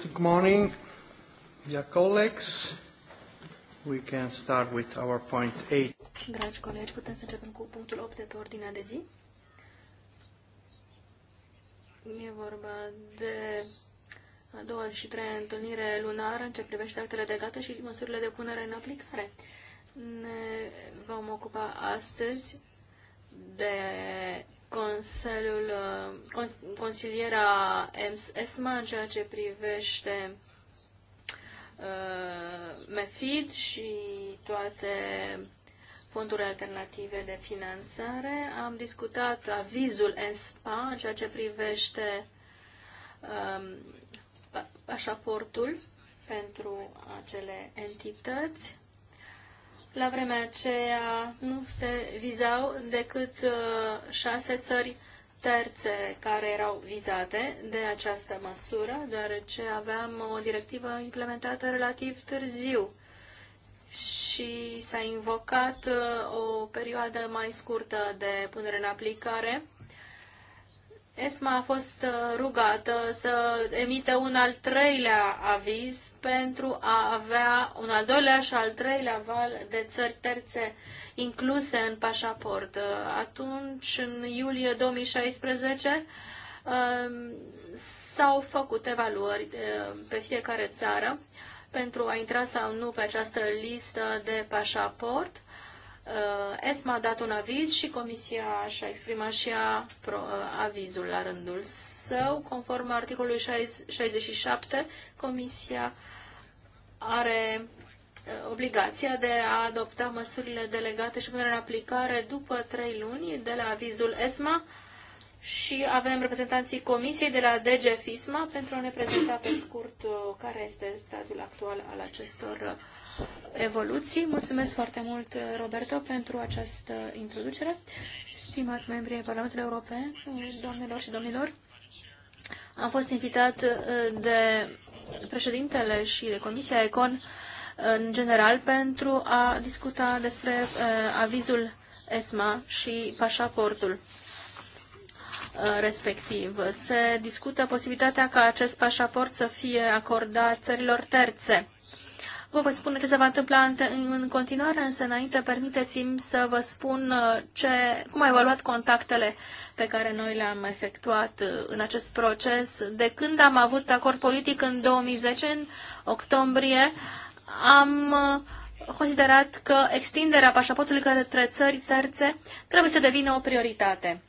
Good morning, dear colleagues. We can start with our point 8. Dragi colegi, putem să începem cu punctul 8 de pe ordinea de zi. E vorba de a 23-a întâlnire lunară în ce privește actele legate și măsurile de punere în aplicare. Ne vom ocupa astăzi de Consiliul, uh, cons, consiliera ESMA în ceea ce privește uh, MEFID și toate fonduri alternative de finanțare. Am discutat avizul ESPA în ceea ce privește um, pașaportul pentru acele entități. La vremea aceea nu se vizau decât uh, șase țări terțe care erau vizate de această măsură, deoarece aveam o directivă implementată relativ târziu și s-a invocat uh, o perioadă mai scurtă de punere în aplicare ESMA a fost uh, rugată să emită un al treilea aviz pentru a avea un al doilea și al treilea val de țări terțe incluse în pașaport. Uh, atunci, în iulie 2016, um, s-au făcut evaluări uh, pe fiecare țară pentru a intra sau nu pe această listă de pașaport Uh, ESMA a dat un aviz și Comisia și-a exprimat și a uh, avizul la rândul său. Conform articolului 67, Comisia are uh, obligația de a adopta măsurile delegate și punerea în aplicare după trei luni de la avizul ESMA și avem reprezentanții Comisiei de la DG FISMA pentru a ne prezenta pe scurt uh, care este stadiul actual al acestor uh, evoluții. Mulțumesc foarte mult, uh, Roberto, pentru această introducere. Stimați membrii Parlamentului European, doamnelor și domnilor, am fost invitat de președintele și de Comisia ECON în general pentru a discuta despre avizul ESMA și pașaportul. Uh, respectiv. Se discută posibilitatea ca acest pașaport să fie acordat țărilor terțe. Vă voi spune ce se va întâmpla în continuare, însă înainte permiteți-mi să vă spun uh, ce, cum am evaluat contactele pe care noi le-am efectuat uh, în acest proces. De când am avut acord politic în 2010, în octombrie, am considerat că extinderea pașaportului către țări terțe trebuie să devină o prioritate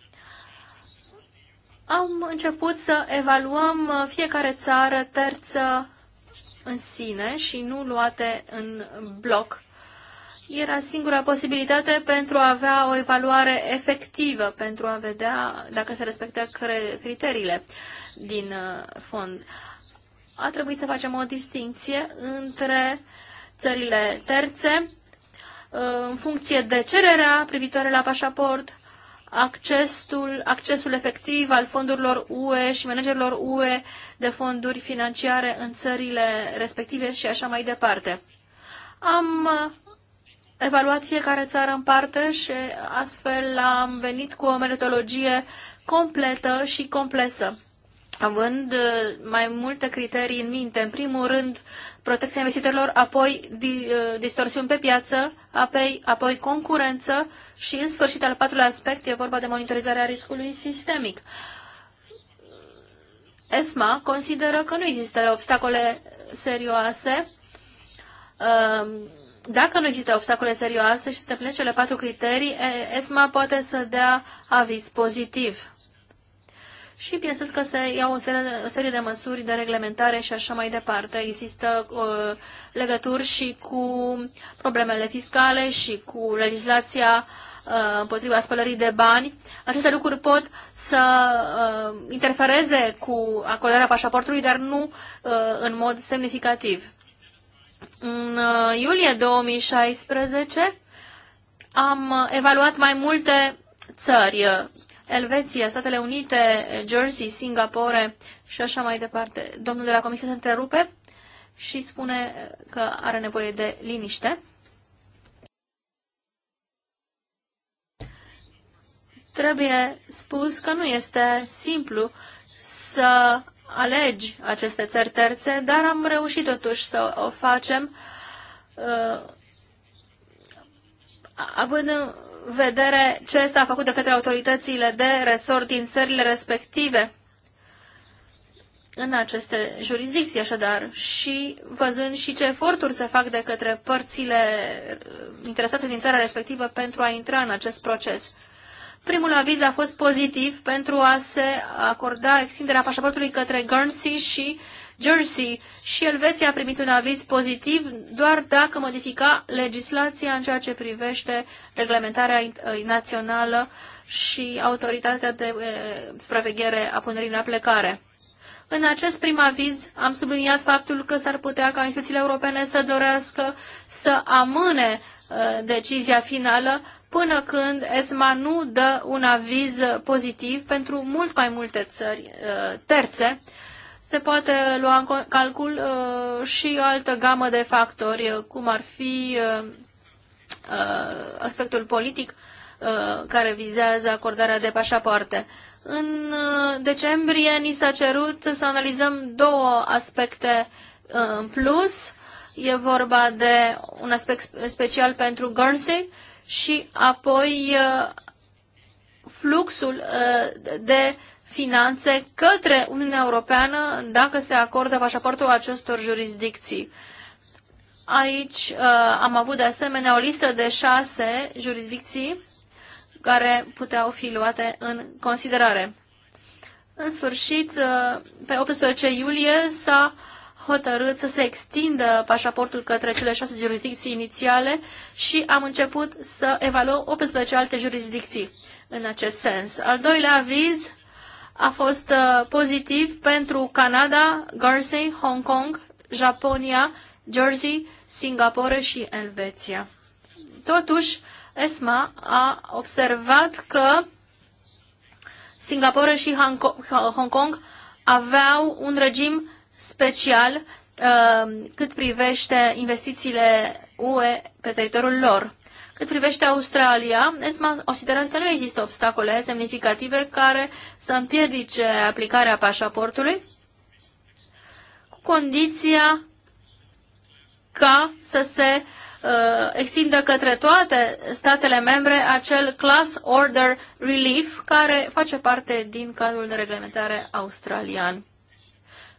am început să evaluăm uh, fiecare țară terță în sine și nu luate în bloc. Era singura posibilitate pentru a avea o evaluare efectivă, pentru a vedea dacă se respectă criteriile din uh, fond. A trebuit să facem o distinție între țările terțe uh, în funcție de cererea privitoare la pașaport accesul, accesul efectiv al fondurilor UE și managerilor UE de fonduri financiare în țările respective și așa mai departe. Am uh, evaluat fiecare țară în parte și astfel am venit cu o metodologie completă și complexă având uh, mai multe criterii în minte. În primul rând, protecția investitorilor, apoi uh, distorsiuni pe piață, apoi, apoi concurență și, în sfârșit, al patrulea aspect, e vorba de monitorizarea riscului sistemic. ESMA consideră că nu există obstacole serioase um, dacă nu există obstacole serioase și se cele patru criterii, ESMA poate să dea aviz pozitiv și bineînțeles că se iau o serie, o serie de măsuri de reglementare și așa mai departe. Există uh, legături și cu problemele fiscale și cu legislația uh, împotriva spălării de bani. Aceste lucruri pot să uh, interfereze cu acordarea pașaportului, dar nu uh, în mod semnificativ. În uh, iulie 2016 am uh, evaluat mai multe țări uh, Elveția, Statele Unite, Jersey, Singapore și așa mai departe. Domnul de la Comisie se întrerupe și spune că are nevoie de liniște. Trebuie spus că nu este simplu să alegi aceste țări terțe, dar am reușit totuși să o facem uh, având vedere ce s-a făcut de către autoritățile de resort din țările respective în aceste jurisdicții, așadar, și văzând și ce eforturi se fac de către părțile interesate din țara respectivă pentru a intra în acest proces. Primul aviz a fost pozitiv pentru a se acorda extinderea pașaportului către Guernsey și Jersey și Elveția a primit un aviz pozitiv doar dacă modifica legislația în ceea ce privește reglementarea ă, națională și autoritatea de supraveghere a punerii în plecare. În acest prim aviz am subliniat faptul că s-ar putea ca instituțiile europene să dorească să amâne ă, decizia finală până când ESMA nu dă un aviz pozitiv pentru mult mai multe țări uh, terțe, se poate lua în calcul uh, și o altă gamă de factori, uh, cum ar fi aspectul politic care vizează acordarea de pașapoarte. În decembrie ni s-a cerut să analizăm două aspecte în plus. E vorba de un aspect special pentru Guernsey și apoi uh, fluxul uh, de finanțe către Uniunea Europeană dacă se acordă pașaportul acestor jurisdicții. Aici uh, am avut de asemenea o listă de șase jurisdicții care puteau fi luate în considerare. În sfârșit, pe 18 iulie s-a uh, hotărât să se extindă pașaportul către cele șase jurisdicții inițiale și am început să evaluăm 18 alte jurisdicții în acest sens. Al doilea aviz a fost uh, pozitiv pentru Canada, Guernsey, Hong Kong, Japonia, Jersey, Singapore și Elveția. Totuși, ESMA a observat că Singapore și Hong Kong aveau un regim special uh, cât privește investițiile UE pe teritoriul lor. Cât privește Australia, ESMA consideră că nu există obstacole semnificative care să împiedice aplicarea pașaportului cu condiția ca să se uh, extindă către toate statele membre acel Class Order Relief care face parte din cadrul de reglementare australian.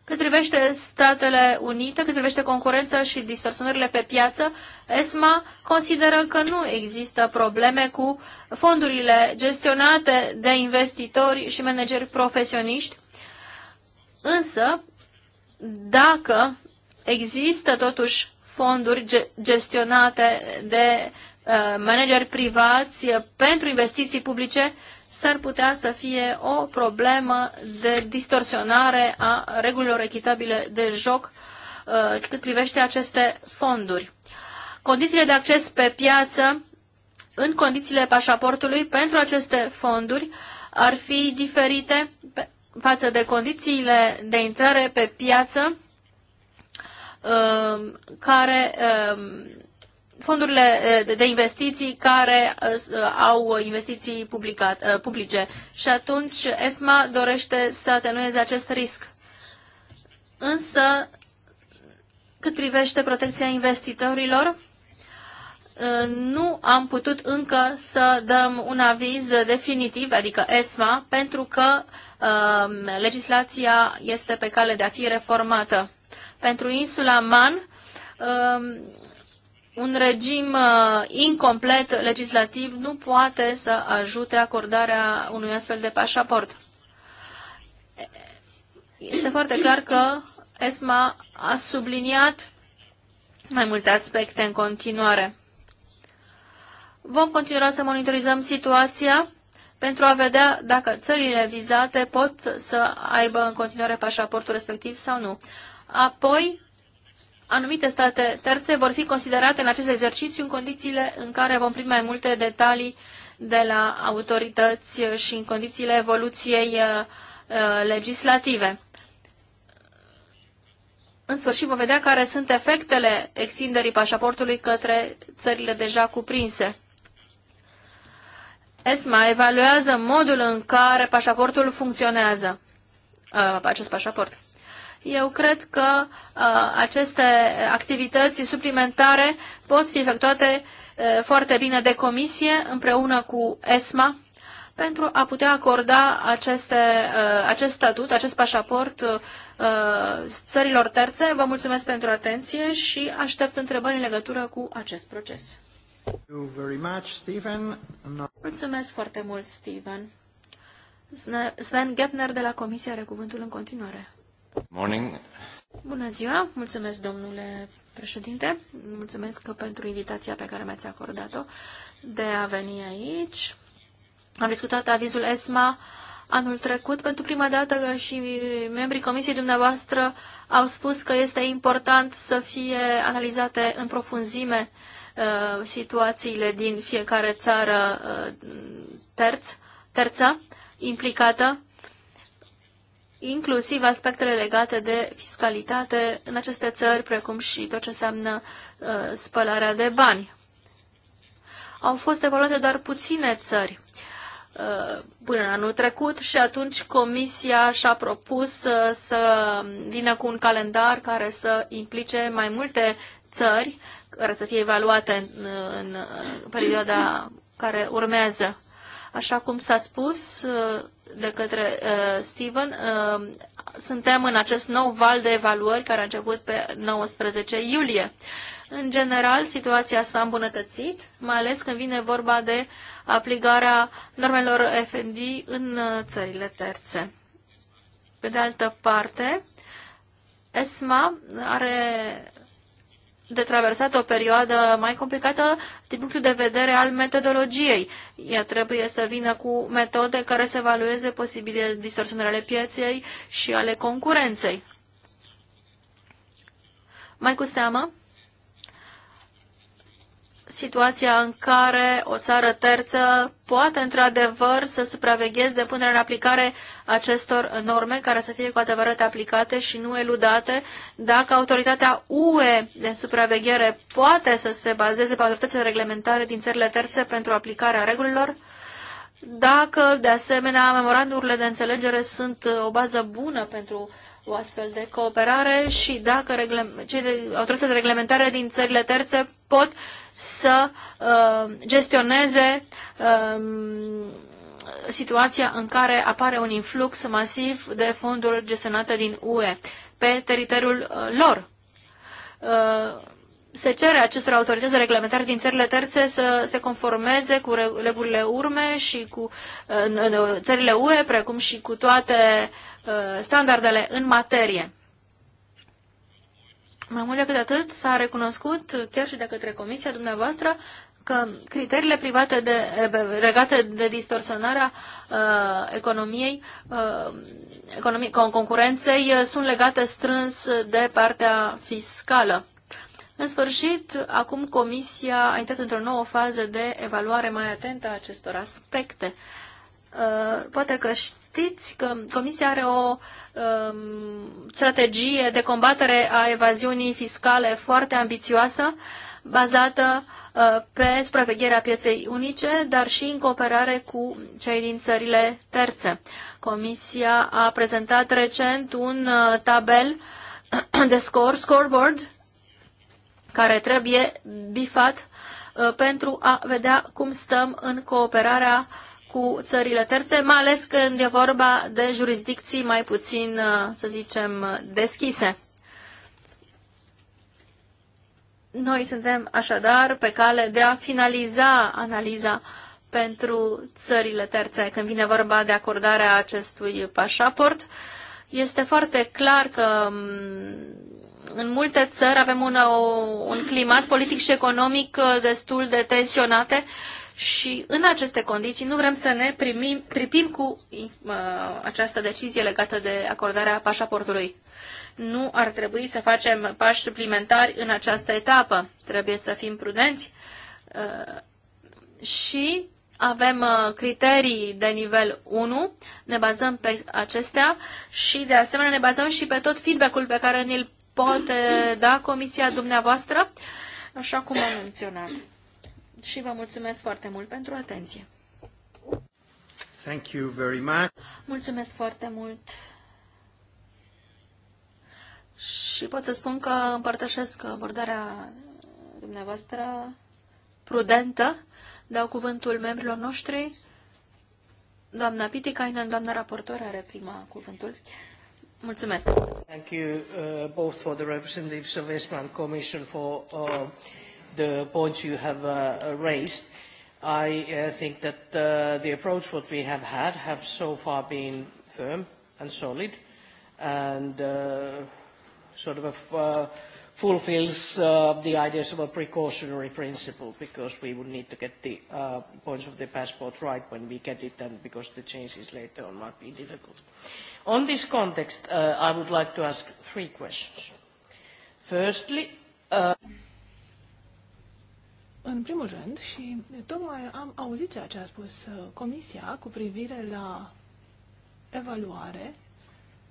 Cât privește Statele Unite, cât privește concurența și distorsionările pe piață, ESMA consideră că nu există probleme cu fondurile gestionate de investitori și manageri profesioniști, însă dacă există totuși fonduri gestionate de uh, manageri privați uh, pentru investiții publice, s-ar putea să fie o problemă de distorsionare a regulilor echitabile de joc uh, cât privește aceste fonduri. Condițiile de acces pe piață în condițiile pașaportului pentru aceste fonduri ar fi diferite față de condițiile de intrare pe piață uh, care uh, fondurile eh, de investiții care eh, au investiții eh, publice. Și atunci ESMA dorește să atenueze acest risc. Însă, cât privește protecția investitorilor, nu am putut încă să dăm un aviz definitiv, adică ESMA, pentru că legislația este pe cale de a fi reformată. Pentru insula Man, un regim uh, incomplet legislativ nu poate să ajute acordarea unui astfel de pașaport. Este foarte clar că ESMA a subliniat mai multe aspecte în continuare. Vom continua să monitorizăm situația pentru a vedea dacă țările vizate pot să aibă în continuare pașaportul respectiv sau nu. Apoi, anumite state terțe vor fi considerate în acest exercițiu în condițiile în care vom primi mai multe detalii de la autorități și în condițiile evoluției uh, uh, legislative. În sfârșit vom vedea care sunt efectele extinderii pașaportului către țările deja cuprinse. ESMA evaluează modul în care pașaportul funcționează, uh, acest pașaport. Eu cred că uh, aceste activități suplimentare pot fi efectuate uh, foarte bine de comisie împreună cu ESMA pentru a putea acorda aceste, uh, acest statut, acest pașaport uh, țărilor terțe. Vă mulțumesc pentru atenție și aștept întrebări în legătură cu acest proces. Mulțumesc foarte mult, Steven. Sven Gepner de la Comisie are cuvântul în continuare. Morning. Bună ziua, mulțumesc domnule președinte, mulțumesc pentru invitația pe care mi-ați acordat-o de a veni aici. Am discutat avizul ESMA anul trecut pentru prima dată și membrii comisiei dumneavoastră au spus că este important să fie analizate în profunzime uh, situațiile din fiecare țară uh, terț, terță implicată inclusiv aspectele legate de fiscalitate în aceste țări, precum și tot ce înseamnă uh, spălarea de bani. Au fost evaluate doar puține țări uh, până în anul trecut și atunci Comisia și-a propus uh, să vină cu un calendar care să implice mai multe țări care să fie evaluate în, în, perioada care urmează. Așa cum s-a spus, uh, de către uh, Steven, uh, suntem în acest nou val de evaluări care a început pe 19 iulie. În general, situația s-a îmbunătățit, mai ales când vine vorba de aplicarea normelor FND în uh, țările terțe. Pe de altă parte, ESMA are de traversat o perioadă mai complicată din punctul de vedere al metodologiei. Ea trebuie să vină cu metode care să evalueze posibile distorsiuni ale pieței și ale concurenței. Mai cu seamă, situația în care o țară terță poate într-adevăr să supravegheze punerea în aplicare acestor norme care să fie cu adevărat aplicate și nu eludate, dacă autoritatea UE de supraveghere poate să se bazeze pe autoritățile reglementare din țările terțe pentru aplicarea regulilor, dacă, de asemenea, memorandurile de înțelegere sunt o bază bună pentru o astfel de cooperare și dacă cei de, autoritățile de reglementare din țările terțe pot să uh, gestioneze uh, situația în care apare un influx masiv de fonduri gestionate din UE pe teritoriul uh, lor. Uh, se cere acestor autorități reglementare din țările terțe să se conformeze cu regulile urme și cu țările UE, precum și cu toate uh, standardele în materie. Mai mult decât atât, s-a recunoscut, chiar și de către Comisia dumneavoastră, că criteriile private de, legate de distorsionarea uh, economiei, uh, economie, concurenței, uh, sunt legate strâns de partea fiscală. În sfârșit, acum Comisia a intrat într-o nouă fază de evaluare mai atentă a acestor aspecte. Uh, poate că știți că Comisia are o um, strategie de combatere a evaziunii fiscale foarte ambițioasă, bazată uh, pe supravegherea pieței unice, dar și în cooperare cu cei din țările terțe. Comisia a prezentat recent un uh, tabel de score, scoreboard, care trebuie bifat uh, pentru a vedea cum stăm în cooperarea cu țările terțe, mai ales când e vorba de jurisdicții mai puțin, uh, să zicem, deschise. Noi suntem așadar pe cale de a finaliza analiza pentru țările terțe când vine vorba de acordarea acestui pașaport. Este foarte clar că mm, în multe țări avem un, o, un climat politic și economic uh, destul de tensionate și în aceste condiții nu vrem să ne primim, pripim cu uh, această decizie legată de acordarea pașaportului. Nu ar trebui să facem pași suplimentari în această etapă. Trebuie să fim prudenți uh, și avem uh, criterii de nivel 1, ne bazăm pe acestea și de asemenea ne bazăm și pe tot feedback-ul pe care ne l poate da comisia dumneavoastră, așa cum am menționat. Și vă mulțumesc foarte mult pentru atenție. Thank you very much. Mulțumesc foarte mult. Și pot să spun că împărtășesc abordarea dumneavoastră prudentă. Dau cuvântul membrilor noștri. Doamna Pitikainen, doamna raportor, are prima cuvântul. Mulțumesc. Thank you uh, both for the representatives of ESMA and Commission for uh, the points you have uh, raised. I uh, think that uh, the approach what we have had have so far been firm and solid and uh, sort of uh, fulfills uh, the ideas of a precautionary principle because we would need to get the uh, points of the passport right when we get it and because the changes later on might be difficult. Uh, in this context, uh, I would like to ask three questions. Firstly, uh... În primul rând, și tocmai am auzit ceea ce a spus uh, Comisia cu privire la evaluare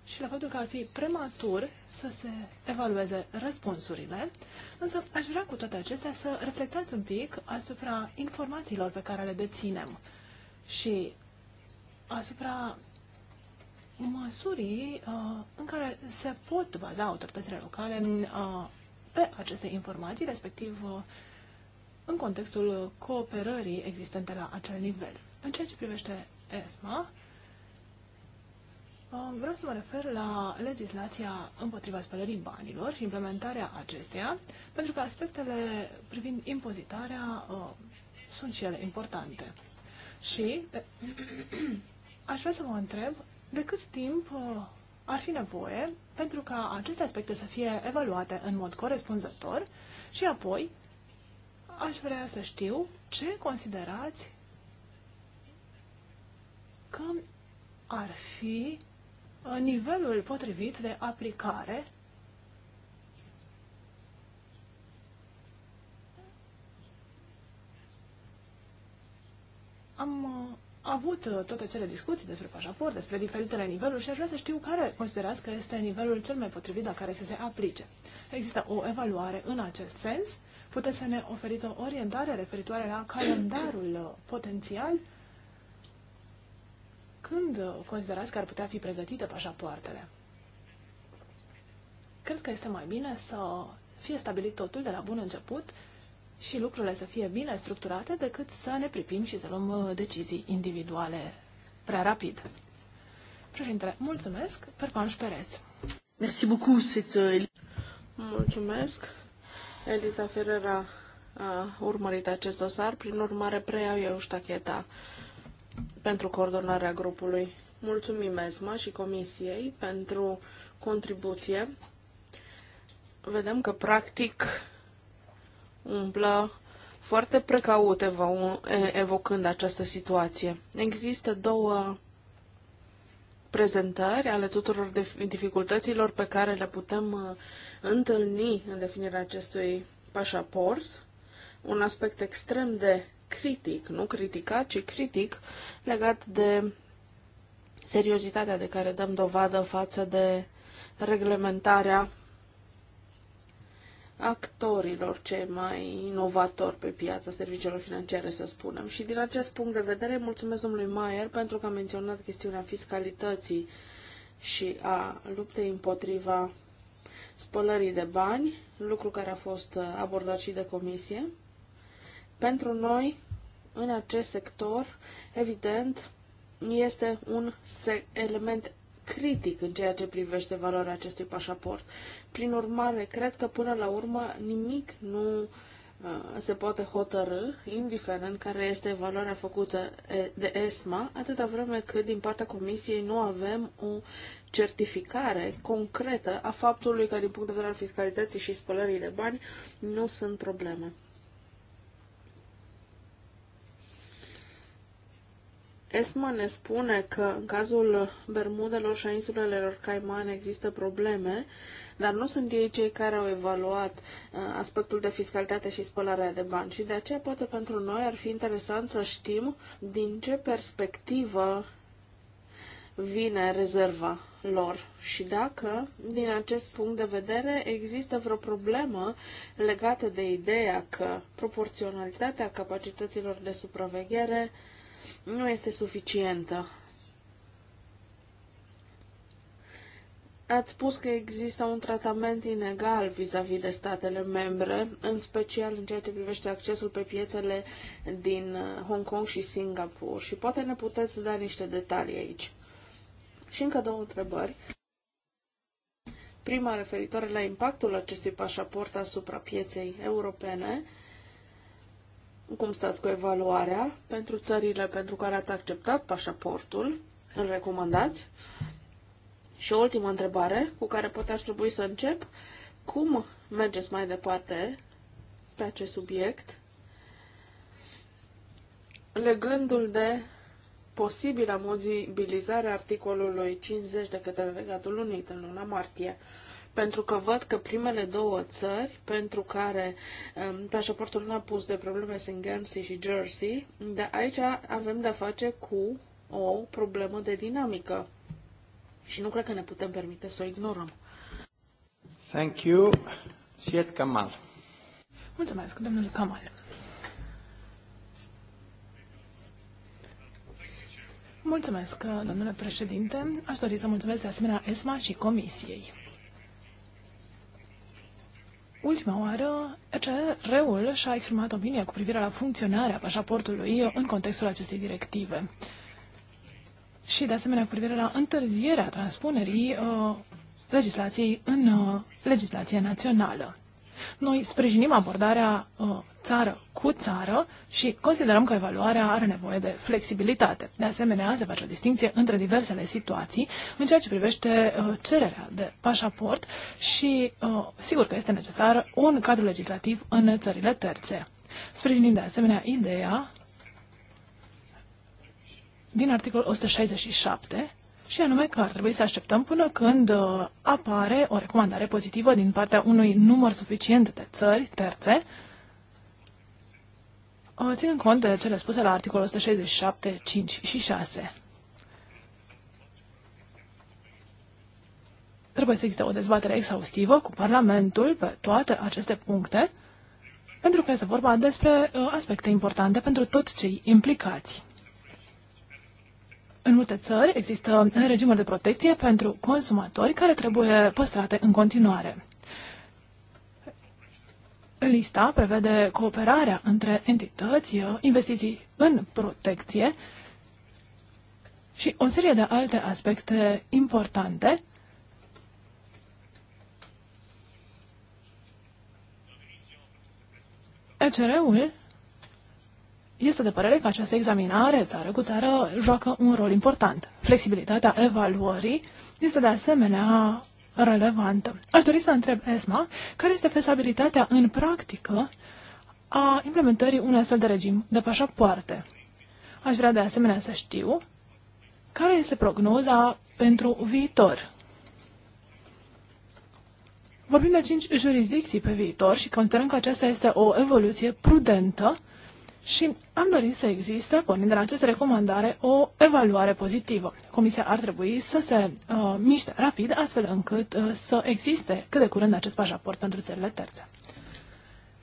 și la faptul că ar fi prematur să se evalueze răspunsurile, însă aș vrea cu toate acestea să reflectați un pic asupra informațiilor pe care le deținem și asupra măsurii uh, în care se pot baza autoritățile locale uh, pe aceste informații, respectiv uh, în contextul cooperării existente la acel nivel. În ceea ce privește ESMA, uh, Vreau să mă refer la legislația împotriva spălării banilor și implementarea acesteia, pentru că aspectele privind impozitarea uh, sunt și ele importante. Și aș vrea să vă întreb de cât timp uh, ar fi nevoie pentru ca aceste aspecte să fie evaluate în mod corespunzător și apoi aș vrea să știu ce considerați că ar fi uh, nivelul potrivit de aplicare am uh, avut uh, toate cele discuții despre pașaport, despre diferitele niveluri și aș vrea să știu care considerați că este nivelul cel mai potrivit la care să se aplice. Există o evaluare în acest sens? Puteți să ne oferiți o orientare referitoare la calendarul uh, potențial? Când uh, considerați că ar putea fi pregătite pașapoartele? Cred că este mai bine să fie stabilit totul de la bun început și lucrurile să fie bine structurate decât să ne pripim și să luăm uh, decizii individuale prea rapid. Președinte, mulțumesc, Perpanș Perez. Merci beaucoup, cette... Uh, mulțumesc. Elisa Ferrera a urmărit acest dosar, prin urmare preiau eu ștacheta pentru coordonarea grupului. Mulțumim ESMA și Comisiei pentru contribuție. Vedem că, practic, umblă foarte precaut evocând această situație. Există două prezentări ale tuturor dificultăților pe care le putem uh, întâlni în definirea acestui pașaport. Un aspect extrem de critic, nu criticat, ci critic, legat de seriozitatea de care dăm dovadă față de reglementarea actorilor cei mai inovatori pe piața serviciilor financiare, să spunem. Și din acest punct de vedere, mulțumesc domnului Maier pentru că a menționat chestiunea fiscalității și a luptei împotriva spălării de bani, lucru care a fost uh, abordat și de comisie. Pentru noi, în acest sector, evident, este un element critic în ceea ce privește valoarea acestui pașaport. Prin urmare, cred că până la urmă nimic nu uh, se poate hotărâ, indiferent care este valoarea făcută de ESMA, atâta vreme cât din partea Comisiei nu avem o certificare concretă a faptului că din punct de vedere al fiscalității și spălării de bani nu sunt probleme. ESMA ne spune că în cazul Bermudelor și a insulelor Caiman există probleme, dar nu sunt ei cei care au evaluat uh, aspectul de fiscalitate și spălarea de bani și de aceea poate pentru noi ar fi interesant să știm din ce perspectivă vine rezerva lor și dacă, din acest punct de vedere, există vreo problemă legată de ideea că proporționalitatea capacităților de supraveghere nu este suficientă. Ați spus că există un tratament inegal vis-a-vis -vis de statele membre, în special în ceea ce privește accesul pe piețele din uh, Hong Kong și Singapore. Și poate ne puteți da niște detalii aici. Și încă două întrebări. Prima referitoare la impactul acestui pașaport asupra pieței europene cum stați cu evaluarea pentru țările pentru care ați acceptat pașaportul, îl recomandați? Și o ultimă întrebare cu care poate aș trebui să încep. Cum mergeți mai departe pe acest subiect, legându-l de posibilă mobilizare articolului 50 de către Regatul Unit în luna martie? pentru că văd că primele două țări pentru care um, pașaportul nu a pus de probleme sunt Guernsey și Jersey, dar aici avem de-a face cu o problemă de dinamică și nu cred că ne putem permite să o ignorăm. Thank you, Siet Kamal. Mulțumesc, domnule Kamal. Mulțumesc, domnule președinte. Aș dori să mulțumesc de asemenea ESMA și Comisiei ultima oară ECR-ul și-a exprimat opinia cu privire la funcționarea pașaportului în contextul acestei directive și, de asemenea, cu privire la întârzierea transpunerii uh, legislației în uh, legislația națională. Noi sprijinim abordarea uh, țară cu țară și considerăm că evaluarea are nevoie de flexibilitate. De asemenea, se face o distinție între diversele situații în ceea ce privește uh, cererea de pașaport și uh, sigur că este necesar un cadru legislativ în țările terțe. Sprijinim de asemenea ideea din articolul 167 și anume că ar trebui să așteptăm până când uh, apare o recomandare pozitivă din partea unui număr suficient de țări terțe, uh, ținând cont de cele spuse la articolul 167, 5 și 6. Trebuie să existe o dezbatere exhaustivă cu Parlamentul pe toate aceste puncte, pentru că este vorba despre uh, aspecte importante pentru toți cei implicați. În multe țări există regimuri de protecție pentru consumatori care trebuie păstrate în continuare. Lista prevede cooperarea între entități, investiții în protecție și o serie de alte aspecte importante ECR-ul este de părere că această examinare țară cu țară joacă un rol important. Flexibilitatea evaluării este de asemenea relevantă. Aș dori să întreb ESMA care este fezabilitatea în practică a implementării unui astfel de regim de pașapoarte. Aș vrea de asemenea să știu care este prognoza pentru viitor. Vorbim de cinci jurisdicții pe viitor și considerăm că aceasta este o evoluție prudentă și am dorit să existe, pornind de la această recomandare, o evaluare pozitivă. Comisia ar trebui să se uh, miște rapid, astfel încât uh, să existe cât de curând acest pașaport pentru țările terțe.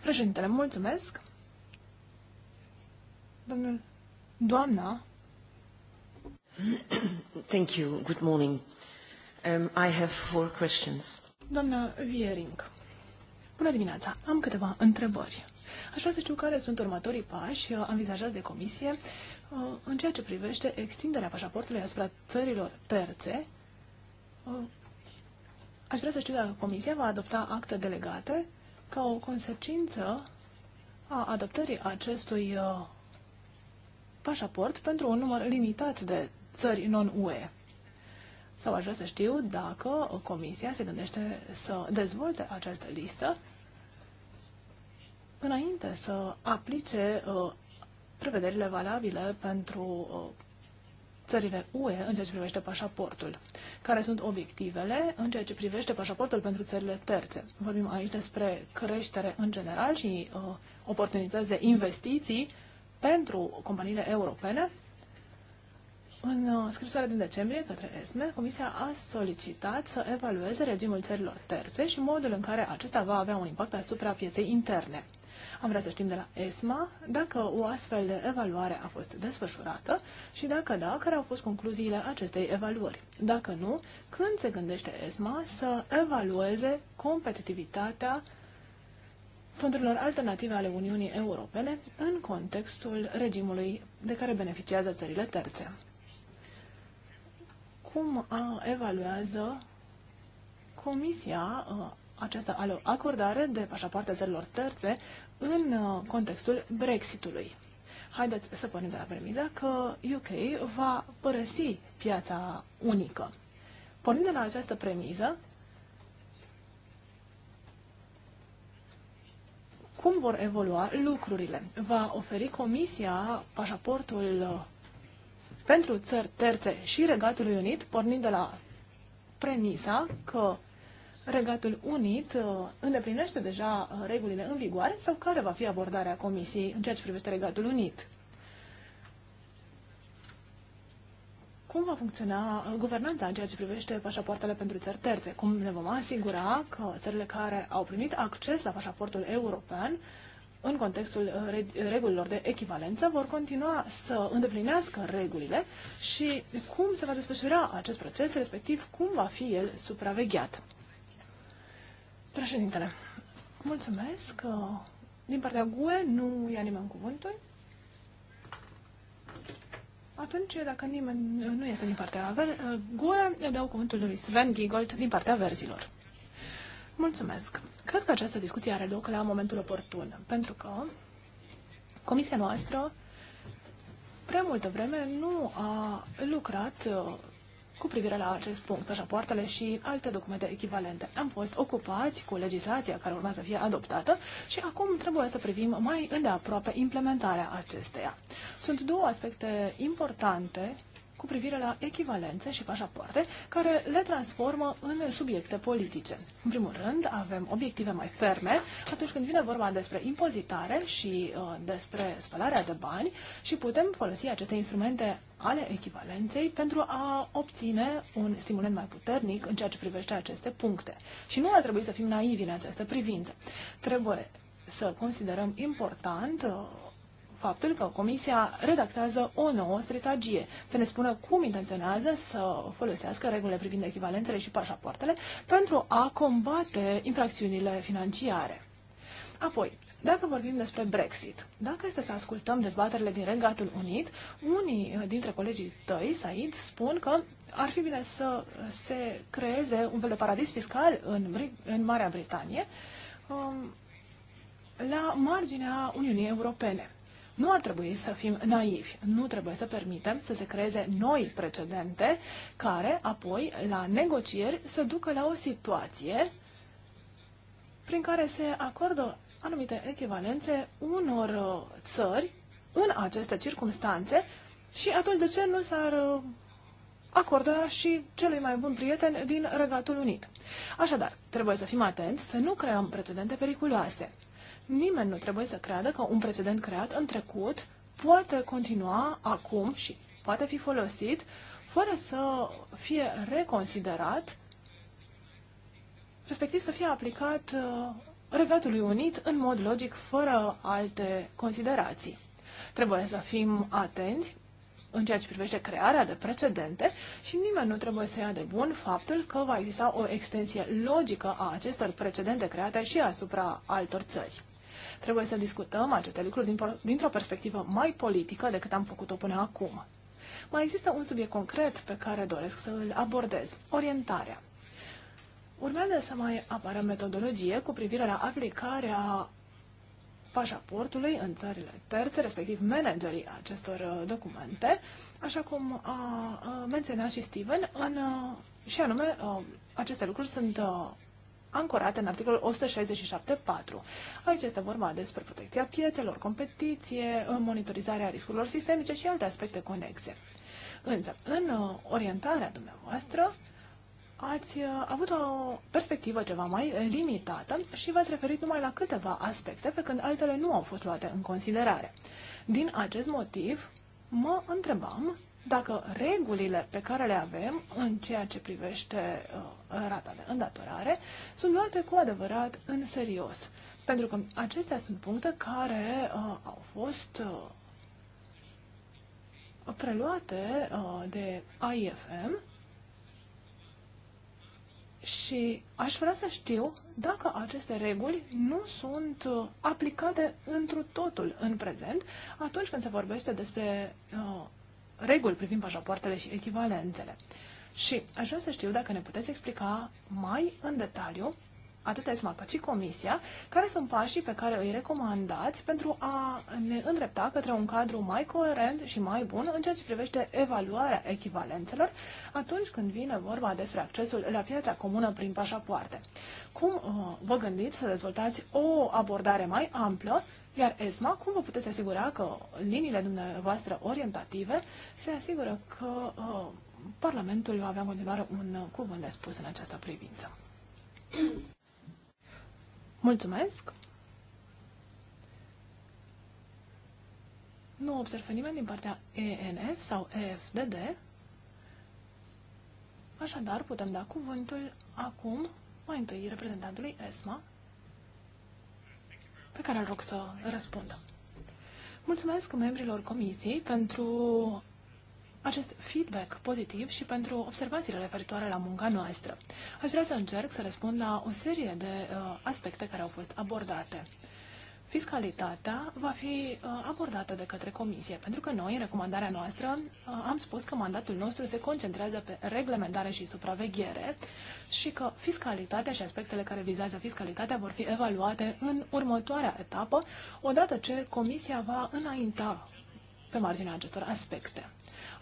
Președintele, mulțumesc. Domnul, doamna. Thank you. Good morning. Um, I have four questions. Doamna Viering. Bună dimineața. Am câteva întrebări. Aș vrea să știu care sunt următorii pași învizajați uh, de comisie uh, în ceea ce privește extinderea pașaportului asupra țărilor terțe. Uh, aș vrea să știu dacă comisia va adopta acte delegate ca o consecință a adoptării acestui pașaport pentru un număr limitat de țări non-UE. Sau aș vrea să știu dacă Comisia se gândește să dezvolte această listă înainte să aplice uh, prevederile valabile pentru uh, țările UE în ceea ce privește pașaportul. Care sunt obiectivele în ceea ce privește pașaportul pentru țările terțe? Vorbim aici despre creștere în general și uh, oportunități de investiții pentru companiile europene. În uh, scrisoarea din decembrie către ESME, Comisia a solicitat să evalueze regimul țărilor terțe și modul în care acesta va avea un impact asupra pieței interne. Am vrea să știm de la ESMA dacă o astfel de evaluare a fost desfășurată și dacă da, care au fost concluziile acestei evaluări. Dacă nu, când se gândește ESMA să evalueze competitivitatea fondurilor alternative ale Uniunii Europene în contextul regimului de care beneficiază țările terțe. Cum evaluează Comisia uh, această acordare de pașapoarte țărilor terțe în uh, contextul Brexitului. Haideți să pornim de la premiza că UK va părăsi piața unică. Pornind de la această premiză, cum vor evolua lucrurile? Va oferi Comisia pașaportul uh, pentru țări terțe și Regatului Unit, pornind de la premisa că Regatul Unit uh, îndeplinește deja uh, regulile în vigoare sau care va fi abordarea Comisiei în ceea ce privește Regatul Unit? Cum va funcționa uh, guvernanța în ceea ce privește pașapoartele pentru țări terțe? Cum ne vom asigura că țările care au primit acces la pașaportul european în contextul regulilor de echivalență vor continua să îndeplinească regulile și cum se va desfășura acest proces, respectiv cum va fi el supravegheat. Președintele, mulțumesc că din partea GUE nu ia nimeni cuvântul. Atunci, dacă nimeni nu este din partea GUE, eu dau cuvântul lui Sven Giegold din partea verzilor. Mulțumesc. Cred că această discuție are loc la momentul oportun, pentru că comisia noastră prea multă vreme nu a lucrat uh, cu privire la acest punct, pașapoartele și alte documente echivalente. Am fost ocupați cu legislația care urma să fie adoptată și acum trebuie să privim mai îndeaproape implementarea acesteia. Sunt două aspecte importante cu privire la echivalențe și pașapoarte care le transformă în subiecte politice. În primul rând, avem obiective mai ferme atunci când vine vorba despre impozitare și uh, despre spălarea de bani și putem folosi aceste instrumente ale echivalenței pentru a obține un stimulant mai puternic în ceea ce privește aceste puncte. Și nu ar trebui să fim naivi în această privință. Trebuie să considerăm important uh, faptul că Comisia redactează o nouă strategie, să ne spună cum intenționează să folosească regulile privind echivalențele și pașapoartele pentru a combate infracțiunile financiare. Apoi, dacă vorbim despre Brexit, dacă este să ascultăm dezbaterile din Regatul Unit, unii dintre colegii tăi, Said, spun că ar fi bine să se creeze un fel de paradis fiscal în, în Marea Britanie um, la marginea Uniunii Europene. Nu ar trebui să fim naivi. Nu trebuie să permitem să se creeze noi precedente care apoi la negocieri să ducă la o situație prin care se acordă anumite echivalențe unor uh, țări în aceste circunstanțe și atunci de ce nu s-ar uh, acorda și celui mai bun prieten din Regatul Unit. Așadar, trebuie să fim atenți să nu creăm precedente periculoase. Nimeni nu trebuie să creadă că un precedent creat în trecut poate continua acum și poate fi folosit fără să fie reconsiderat, respectiv să fie aplicat uh, Regatului Unit în mod logic, fără alte considerații. Trebuie să fim atenți în ceea ce privește crearea de precedente și nimeni nu trebuie să ia de bun faptul că va exista o extensie logică a acestor precedente create și asupra altor țări. Trebuie să discutăm aceste lucruri dintr-o perspectivă mai politică decât am făcut-o până acum. Mai există un subiect concret pe care doresc să îl abordez, orientarea. Urmează să mai apară metodologie cu privire la aplicarea pașaportului în țările terțe, respectiv managerii acestor uh, documente, așa cum a menționat și Steven, în, uh, și anume uh, aceste lucruri sunt ancorate în articolul 167.4. Aici este vorba despre protecția piețelor, competiție, monitorizarea riscurilor sistemice și alte aspecte conexe. Însă, în uh, orientarea dumneavoastră, ați uh, avut o perspectivă ceva mai limitată și v-ați referit numai la câteva aspecte, pe când altele nu au fost luate în considerare. Din acest motiv, mă întrebam dacă regulile pe care le avem în ceea ce privește uh, rata de îndatorare sunt luate cu adevărat în serios. Pentru că acestea sunt puncte care uh, au fost uh, preluate uh, de IFM și aș vrea să știu dacă aceste reguli nu sunt uh, aplicate întru totul în prezent atunci când se vorbește despre uh, reguli privind pașapoartele și echivalențele. Și aș vrea să știu dacă ne puteți explica mai în detaliu, atât ESMA cât și Comisia, care sunt pașii pe care îi recomandați pentru a ne îndrepta către un cadru mai coerent și mai bun în ceea ce privește evaluarea echivalențelor atunci când vine vorba despre accesul la piața comună prin pașapoarte. Cum uh, vă gândiți să dezvoltați o abordare mai amplă iar ESMA, cum vă puteți asigura că liniile dumneavoastră orientative se asigură că uh, Parlamentul va avea în continuare un uh, cuvânt de spus în această privință? Mulțumesc! Nu observă nimeni din partea ENF sau EFDD. Așadar, putem da cuvântul acum mai întâi reprezentantului ESMA, pe care îl rog să răspundă. Mulțumesc membrilor comisiei pentru acest feedback pozitiv și pentru observațiile referitoare la munca noastră. Aș vrea să încerc să răspund la o serie de uh, aspecte care au fost abordate fiscalitatea va fi uh, abordată de către Comisie, pentru că noi, în recomandarea noastră, uh, am spus că mandatul nostru se concentrează pe reglementare și supraveghere și că fiscalitatea și aspectele care vizează fiscalitatea vor fi evaluate în următoarea etapă, odată ce Comisia va înainta pe marginea acestor aspecte.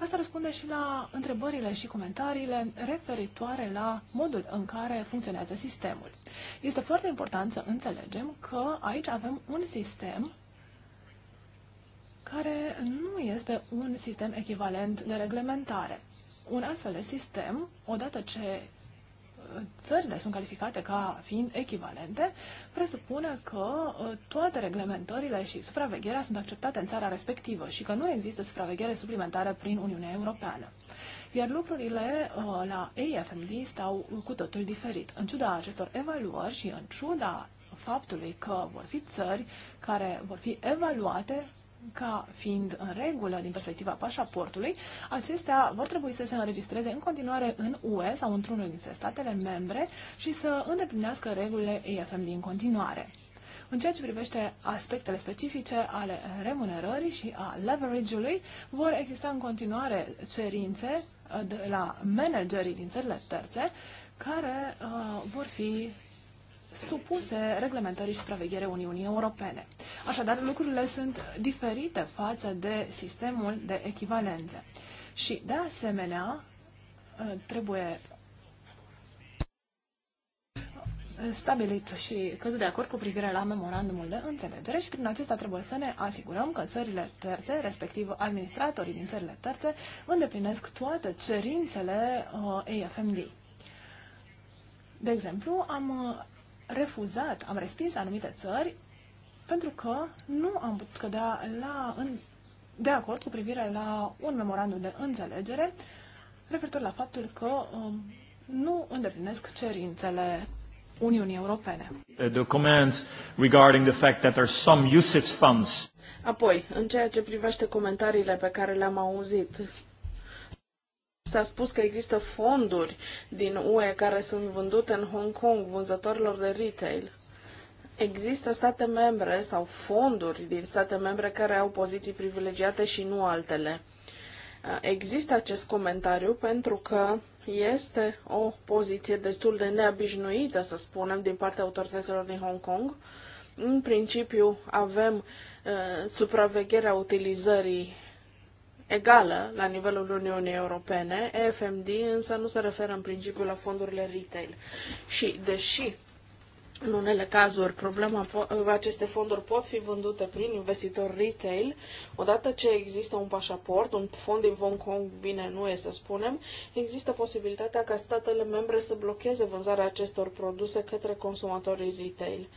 Asta răspunde și la întrebările și comentariile referitoare la modul în care funcționează sistemul. Este foarte important să înțelegem că aici avem un sistem care nu este un sistem echivalent de reglementare. Un astfel de sistem, odată ce țările sunt calificate ca fiind echivalente, presupune că uh, toate reglementările și supravegherea sunt acceptate în țara respectivă și că nu există supraveghere suplimentară prin Uniunea Europeană iar lucrurile uh, la AFMD stau cu totul diferit. În ciuda acestor evaluări și în ciuda faptului că vor fi țări care vor fi evaluate ca fiind în regulă din perspectiva pașaportului, acestea vor trebui să se înregistreze în continuare în UE sau într-unul dintre statele membre și să îndeplinească regulile EFM din continuare. În ceea ce privește aspectele specifice ale remunerării și a leverage-ului, vor exista în continuare cerințe uh, de la managerii din țările terțe care uh, vor fi supuse reglementării și supraveghere Uniunii Europene. Așadar, lucrurile sunt diferite față de sistemul de echivalențe. Și, de asemenea, ă, trebuie stabilit și căzut de acord cu privire la memorandumul de înțelegere și prin acesta trebuie să ne asigurăm că țările terțe, respectiv administratorii din țările terțe, îndeplinesc toate cerințele ă, AFMD. De exemplu, am refuzat, am respins anumite țări pentru că nu am putut cădea la, în, de acord cu privire la un memorandum de înțelegere referitor la faptul că um, nu îndeplinesc cerințele Uniunii Europene. The comments regarding the fact that there are some usage funds. Apoi, în ceea ce privește comentariile pe care le-am auzit S-a spus că există fonduri din UE care sunt vândute în Hong Kong vânzătorilor de retail. Există state membre sau fonduri din state membre care au poziții privilegiate și nu altele. Există acest comentariu pentru că este o poziție destul de neobișnuită, să spunem, din partea autorităților din Hong Kong. În principiu, avem uh, supravegherea utilizării egală la nivelul Uniunii Europene, EFMD însă nu se referă în principiu la fondurile retail. Și deși în unele cazuri, problema aceste fonduri pot fi vândute prin investitor retail. Odată ce există un pașaport, un fond din Hong Kong vine, nu e să spunem, există posibilitatea ca statele membre să blocheze vânzarea acestor produse către consumatorii retail.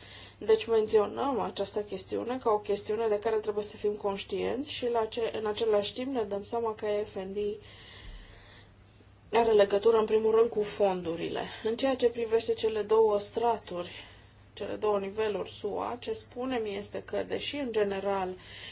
Deci menționăm această chestiune ca o chestiune de care trebuie să fim conștienți și la ce, în același timp ne dăm seama că FND are legătură în primul rând cu fondurile. În ceea ce privește cele două straturi, cele două niveluri SUA, ce spunem este că, deși în general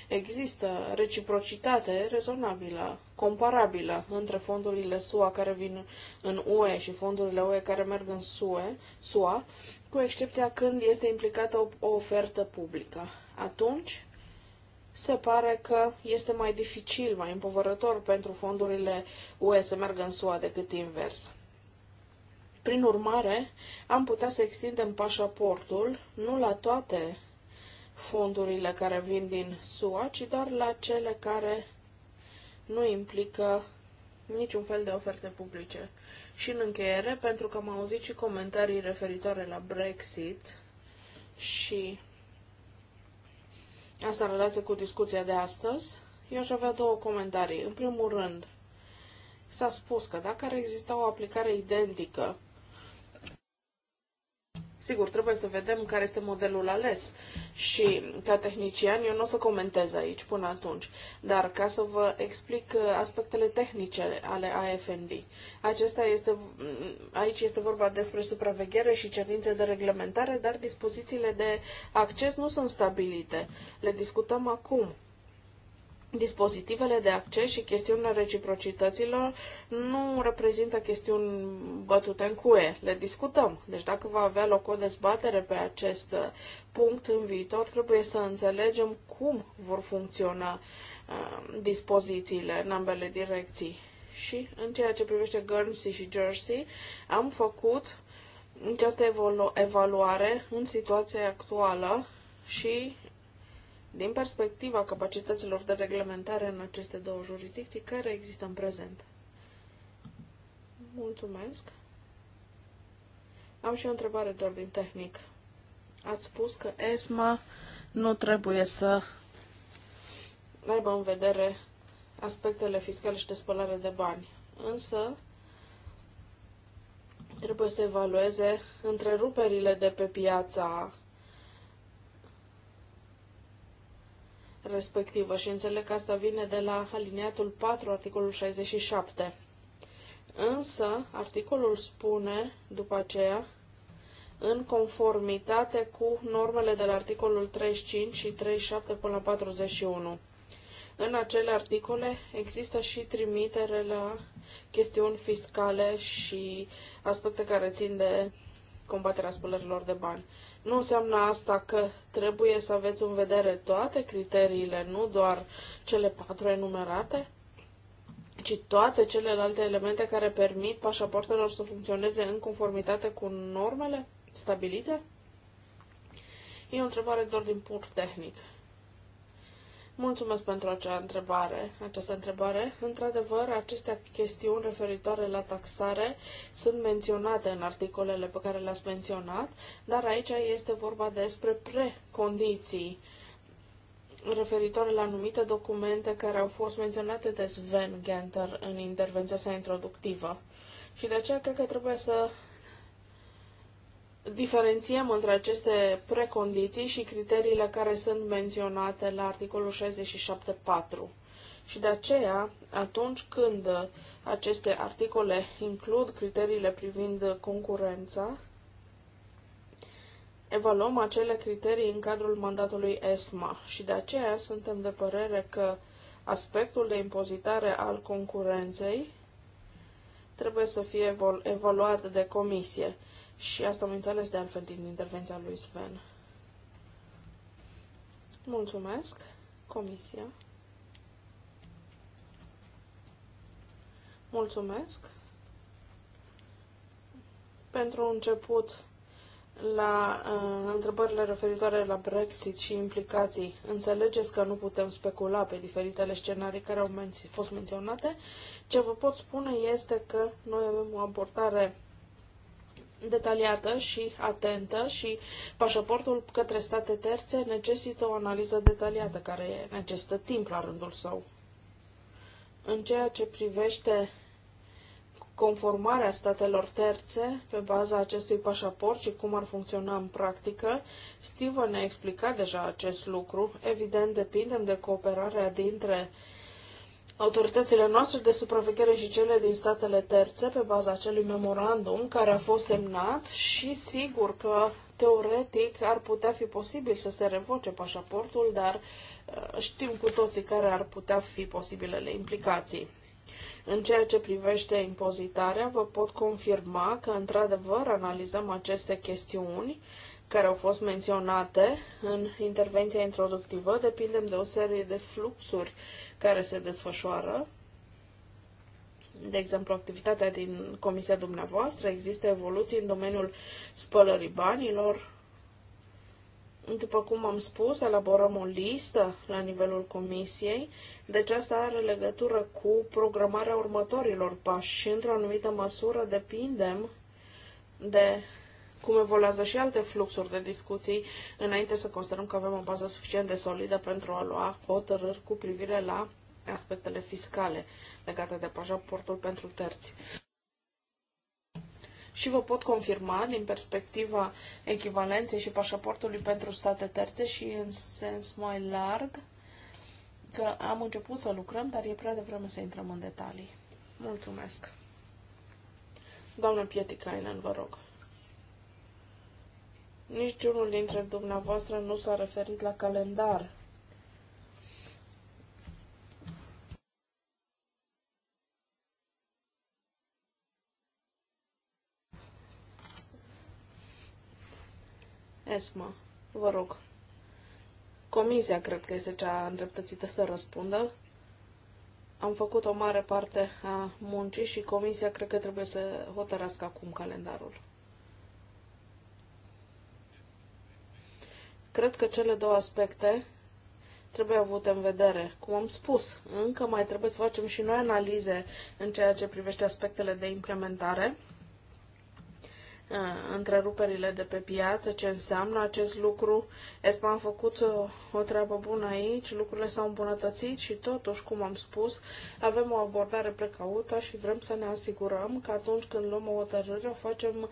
există reciprocitate rezonabilă, comparabilă între fondurile SUA care vin în UE și fondurile UE care merg în SUE, SUA, cu excepția când este implicată o, o ofertă publică. Atunci, se pare că este mai dificil, mai împovărător pentru fondurile UE să meargă în SUA decât invers. Prin urmare, am putea să extindem pașaportul nu la toate fondurile care vin din SUA, ci doar la cele care nu implică niciun fel de oferte publice. Și în încheiere, pentru că am auzit și comentarii referitoare la Brexit și asta în relație cu discuția de astăzi, eu aș avea două comentarii. În primul rând, s-a spus că dacă ar exista o aplicare identică Sigur, trebuie să vedem care este modelul ales și ca tehnician eu nu o să comentez aici până atunci, dar ca să vă explic uh, aspectele tehnice ale AFND. Acesta este, aici este vorba despre supraveghere și cerințe de reglementare, dar dispozițiile de acces nu sunt stabilite. Le discutăm acum dispozitivele de acces și chestiunile reciprocităților nu reprezintă chestiuni bătute în cuie. Le discutăm. Deci dacă va avea loc o dezbatere pe acest uh, punct în viitor, trebuie să înțelegem cum vor funcționa uh, dispozițiile în ambele direcții. Și în ceea ce privește Guernsey și Jersey, am făcut această evaluare în situația actuală și din perspectiva capacităților de reglementare în aceste două jurisdicții care există în prezent. Mulțumesc. Am și o întrebare de din tehnic. Ați spus că ESMA nu trebuie să aibă în vedere aspectele fiscale și de spălare de bani, însă trebuie să evalueze întreruperile de pe piața respectivă și înțeleg că asta vine de la aliniatul 4, articolul 67. Însă, articolul spune, după aceea, în conformitate cu normele de la articolul 35 și 37 până la 41. În acele articole există și trimitere la chestiuni fiscale și aspecte care țin de combaterea spălărilor de bani. Nu înseamnă asta că trebuie să aveți în vedere toate criteriile, nu doar cele patru enumerate, ci toate celelalte elemente care permit pașapoartelor să funcționeze în conformitate cu normele stabilite? E o întrebare doar din pur tehnic. Mulțumesc pentru acea întrebare. Această întrebare, într-adevăr, aceste chestiuni referitoare la taxare sunt menționate în articolele pe care le-ați menționat, dar aici este vorba despre precondiții referitoare la anumite documente care au fost menționate de Sven Genter în intervenția sa introductivă. Și de aceea cred că trebuie să diferențiem între aceste precondiții și criteriile care sunt menționate la articolul 67.4. Și de aceea, atunci când aceste articole includ criteriile privind concurența, evaluăm acele criterii în cadrul mandatului ESMA și de aceea suntem de părere că aspectul de impozitare al concurenței trebuie să fie evaluat de comisie și asta am înțeles de altfel din intervenția lui Sven. Mulțumesc, comisia. Mulțumesc. Pentru început, la uh, întrebările referitoare la Brexit și implicații, înțelegeți că nu putem specula pe diferitele scenarii care au menț- fost menționate. Ce vă pot spune este că noi avem o abordare detaliată și atentă și pașaportul către state terțe necesită o analiză detaliată care necesită timp la rândul său. În ceea ce privește conformarea statelor terțe pe baza acestui pașaport și cum ar funcționa în practică, Steven ne-a explicat deja acest lucru. Evident, depindem de cooperarea dintre uh, autoritățile noastre de supraveghere și cele din statele terțe pe baza acelui memorandum care a fost semnat și sigur că teoretic ar putea fi posibil să se revoce pașaportul, dar uh, știm cu toții care ar putea fi posibilele implicații. În ceea ce privește impozitarea, vă pot confirma că într-adevăr analizăm aceste chestiuni care au fost menționate în intervenția introductivă, depindem de o serie de fluxuri care se desfășoară. De exemplu, activitatea din comisia dumneavoastră, există evoluții în domeniul spălării banilor. După cum am spus, elaborăm o listă la nivelul comisiei, deci asta are legătură cu programarea următorilor pași și, într-o anumită măsură, depindem de cum evoluează și alte fluxuri de discuții înainte să considerăm că avem o bază suficient de solidă pentru a lua hotărâri cu privire la aspectele fiscale legate de pașaportul pentru terți. Și vă pot confirma, din perspectiva echivalenței și pașaportului pentru state terțe și în sens mai larg, că am început să lucrăm, dar e prea devreme să intrăm în detalii. Mulțumesc! Doamna Pietikainen, vă rog. Niciunul dintre dumneavoastră nu s-a referit la calendar. Esma, vă rog. Comisia cred că este cea îndreptățită să răspundă. Am făcut o mare parte a muncii și comisia cred că trebuie să hotărască acum calendarul. Cred că cele două aspecte trebuie avute în vedere. Cum am spus, încă mai trebuie să facem și noi analize în ceea ce privește aspectele de implementare, uh, întreruperile de pe piață, ce înseamnă acest lucru. ESMA a făcut o, uh, o treabă bună aici, lucrurile s-au îmbunătățit și totuși, cum am spus, avem o abordare precaută și vrem să ne asigurăm că atunci când luăm o hotărâre o facem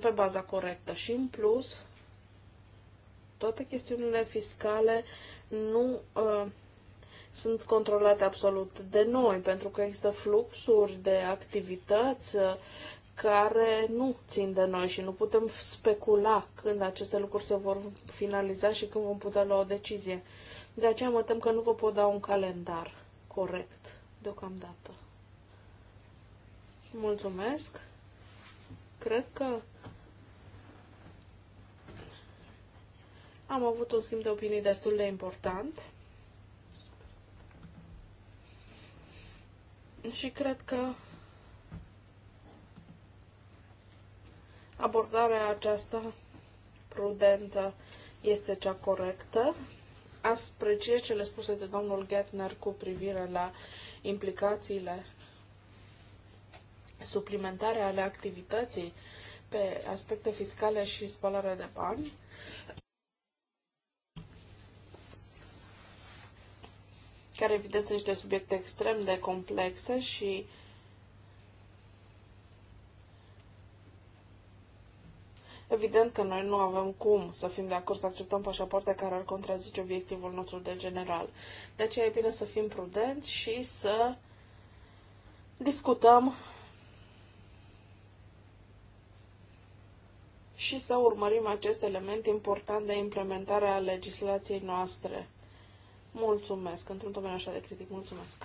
pe baza corectă. Și în plus, toate chestiunile fiscale nu uh, sunt controlate absolut de noi, pentru că există fluxuri de activități uh, care nu țin de noi și nu putem specula când aceste lucruri se vor finaliza și când vom putea lua o decizie. De aceea mă tem că nu vă pot da un calendar corect deocamdată. Mulțumesc! Cred că Am avut un schimb de opinii destul de important. Și cred că abordarea aceasta prudentă este cea corectă. Asprecie cele spuse de domnul Getner cu privire la implicațiile suplimentare ale activității pe aspecte fiscale și spălare de bani. care sunt niște subiecte extrem de complexe și Evident că noi nu avem cum să fim de acord să acceptăm pașapoarte care ar contrazice obiectivul nostru de general. De aceea e bine să fim prudenți și să discutăm și să urmărim acest element important de implementare a legislației noastre. Mulțumesc, într-un domeniu așa de critic. Mulțumesc.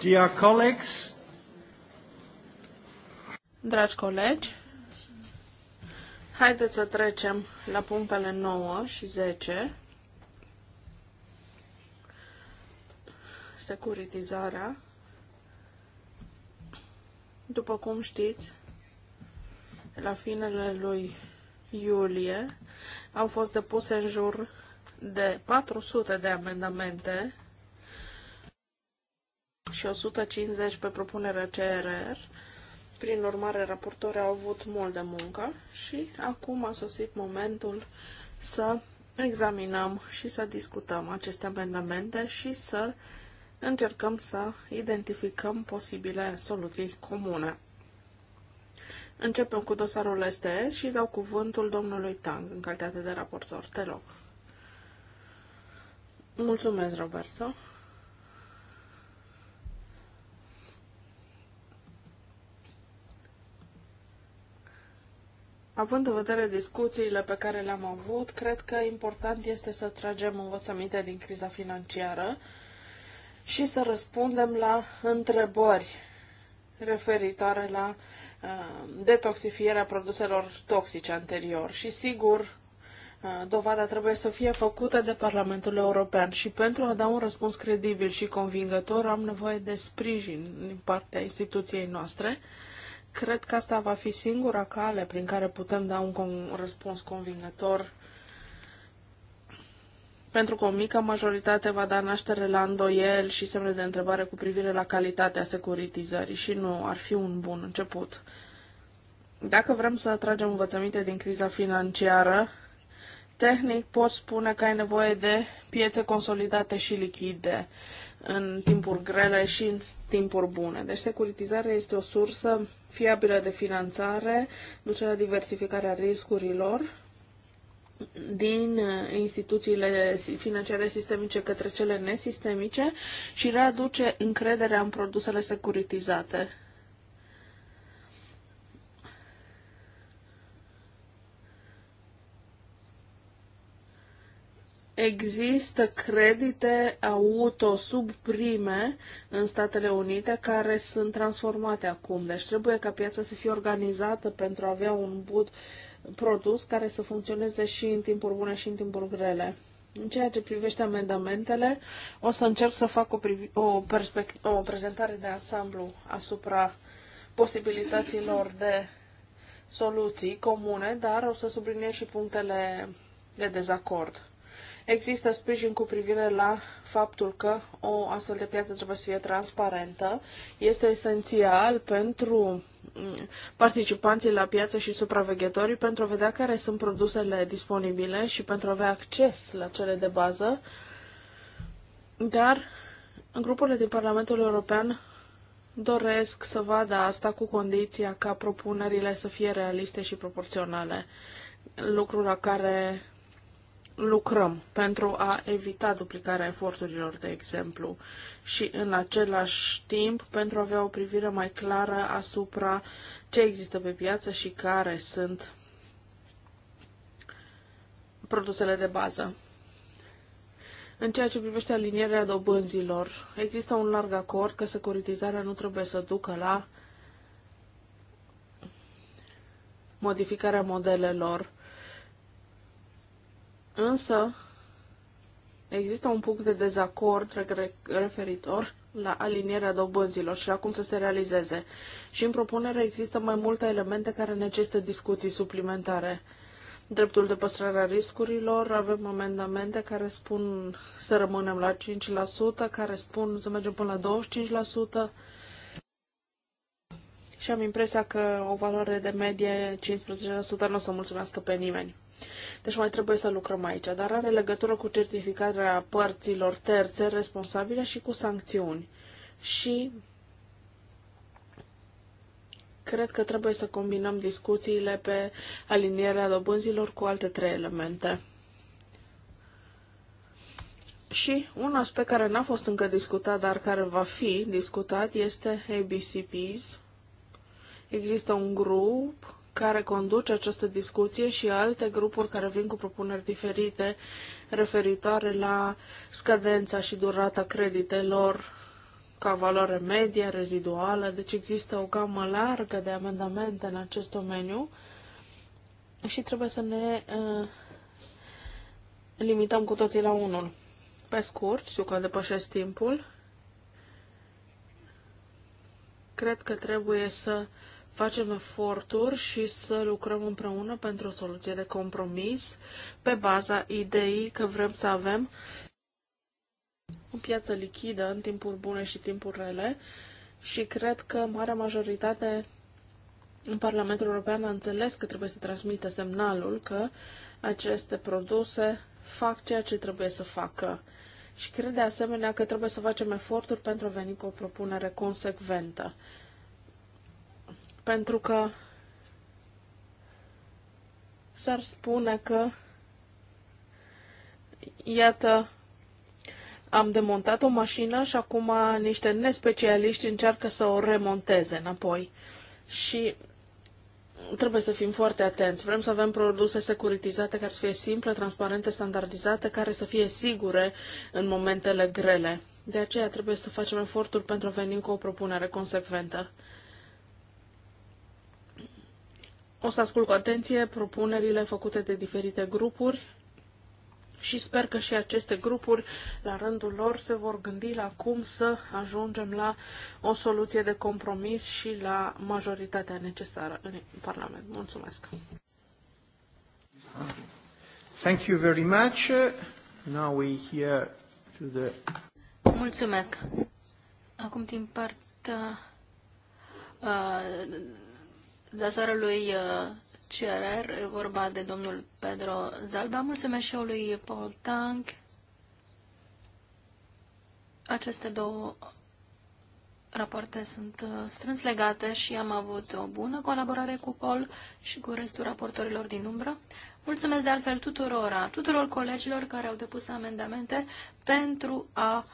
Dear colleagues, Dragi colegi, haideți să trecem la punctele 9 și 10. Securitizarea. După cum știți, la finele lui iulie au fost depuse în jur de 400 de amendamente și 150 pe propunerea CRR. Prin urmare, raportorii au avut mult de muncă și acum a sosit momentul să examinăm și să discutăm aceste amendamente și să încercăm să identificăm posibile soluții comune. Începem cu dosarul STS și dau cuvântul domnului Tang în calitate de raportor. Te rog. Mulțumesc, Roberto. Având în vedere discuțiile pe care le-am avut, cred că important este să tragem învățăminte din criza financiară și să răspundem la întrebări referitoare la uh, detoxifierea produselor toxice anterior. Și sigur, uh, dovada trebuie să fie făcută de Parlamentul European și pentru a da un răspuns credibil și convingător am nevoie de sprijin din partea instituției noastre Cred că asta va fi singura cale prin care putem da un răspuns convingător pentru că o mică majoritate va da naștere la îndoiel și semne de întrebare cu privire la calitatea securitizării și nu ar fi un bun început. Dacă vrem să atragem învățăminte din criza financiară, tehnic pot spune că ai nevoie de piețe consolidate și lichide în timpuri grele și în timpuri bune. Deci securitizarea este o sursă fiabilă de finanțare, duce la diversificarea riscurilor din uh, instituțiile financiare sistemice către cele nesistemice și readuce încrederea în produsele securitizate. Există credite auto sub prime în Statele Unite care sunt transformate acum. Deci trebuie ca piața să fie organizată pentru a avea un but produs care să funcționeze și în timpuri bune și în timpuri grele. În ceea ce privește amendamentele, o să încerc să fac o, o, o prezentare de ansamblu asupra posibilităților de soluții comune, dar o să subliniez și punctele de dezacord. Există sprijin cu privire la faptul că o astfel de piață trebuie să fie transparentă. Este esențial pentru mm, participanții la piață și supraveghetorii pentru a vedea care sunt produsele disponibile și pentru a avea acces la cele de bază. Dar grupurile din Parlamentul European doresc să vadă asta cu condiția ca propunerile să fie realiste și proporționale, Lucrul la care lucrăm pentru a evita duplicarea eforturilor, de exemplu, și în același timp pentru a avea o privire mai clară asupra ce există pe piață și care sunt produsele de bază. În ceea ce privește alinierea dobânzilor, există un larg acord că securitizarea nu trebuie să ducă la modificarea modelelor Însă, există un punct de dezacord referitor la alinierea dobânzilor și la cum să se realizeze. Și în propunere există mai multe elemente care necesită discuții suplimentare. Dreptul de păstrare a riscurilor, avem amendamente care spun să rămânem la 5%, care spun să mergem până la 25%. Și am impresia că o valoare de medie 15% nu o să mulțumească pe nimeni. Deci mai trebuie să lucrăm aici, dar are legătură cu certificarea părților terțe responsabile și cu sancțiuni. Și cred că trebuie să combinăm discuțiile pe alinierea dobânzilor cu alte trei elemente. Și un aspect care n-a fost încă discutat, dar care va fi discutat, este ABCPs. Există un grup care conduce această discuție și alte grupuri care vin cu propuneri diferite referitoare la scadența și durata creditelor ca valoare medie, reziduală, deci există o gamă largă de amendamente în acest domeniu și trebuie să ne uh, limităm cu toții la unul. Pe scurt, știu că depășesc timpul, cred că trebuie să facem eforturi și să lucrăm împreună pentru o soluție de compromis pe baza ideii că vrem să avem o piață lichidă în timpuri bune și timpuri rele și cred că marea majoritate în Parlamentul European a înțeles că trebuie să transmită semnalul că aceste produse fac ceea ce trebuie să facă. Și cred de asemenea că trebuie să facem eforturi pentru a veni cu o propunere consecventă pentru că s-ar spune că iată am demontat o mașină și acum niște nespecialiști încearcă să o remonteze înapoi. Și trebuie să fim foarte atenți. Vrem să avem produse securitizate care să fie simple, transparente, standardizate, care să fie sigure în momentele grele. De aceea trebuie să facem eforturi pentru a veni cu o propunere consecventă. O să ascult cu atenție propunerile făcute de diferite grupuri și sper că și aceste grupuri, la rândul lor, se vor gândi la cum să ajungem la o soluție de compromis și la majoritatea necesară în Parlament. Mulțumesc! Thank you very much. Now we hear to the... Mulțumesc! Acum din partea uh, lui uh, CRR, e vorba de domnul Pedro Zalba. Mulțumesc și eu lui Paul Tank. Aceste două rapoarte sunt uh, strâns legate și am avut o bună colaborare cu Paul și cu restul raportorilor din umbră. Mulțumesc de altfel tuturora, tuturor colegilor care au depus amendamente pentru a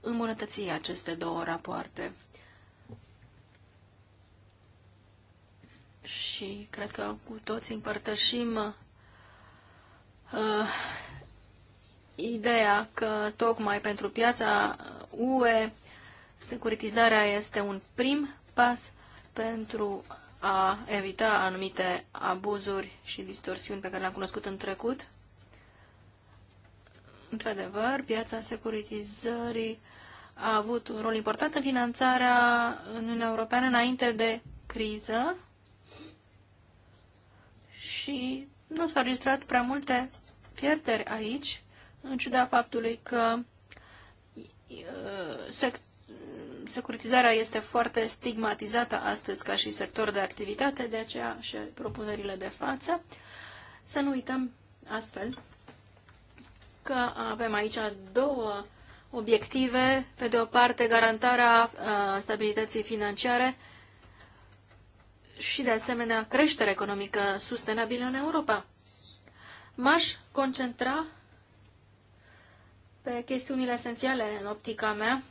îmbunătăți aceste două rapoarte. și cred că cu toți împărtășim uh, ideea că tocmai pentru piața UE securitizarea este un prim pas pentru a evita anumite abuzuri și distorsiuni pe care le-am cunoscut în trecut. Într-adevăr, piața securitizării a avut un rol important în finanțarea în Uniunea Europeană înainte de criză și nu s-au registrat prea multe pierderi aici, în ciuda faptului că uh, sec securitizarea este foarte stigmatizată astăzi ca și sector de activitate, de aceea și propunerile de față. Să nu uităm astfel că avem aici două obiective. Pe de o parte, garantarea uh, stabilității financiare și, de asemenea, creștere economică sustenabilă în Europa. M-aș concentra pe chestiunile esențiale în optica mea.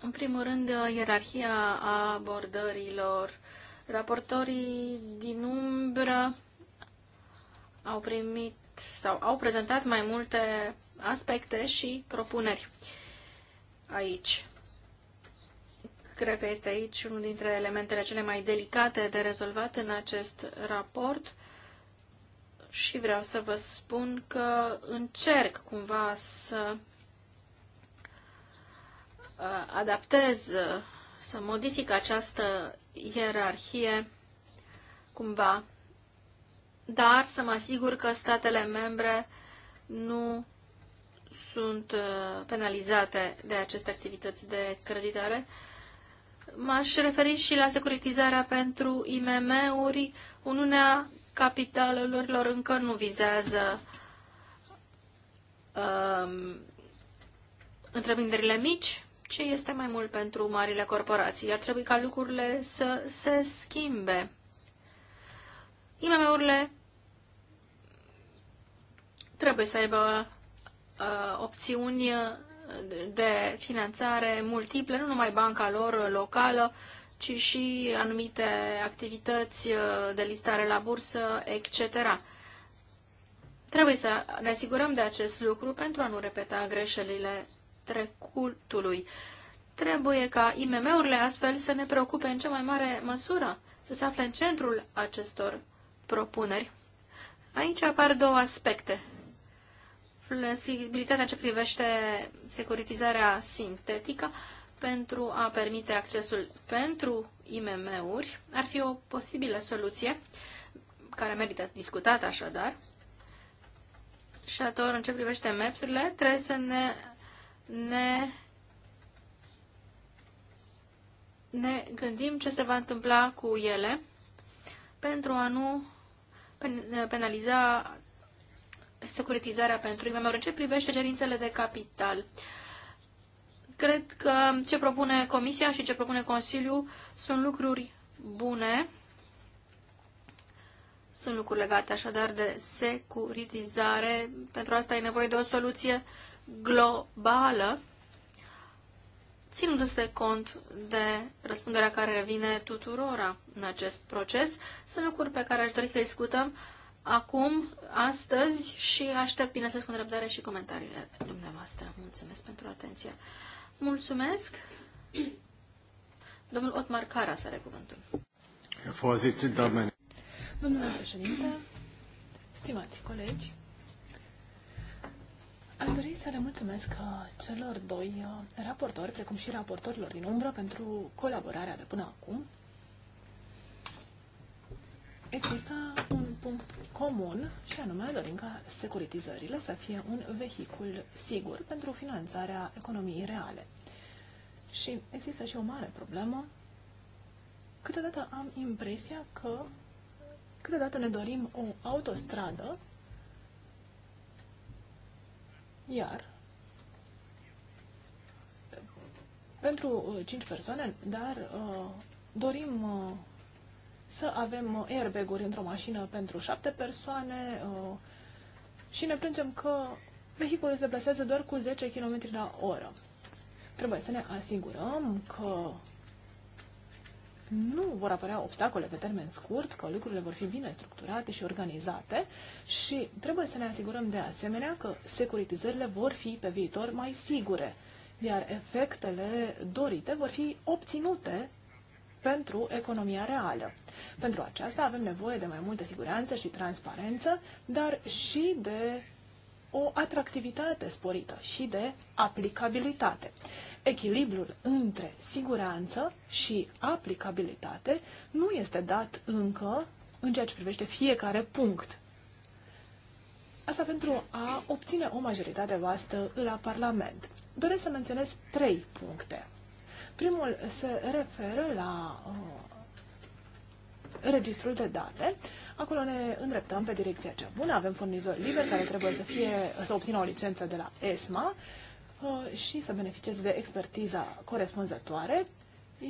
În primul rând, ierarhia abordărilor. Raportorii din umbră au primit sau au prezentat mai multe aspecte și propuneri. Uh, aici. Cred că este aici unul dintre elementele cele mai delicate de rezolvat în acest raport și vreau să vă spun că încerc cumva să uh, adaptez, să modific această ierarhie cumva, dar să mă asigur că statele membre nu sunt uh, penalizate de aceste activități de creditare. M-aș referi și la securitizarea pentru IMM-uri. Uniunea capitalurilor încă nu vizează um, întreprinderile mici, ci este mai mult pentru marile corporații. Ar trebui ca lucrurile să se schimbe. IMM-urile trebuie să aibă Uh, opțiuni de finanțare multiple, nu numai banca lor locală, ci și anumite activități uh, de listare la bursă, etc. Trebuie să ne asigurăm de acest lucru pentru a nu repeta greșelile trecutului. Trebuie ca IMM-urile astfel să ne preocupe în cea mai mare măsură, să se afle în centrul acestor propuneri. Aici apar două aspecte flexibilitatea ce privește securitizarea sintetică pentru a permite accesul pentru IMM-uri ar fi o posibilă soluție care merită discutat așadar. Și atunci, în ce privește MEPS-urile, trebuie să ne, ne, ne gândim ce se va întâmpla cu ele pentru a nu penaliza securitizarea pentru imm În ce privește cerințele de capital? Cred că ce propune Comisia și ce propune Consiliul sunt lucruri bune. Sunt lucruri legate așadar de securitizare. Pentru asta e nevoie de o soluție globală, ținându-se cont de răspunderea care revine tuturora în acest proces. Sunt lucruri pe care aș dori să le discutăm acum, astăzi și aștept, bineînțeles, cu răbdare și comentariile dumneavoastră. Mulțumesc pentru atenție. Mulțumesc. Domnul Otmar Caras are cuvântul. Domnule președinte, stimați colegi, Aș dori să le mulțumesc celor doi raportori, precum și raportorilor din umbră, pentru colaborarea de până acum exista un punct comun și anume dorim ca securitizările să fie un vehicul sigur pentru finanțarea economiei reale. Și există și o mare problemă. Câteodată am impresia că câteodată ne dorim o autostradă, iar pentru 5 uh, persoane, dar uh, dorim uh, să avem uh, airbag-uri într-o mașină pentru șapte persoane uh, și ne plângem că vehiculul se deplasează doar cu 10 km la oră. Trebuie să ne asigurăm că nu vor apărea obstacole pe termen scurt, că lucrurile vor fi bine structurate și organizate și trebuie să ne asigurăm de asemenea că securitizările vor fi pe viitor mai sigure, iar efectele dorite vor fi obținute pentru economia reală. Pentru aceasta avem nevoie de mai multă siguranță și transparență, dar și de o atractivitate sporită și de aplicabilitate. Echilibrul între siguranță și aplicabilitate nu este dat încă în ceea ce privește fiecare punct. Asta pentru a obține o majoritate vastă la Parlament. Doresc să menționez trei puncte. Primul se referă la uh, registrul de date. Acolo ne îndreptăm pe direcția cea bună. Avem furnizori liberi care trebuie să, fie, să obțină o licență de la ESMA uh, și să beneficieze de expertiza corespunzătoare,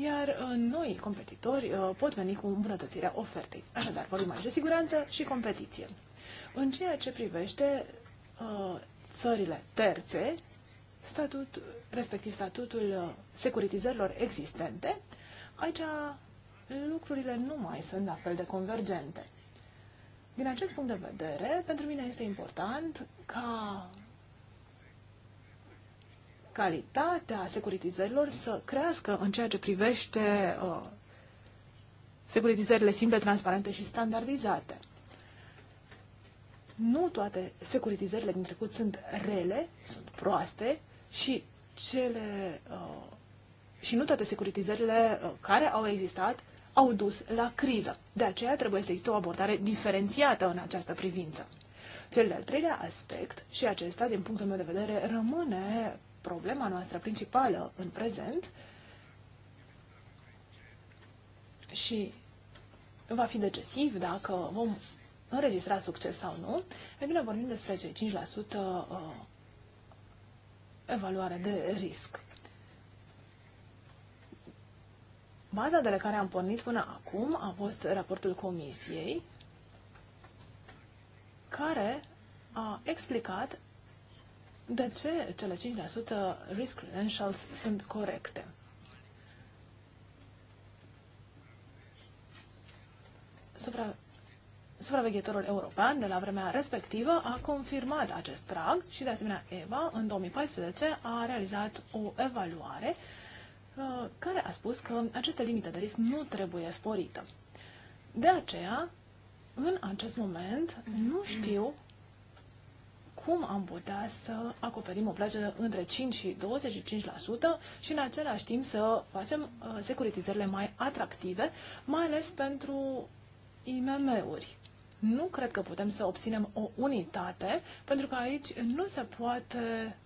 iar uh, noi competitori pot veni cu îmbunătățirea ofertei. Așadar, vorbim aici de siguranță și competiție. În ceea ce privește țările terțe, statut, respectiv statutul uh, securitizărilor existente, aici lucrurile nu mai sunt la fel de convergente. Din acest punct de vedere, pentru mine este important ca calitatea securitizărilor să crească în ceea ce privește uh, securitizările simple, transparente și standardizate. Nu toate securitizările din trecut sunt rele, sunt proaste, și cele uh, și nu toate securitizările uh, care au existat au dus la criză. De aceea trebuie să existe o abordare diferențiată în această privință. Cel de-al treilea aspect, și acesta, din punctul meu de vedere, rămâne problema noastră principală în prezent și va fi decisiv dacă vom înregistra succes sau nu. E bine, vorbim despre cei 5% evaluare de risc. Baza de la care am pornit până acum a fost raportul comisiei, care a explicat de ce cele 5% risk credentials sunt corecte. Supra supraveghetorul european de la vremea respectivă a confirmat acest prag și, de asemenea, EVA, în 2014, a realizat o evaluare uh, care a spus că aceste limite de risc nu trebuie sporită. De aceea, în acest moment, nu știu cum am putea să acoperim o plajă între 5 și 25% și în același timp să facem uh, securitizările mai atractive, mai ales pentru IMM-uri nu cred că putem să obținem o unitate, pentru că aici nu se poate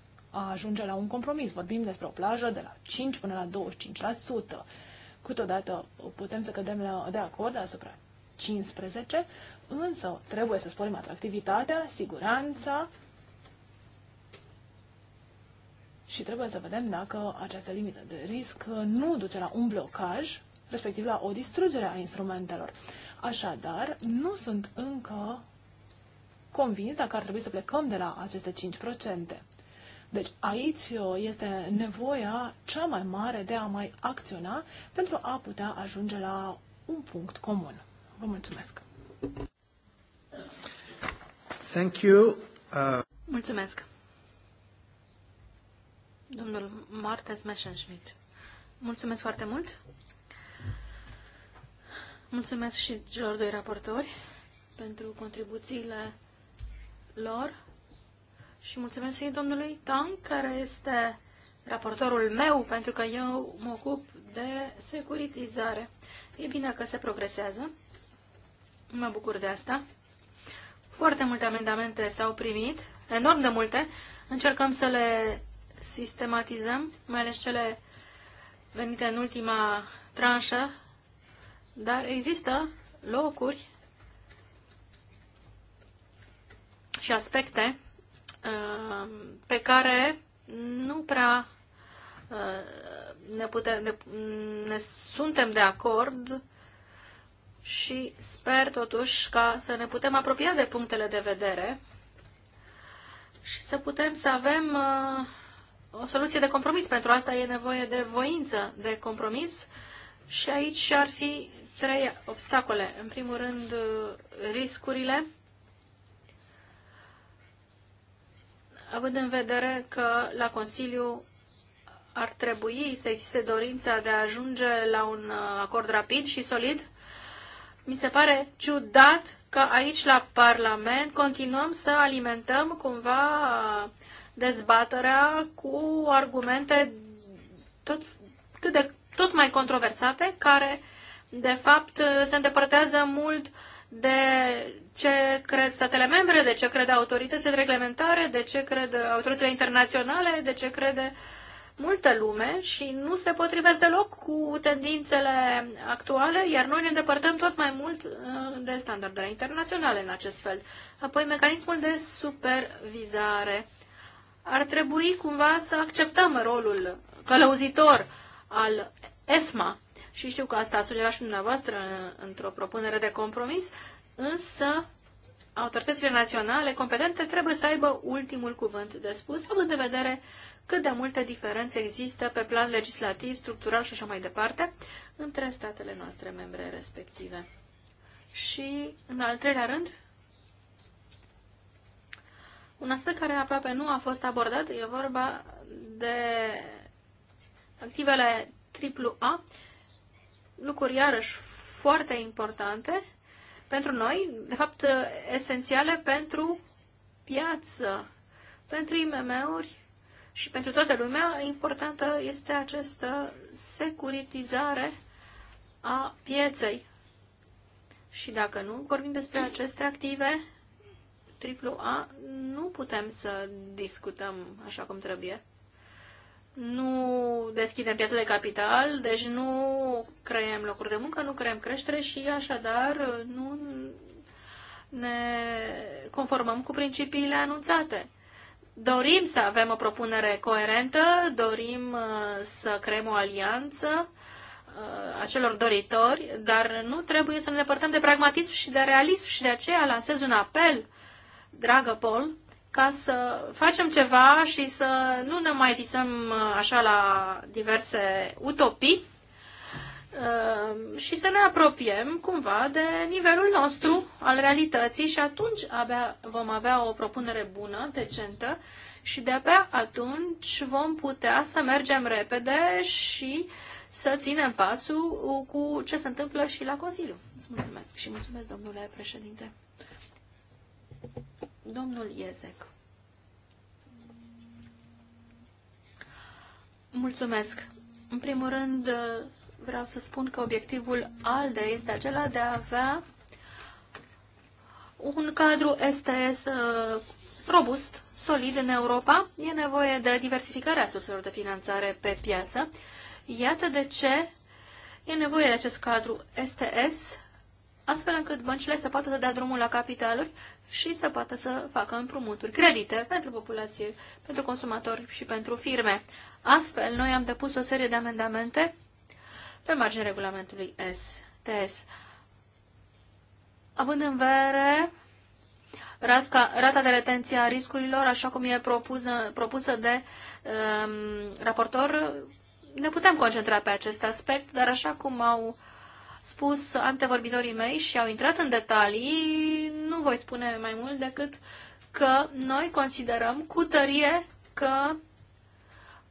ajunge la un compromis. Vorbim despre o plajă de la 5 până la 25%. Câteodată putem să cădem la, de acord asupra 15, însă trebuie să sporim atractivitatea, siguranța și trebuie să vedem dacă această limită de risc nu duce la un blocaj, respectiv la o distrugere a instrumentelor. Așadar, nu sunt încă convins dacă ar trebui să plecăm de la aceste 5%. Deci aici uh, este nevoia cea mai mare de a mai acționa pentru a putea ajunge la un punct comun. Vă mulțumesc! Thank you. Uh... Mulțumesc! Domnul Martes Messenschmidt. Mulțumesc foarte mult! Mulțumesc și celor doi raportori pentru contribuțiile lor și mulțumesc și domnului Tang, care este raportorul meu, pentru că eu mă ocup de securitizare. E bine că se progresează. Mă bucur de asta. Foarte multe amendamente s-au primit, enorm de multe. Încercăm să le sistematizăm, mai ales cele venite în ultima tranșă dar există locuri și aspecte uh, pe care nu prea uh, ne, putem, ne, ne suntem de acord și sper totuși ca să ne putem apropia de punctele de vedere și să putem să avem uh, o soluție de compromis. Pentru asta e nevoie de voință de compromis și aici ar fi trei obstacole. În primul rând, riscurile, având în vedere că la Consiliu ar trebui să existe dorința de a ajunge la un acord rapid și solid, mi se pare ciudat că aici la Parlament continuăm să alimentăm cumva dezbaterea cu argumente tot, cât de, tot mai controversate care uh, de fapt, se îndepărtează mult de ce cred statele membre, de ce cred autoritățile reglementare, de ce cred autoritățile internaționale, de ce crede multă lume și nu se potrivesc deloc cu tendințele actuale, iar noi ne îndepărtăm tot mai mult uh, de standardele internaționale în acest fel. Apoi, mecanismul de supervizare. Ar trebui cumva să acceptăm rolul călăuzitor al ESMA, și știu că asta sugerat și dumneavoastră într-o propunere de compromis, însă autoritățile naționale competente trebuie să aibă ultimul cuvânt de spus, având în vedere cât de multe diferențe există pe plan legislativ, structural și așa mai departe între statele noastre membre respective. Și, în al treilea rând, un aspect care aproape nu a fost abordat e vorba de activele AAA lucruri iarăși foarte importante pentru noi, de fapt esențiale pentru piață, pentru IMM-uri și pentru toată lumea. Importantă este această securitizare a pieței. Și dacă nu vorbim despre aceste active, AAA, nu putem să discutăm așa cum trebuie nu deschidem piața de capital, deci nu creăm locuri de muncă, nu creăm creștere și așadar nu ne conformăm cu principiile anunțate. Dorim să avem o propunere coerentă, dorim uh, să creăm o alianță uh, acelor doritori, dar nu trebuie să ne depărtăm de pragmatism și de realism și de aceea lansez un apel, dragă Paul, ca să facem ceva și să nu ne mai visăm uh, așa la diverse utopii uh, și să ne apropiem cumva de nivelul nostru al realității și atunci abia vom avea o propunere bună, decentă și de-abia atunci vom putea să mergem repede și să ținem pasul cu ce se întâmplă și la Consiliu. Îți mulțumesc și mulțumesc, domnule președinte. Domnul Iezec. Mulțumesc. În primul rând, vreau să spun că obiectivul ALDE este acela de a avea un cadru STS uh, robust, solid în Europa. E nevoie de diversificarea surselor de finanțare pe piață. Iată de ce e nevoie de acest cadru STS, astfel încât băncile să poată dea drumul la capitaluri și să poată să facă împrumuturi, credite pentru populație, pentru consumatori și pentru firme. Astfel, noi am depus o serie de amendamente pe marginea regulamentului STS. Având în vedere rasca, rata de retenție a riscurilor, așa cum e propusă, propusă de um, raportor, ne putem concentra pe acest aspect, dar așa cum au uh, spus antevorbitorii mei și au intrat în detalii, nu voi spune mai mult decât că noi considerăm cu tărie că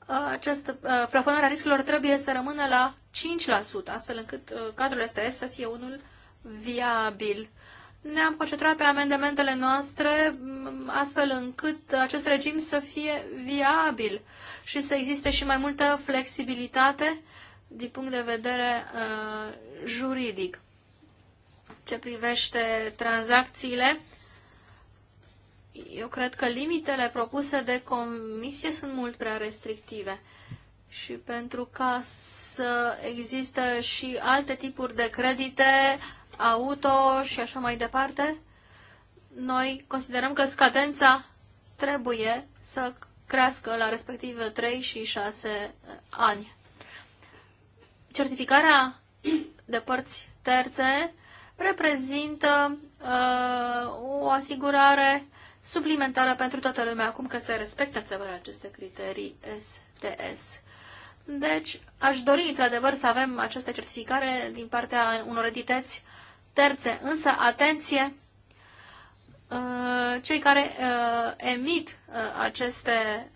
uh, această uh, plafonare a riscurilor trebuie să rămână la 5%, astfel încât uh, cadrul STS să fie unul viabil. Ne-am concentrat pe amendamentele noastre mm, astfel încât acest regim să fie viabil și să existe și mai multă flexibilitate din punct de vedere uh, juridic. Ce privește tranzacțiile, eu cred că limitele propuse de comisie sunt mult prea restrictive și pentru ca să există și alte tipuri de credite, auto și așa mai departe, noi considerăm că scadența trebuie să crească la respectiv 3 și 6 ani certificarea de părți terțe reprezintă uh, o asigurare suplimentară pentru toată lumea, acum că se respectă adevărat aceste criterii STS. Deci, aș dori, într-adevăr, să avem aceste certificare din partea unor entități terțe, însă, atenție, uh, cei care uh, emit uh, aceste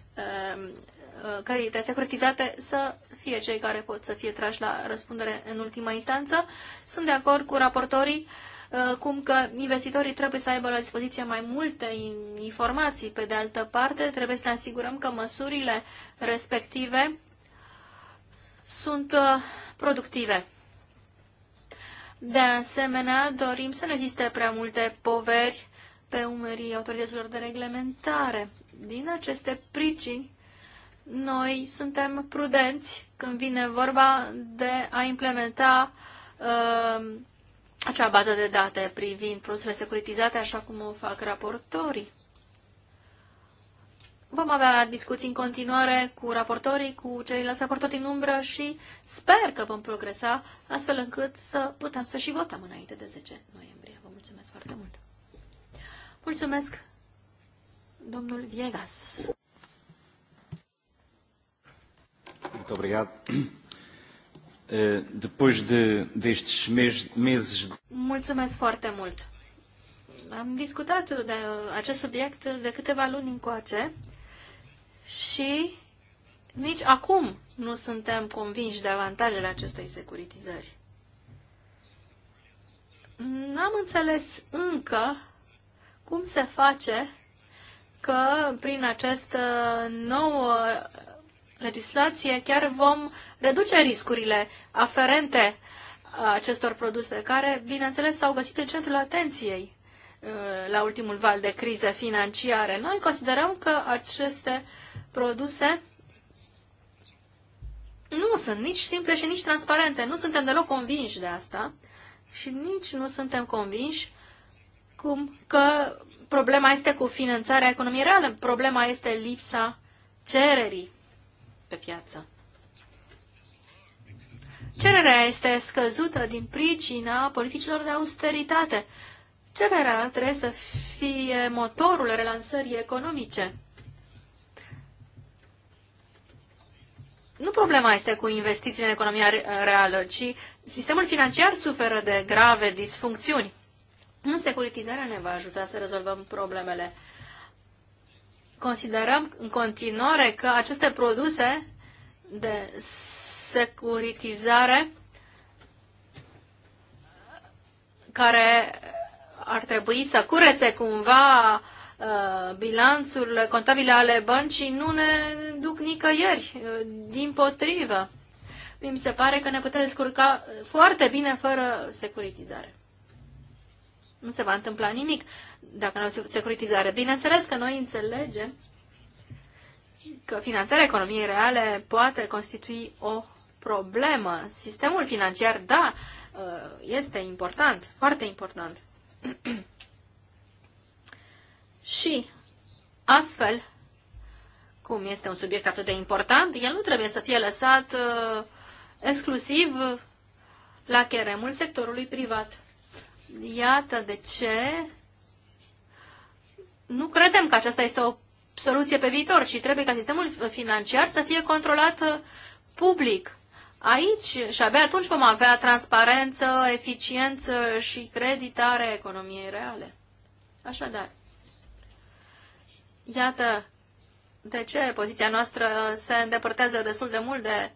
Uh, credite securitizate să fie cei care pot să fie trași la răspundere în ultima instanță. Sunt de acord cu raportorii uh, cum că investitorii trebuie să aibă la dispoziție mai multe informații. Pe de altă parte, trebuie să ne asigurăm că măsurile respective sunt uh, productive. De asemenea, dorim să nu existe prea multe poveri pe umerii autorităților de reglementare. Din aceste pricini, noi suntem prudenți când vine vorba de a implementa uh, acea bază de date privind produsele securitizate, așa cum o fac raportorii. Vom avea discuții în continuare cu raportorii, cu ceilalți raportori din umbră și sper că vom progresa astfel încât să putem să și votăm înainte de 10 noiembrie. Vă mulțumesc foarte mult! Mulțumesc, domnul Viegas! Muito obrigado. Eh, depois de, destes meses... Mulțumesc foarte mult. Am discutat de acest subiect de câteva luni încoace și nici acum nu suntem convinși de avantajele acestei securitizări. N-am înțeles încă cum se face că prin acest nou legislație, chiar vom reduce riscurile aferente uh, acestor produse, care, bineînțeles, s-au găsit în centrul atenției uh, la ultimul val de crize financiare. Noi considerăm că aceste produse nu sunt nici simple și nici transparente. Nu suntem deloc convinși de asta și nici nu suntem convinși cum că problema este cu finanțarea economiei reale. Problema este lipsa cererii pe piață. Cererea este scăzută din pricina politicilor de austeritate. Cererea trebuie să fie motorul relansării economice. Nu problema este cu investițiile în economia reală, ci sistemul financiar suferă de grave disfuncțiuni. Nu securitizarea ne va ajuta să rezolvăm problemele. Considerăm în continuare că aceste produse de securitizare care ar trebui să curețe cumva uh, bilanțurile contabile ale băncii nu ne duc nicăieri, uh, din potrivă. Mi se pare că ne putem descurca foarte bine fără securitizare. Nu se va întâmpla nimic dacă nu au securitizare. Bineînțeles că noi înțelegem că finanțarea economiei reale poate constitui o problemă. Sistemul financiar, da, uh, este important, foarte important. Și astfel, cum este un subiect atât de important, el nu trebuie să fie lăsat uh, exclusiv la cheremul sectorului privat. Iată de ce nu credem că aceasta este o soluție pe viitor și trebuie ca sistemul financiar să fie controlat uh, public. Aici și abia atunci vom avea transparență, eficiență și creditare economiei reale. Așadar, iată de ce poziția noastră se îndepărtează destul de mult de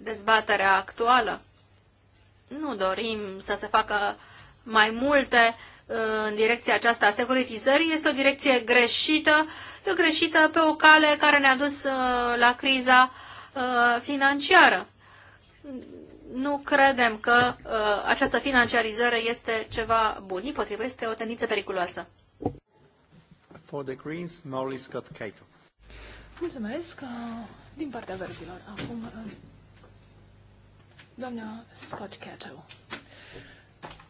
dezbaterea actuală. Nu dorim să se facă mai multe în direcția aceasta a securitizării este o direcție greșită, greșită pe o cale care ne-a dus uh, la criza uh, financiară. Nu credem că uh, această financiarizare este ceva bun, împotrivă este o tendință periculoasă. For the Greens, Molly Scott Cato. Mulțumesc din partea verzilor. Acum, doamna Scott Cato.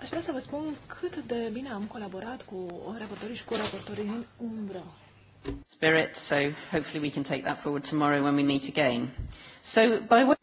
Aș vrea să vă spun cât de bine am colaborat cu raportorii și cu raportorii în umbră. Spirit, so hopefully we can take that forward tomorrow when we meet again. So by way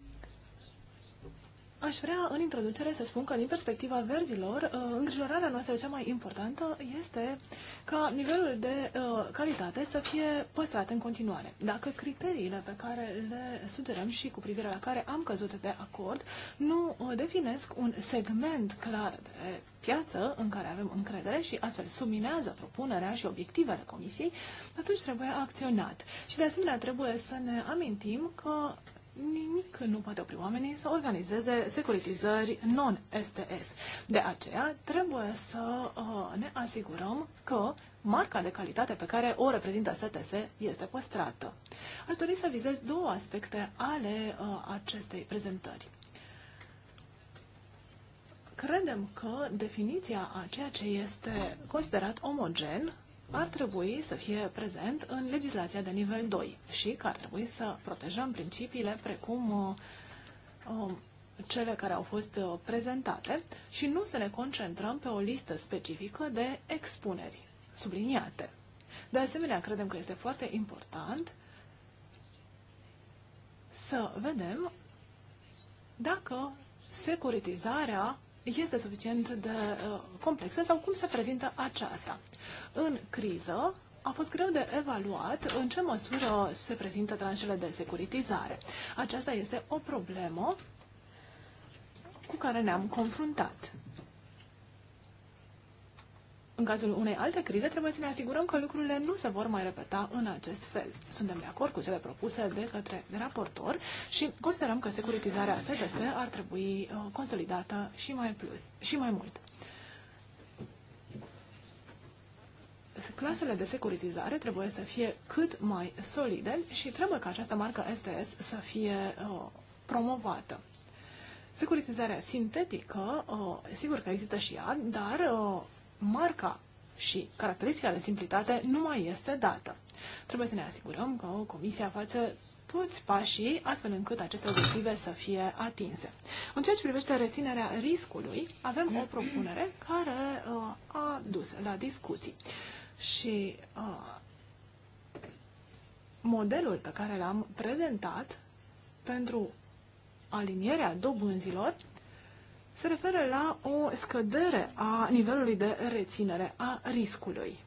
Aș vrea în introducere să spun că din perspectiva verzilor, uh, îngrijorarea noastră cea mai importantă este ca nivelul de uh, calitate să fie păstrat în continuare. Dacă criteriile pe care le sugerăm și cu privire la care am căzut de acord nu uh, definesc un segment clar de piață în care avem încredere și astfel subminează propunerea și obiectivele comisiei, atunci trebuie acționat. Și de asemenea trebuie să ne amintim că nimic nu poate opri oamenii să organizeze securitizări non-STS. De aceea trebuie să uh, ne asigurăm că marca de calitate pe care o reprezintă STS este păstrată. Aș dori să vizez două aspecte ale uh, acestei prezentări. Credem că definiția a ceea ce este considerat omogen ar trebui să fie prezent în legislația de nivel 2 și că ar trebui să protejăm principiile precum uh, uh, cele care au fost uh, prezentate și nu să ne concentrăm pe o listă specifică de expuneri subliniate. De asemenea, credem că este foarte important să vedem dacă securitizarea este suficient de uh, complexă sau cum se prezintă aceasta. În criză, a fost greu de evaluat în ce măsură se prezintă tranșele de securitizare. Aceasta este o problemă cu care ne-am confruntat în cazul unei alte crize, trebuie să ne asigurăm că lucrurile nu se vor mai repeta în acest fel. Suntem de acord cu cele propuse de către raportor și considerăm că securitizarea SDS ar trebui uh, consolidată și mai plus, și mai mult. Clasele de securitizare trebuie să fie cât mai solide și trebuie ca această marcă STS să fie uh, promovată. Securitizarea sintetică, uh, sigur că există și ea, dar uh, marca și caracteristica de simplitate nu mai este dată. Trebuie să ne asigurăm că o Comisia face toți pașii astfel încât aceste obiective să fie atinse. În ceea ce privește reținerea riscului, avem o propunere care uh, a dus la discuții. Și uh, modelul pe care l-am prezentat pentru alinierea dobânzilor se referă la o scădere a nivelului de reținere a riscului.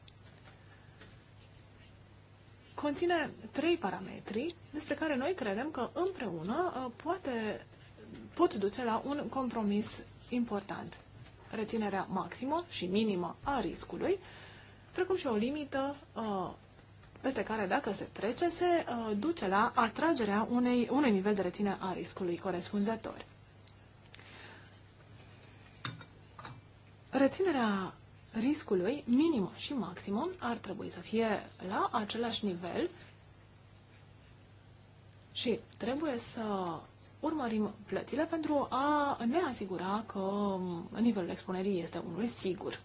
Conține trei parametri despre care noi credem că împreună uh, poate, pot duce la un compromis important. Reținerea maximă și minimă a riscului, precum și o limită uh, peste care, dacă se trece, se uh, duce la atragerea unei, unui nivel de reținere a riscului corespunzător. reținerea riscului minim și maximum ar trebui să fie la același nivel și trebuie să urmărim plățile pentru a ne asigura că nivelul expunerii este unul sigur.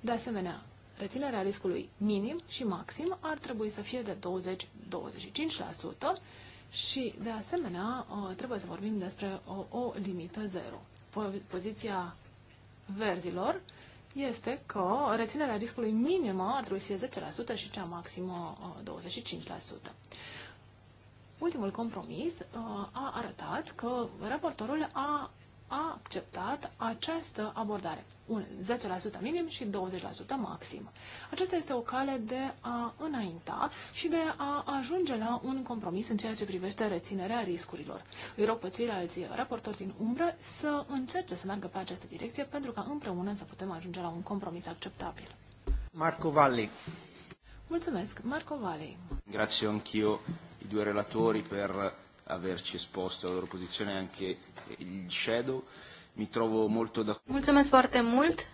De asemenea, reținerea riscului minim și maxim ar trebui să fie de 20-25% și, de asemenea, uh, trebuie să vorbim despre o, o limită zero. Poziția verzilor este că reținerea riscului minimă ar trebui să fie 10% și cea maximă 25%. Uh, Ultimul compromis uh, a arătat că raportorul a a acceptat această abordare. Un 10% minim și 20% maxim. Aceasta este o cale de a înainta și de a ajunge la un compromis în ceea ce privește reținerea riscurilor. Îi rog pe ceilalți raportori din umbră să încerce să meargă pe această direcție pentru ca împreună să putem ajunge la un compromis acceptabil. Marco Valli. Mulțumesc, Marco Valli. Grazie anch'io i due relatori per averci esposto la loro posizione anche il shadow. Mi trovo molto d'accordo. Mulțumesc foarte mult!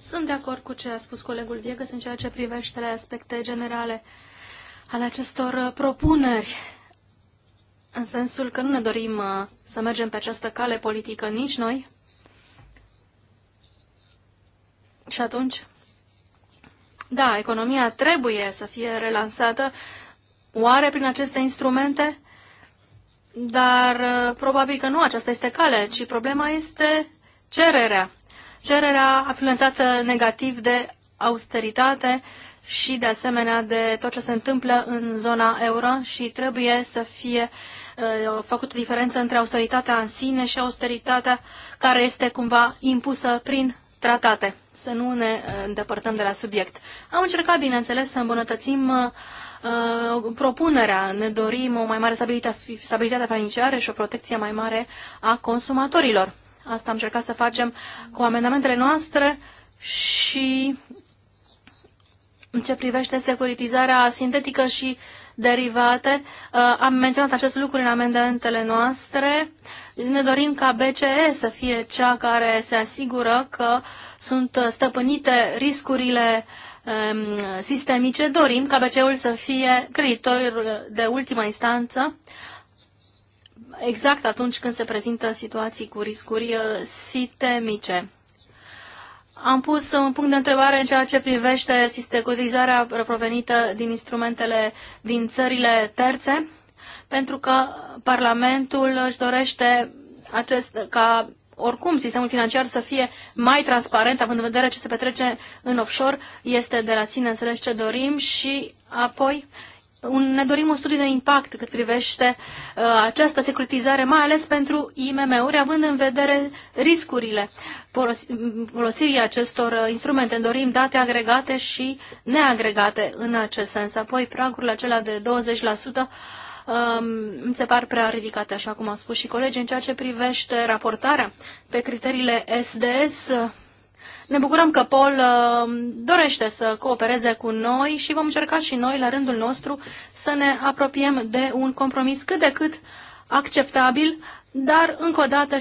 Sunt de acord cu ce a spus colegul Viegas în ceea ce privește la aspecte generale ale acestor uh, propuneri, în sensul că nu ne dorim uh, să mergem pe această cale politică nici noi. Și atunci, da, economia trebuie să fie relansată. Oare prin aceste instrumente? Dar uh, probabil că nu aceasta este calea, ci problema este cererea. Cererea influențată negativ de austeritate și de asemenea de tot ce se întâmplă în zona euro și trebuie să fie uh, făcută diferență între austeritatea în sine și austeritatea care este cumva impusă prin tratate. Să nu ne uh, îndepărtăm de la subiect. Am încercat, bineînțeles, să îmbunătățim uh, Uh, propunerea. Ne dorim o mai mare stabilitate, stabilitate financiară și o protecție mai mare a consumatorilor. Asta am încercat să facem cu amendamentele noastre și în ce privește securitizarea sintetică și derivate, uh, am menționat acest lucru în amendamentele noastre. Ne dorim ca BCE să fie cea care se asigură că sunt stăpânite riscurile uh, Um, sistemice, dorim ca BCE-ul să fie creditorul de ultima instanță exact atunci când se prezintă situații cu riscuri uh, sistemice. Am pus un punct de întrebare în ceea ce privește securizarea provenită din instrumentele din țările terțe, pentru că Parlamentul își dorește acest, ca oricum sistemul financiar să fie mai transparent, având în vedere ce se petrece în offshore, este de la sine înțeles ce dorim și apoi un, ne dorim un studiu de impact cât privește uh, această securitizare, mai ales pentru IMM-uri, având în vedere riscurile folosirii acestor uh, instrumente. Dorim date agregate și neagregate în acest sens. Apoi pragurile acelea de 20% Um, mi se par prea ridicate, așa cum a spus și colegii, în ceea ce privește raportarea pe criteriile SDS. Ne bucurăm că Paul um, dorește să coopereze cu noi și vom încerca și noi, la rândul nostru, să ne apropiem de un compromis cât de cât acceptabil, dar, încă o dată,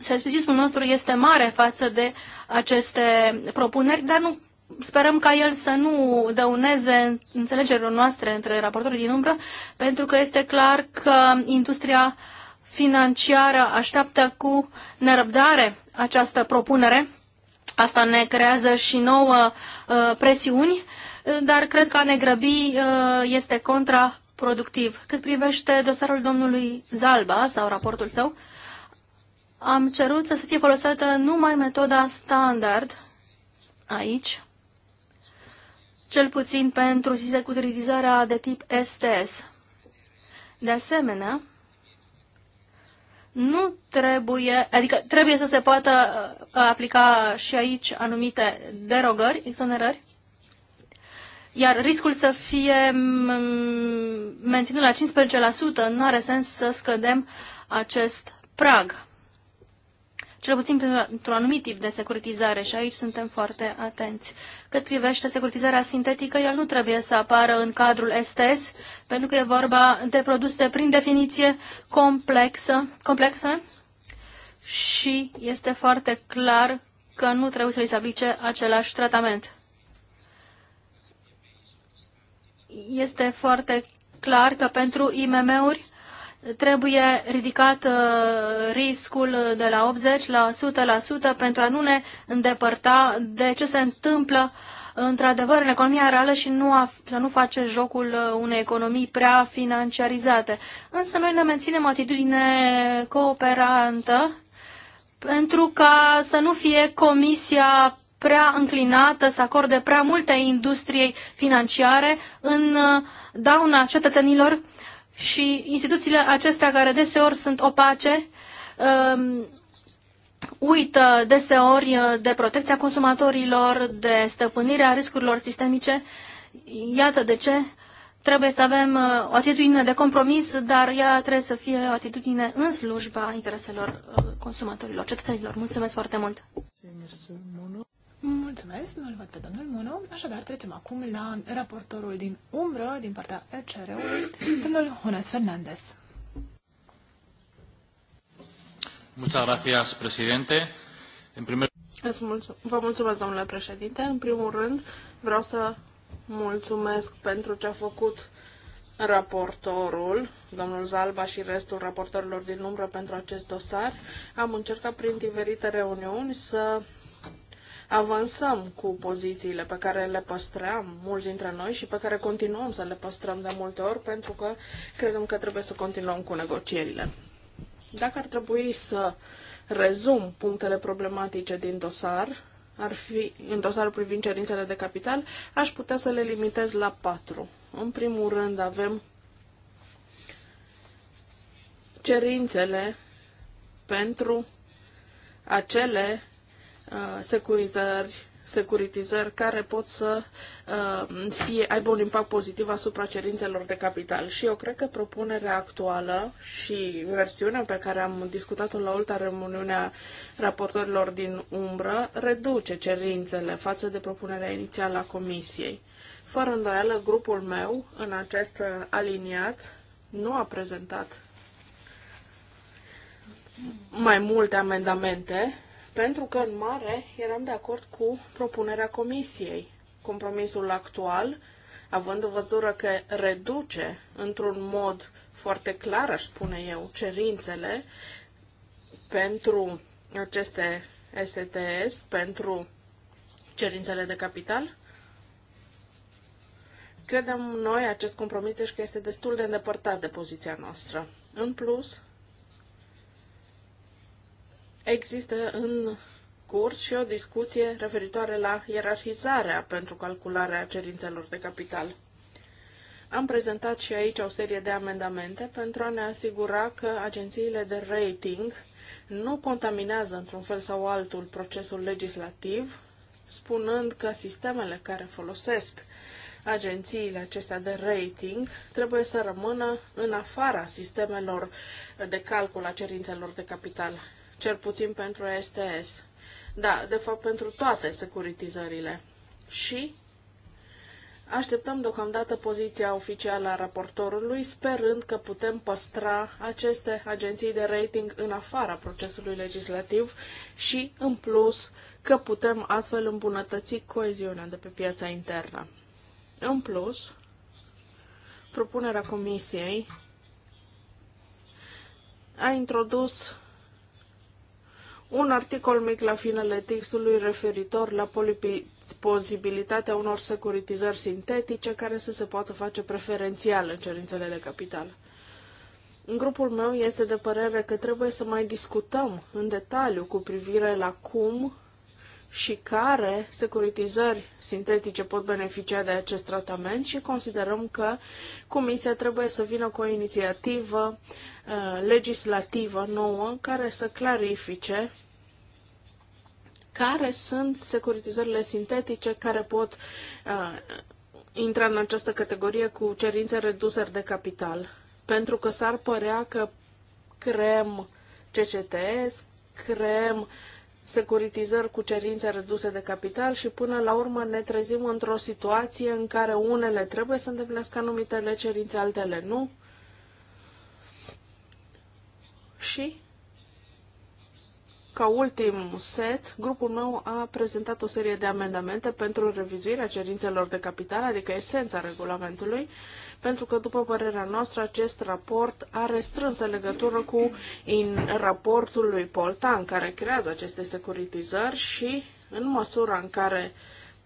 scepticismul nostru este mare față de aceste propuneri, dar nu sperăm ca el să nu dăuneze înțelegerilor noastre între raportorii din umbră, pentru că este clar că industria financiară așteaptă cu nerăbdare această propunere. Asta ne creează și nouă uh, presiuni, dar cred că a ne grăbi uh, este contraproductiv. Cât privește dosarul domnului Zalba sau raportul său, am cerut să fie folosită numai metoda standard aici cel puțin pentru securitizarea de tip STS. De asemenea, nu trebuie, adică trebuie să se poată uh, aplica și aici anumite derogări, exonerări, iar riscul să fie mm, menținut la 15% nu are sens să scădem acest prag cel puțin pentru un anumit tip de securitizare și aici suntem foarte atenți. Cât privește securitizarea sintetică, el nu trebuie să apară în cadrul STS, pentru că e vorba de produse prin definiție complexă, complexe și este foarte clar că nu trebuie să li se aplice același tratament. Este foarte clar că pentru IMM-uri trebuie ridicat uh, riscul de la 80 la 100% pentru a nu ne îndepărta de ce se întâmplă într-adevăr în economia reală și nu a, să nu face jocul uh, unei economii prea financiarizate. Însă noi ne menținem o atitudine cooperantă pentru ca să nu fie comisia prea înclinată să acorde prea multe industriei financiare în uh, dauna cetățenilor și instituțiile acestea care deseori sunt opace um, uită deseori de protecția consumatorilor, de stăpânirea riscurilor sistemice. Iată de ce trebuie să avem uh, o atitudine de compromis, dar ea trebuie să fie o atitudine în slujba intereselor uh, consumatorilor, cetățenilor. Mulțumesc foarte mult! Mulțumesc, nu-l văd pe domnul Munu. Așadar, trecem acum la raportorul din umbră, din partea ECR-ului, domnul Jonas Fernandez. Muchas gracias, presidente. În primer... Vă mulțumesc, domnule președinte. În primul rând, vreau să mulțumesc pentru ce a făcut raportorul, domnul Zalba și restul raportorilor din umbră pentru acest dosar. Am încercat prin diferite reuniuni să avansăm cu pozițiile pe care le păstrăm mulți dintre noi și pe care continuăm să le păstrăm de multe ori pentru că credem că trebuie să continuăm cu negocierile. Dacă ar trebui să rezum punctele problematice din dosar, ar fi în dosarul privind cerințele de capital, aș putea să le limitez la patru. În primul rând avem cerințele pentru acele Uh, securizări, securitizări care pot să uh, fie, aibă un impact pozitiv asupra cerințelor de capital. Și eu cred că propunerea actuală și versiunea pe care am discutat-o la ultima reuniune a raportorilor din umbră reduce cerințele față de propunerea inițială a Comisiei. Fără îndoială, grupul meu, în acest uh, aliniat, nu a prezentat mai multe amendamente, pentru că, în mare, eram de acord cu propunerea comisiei. Compromisul actual, având în văzură că reduce într-un mod foarte clar, aș spune eu, cerințele pentru aceste STS, pentru cerințele de capital, credem noi acest compromis deci că este destul de îndepărtat de poziția noastră. În plus, există în curs și o discuție referitoare la ierarhizarea pentru calcularea cerințelor de capital. Am prezentat și aici o serie de amendamente pentru a ne asigura că agențiile de rating nu contaminează într-un fel sau altul procesul legislativ, spunând că sistemele care folosesc agențiile acestea de rating trebuie să rămână în afara sistemelor de calcul a cerințelor de capital cel puțin pentru STS. Da, de fapt pentru toate securitizările. Și Așteptăm deocamdată poziția oficială a raportorului, sperând că putem păstra aceste agenții de rating în afara procesului legislativ și, în plus, că putem astfel îmbunătăți coeziunea de pe piața internă. În plus, propunerea Comisiei a introdus un articol mic la finele textului referitor la posibilitatea unor securitizări sintetice care să se poată face preferențial în cerințele de capital. În Grupul meu este de părere că trebuie să mai discutăm în detaliu cu privire la cum și care securitizări sintetice pot beneficia de acest tratament și considerăm că Comisia trebuie să vină cu o inițiativă uh, legislativă nouă care să clarifice care sunt securitizările sintetice care pot uh, intra în această categorie cu cerințe reduse de capital. Pentru că s-ar părea că creăm CCTS, creăm securitizări cu cerințe reduse de capital și până la urmă ne trezim într-o situație în care unele trebuie să îndeplinească anumitele cerințe, altele nu. Și ca ultim set, grupul meu a prezentat o serie de amendamente pentru revizuirea cerințelor de capital, adică esența regulamentului, pentru că, după părerea noastră, acest raport are strânsă legătură cu in raportul lui Poltan, care creează aceste securitizări și, în măsura în care uh,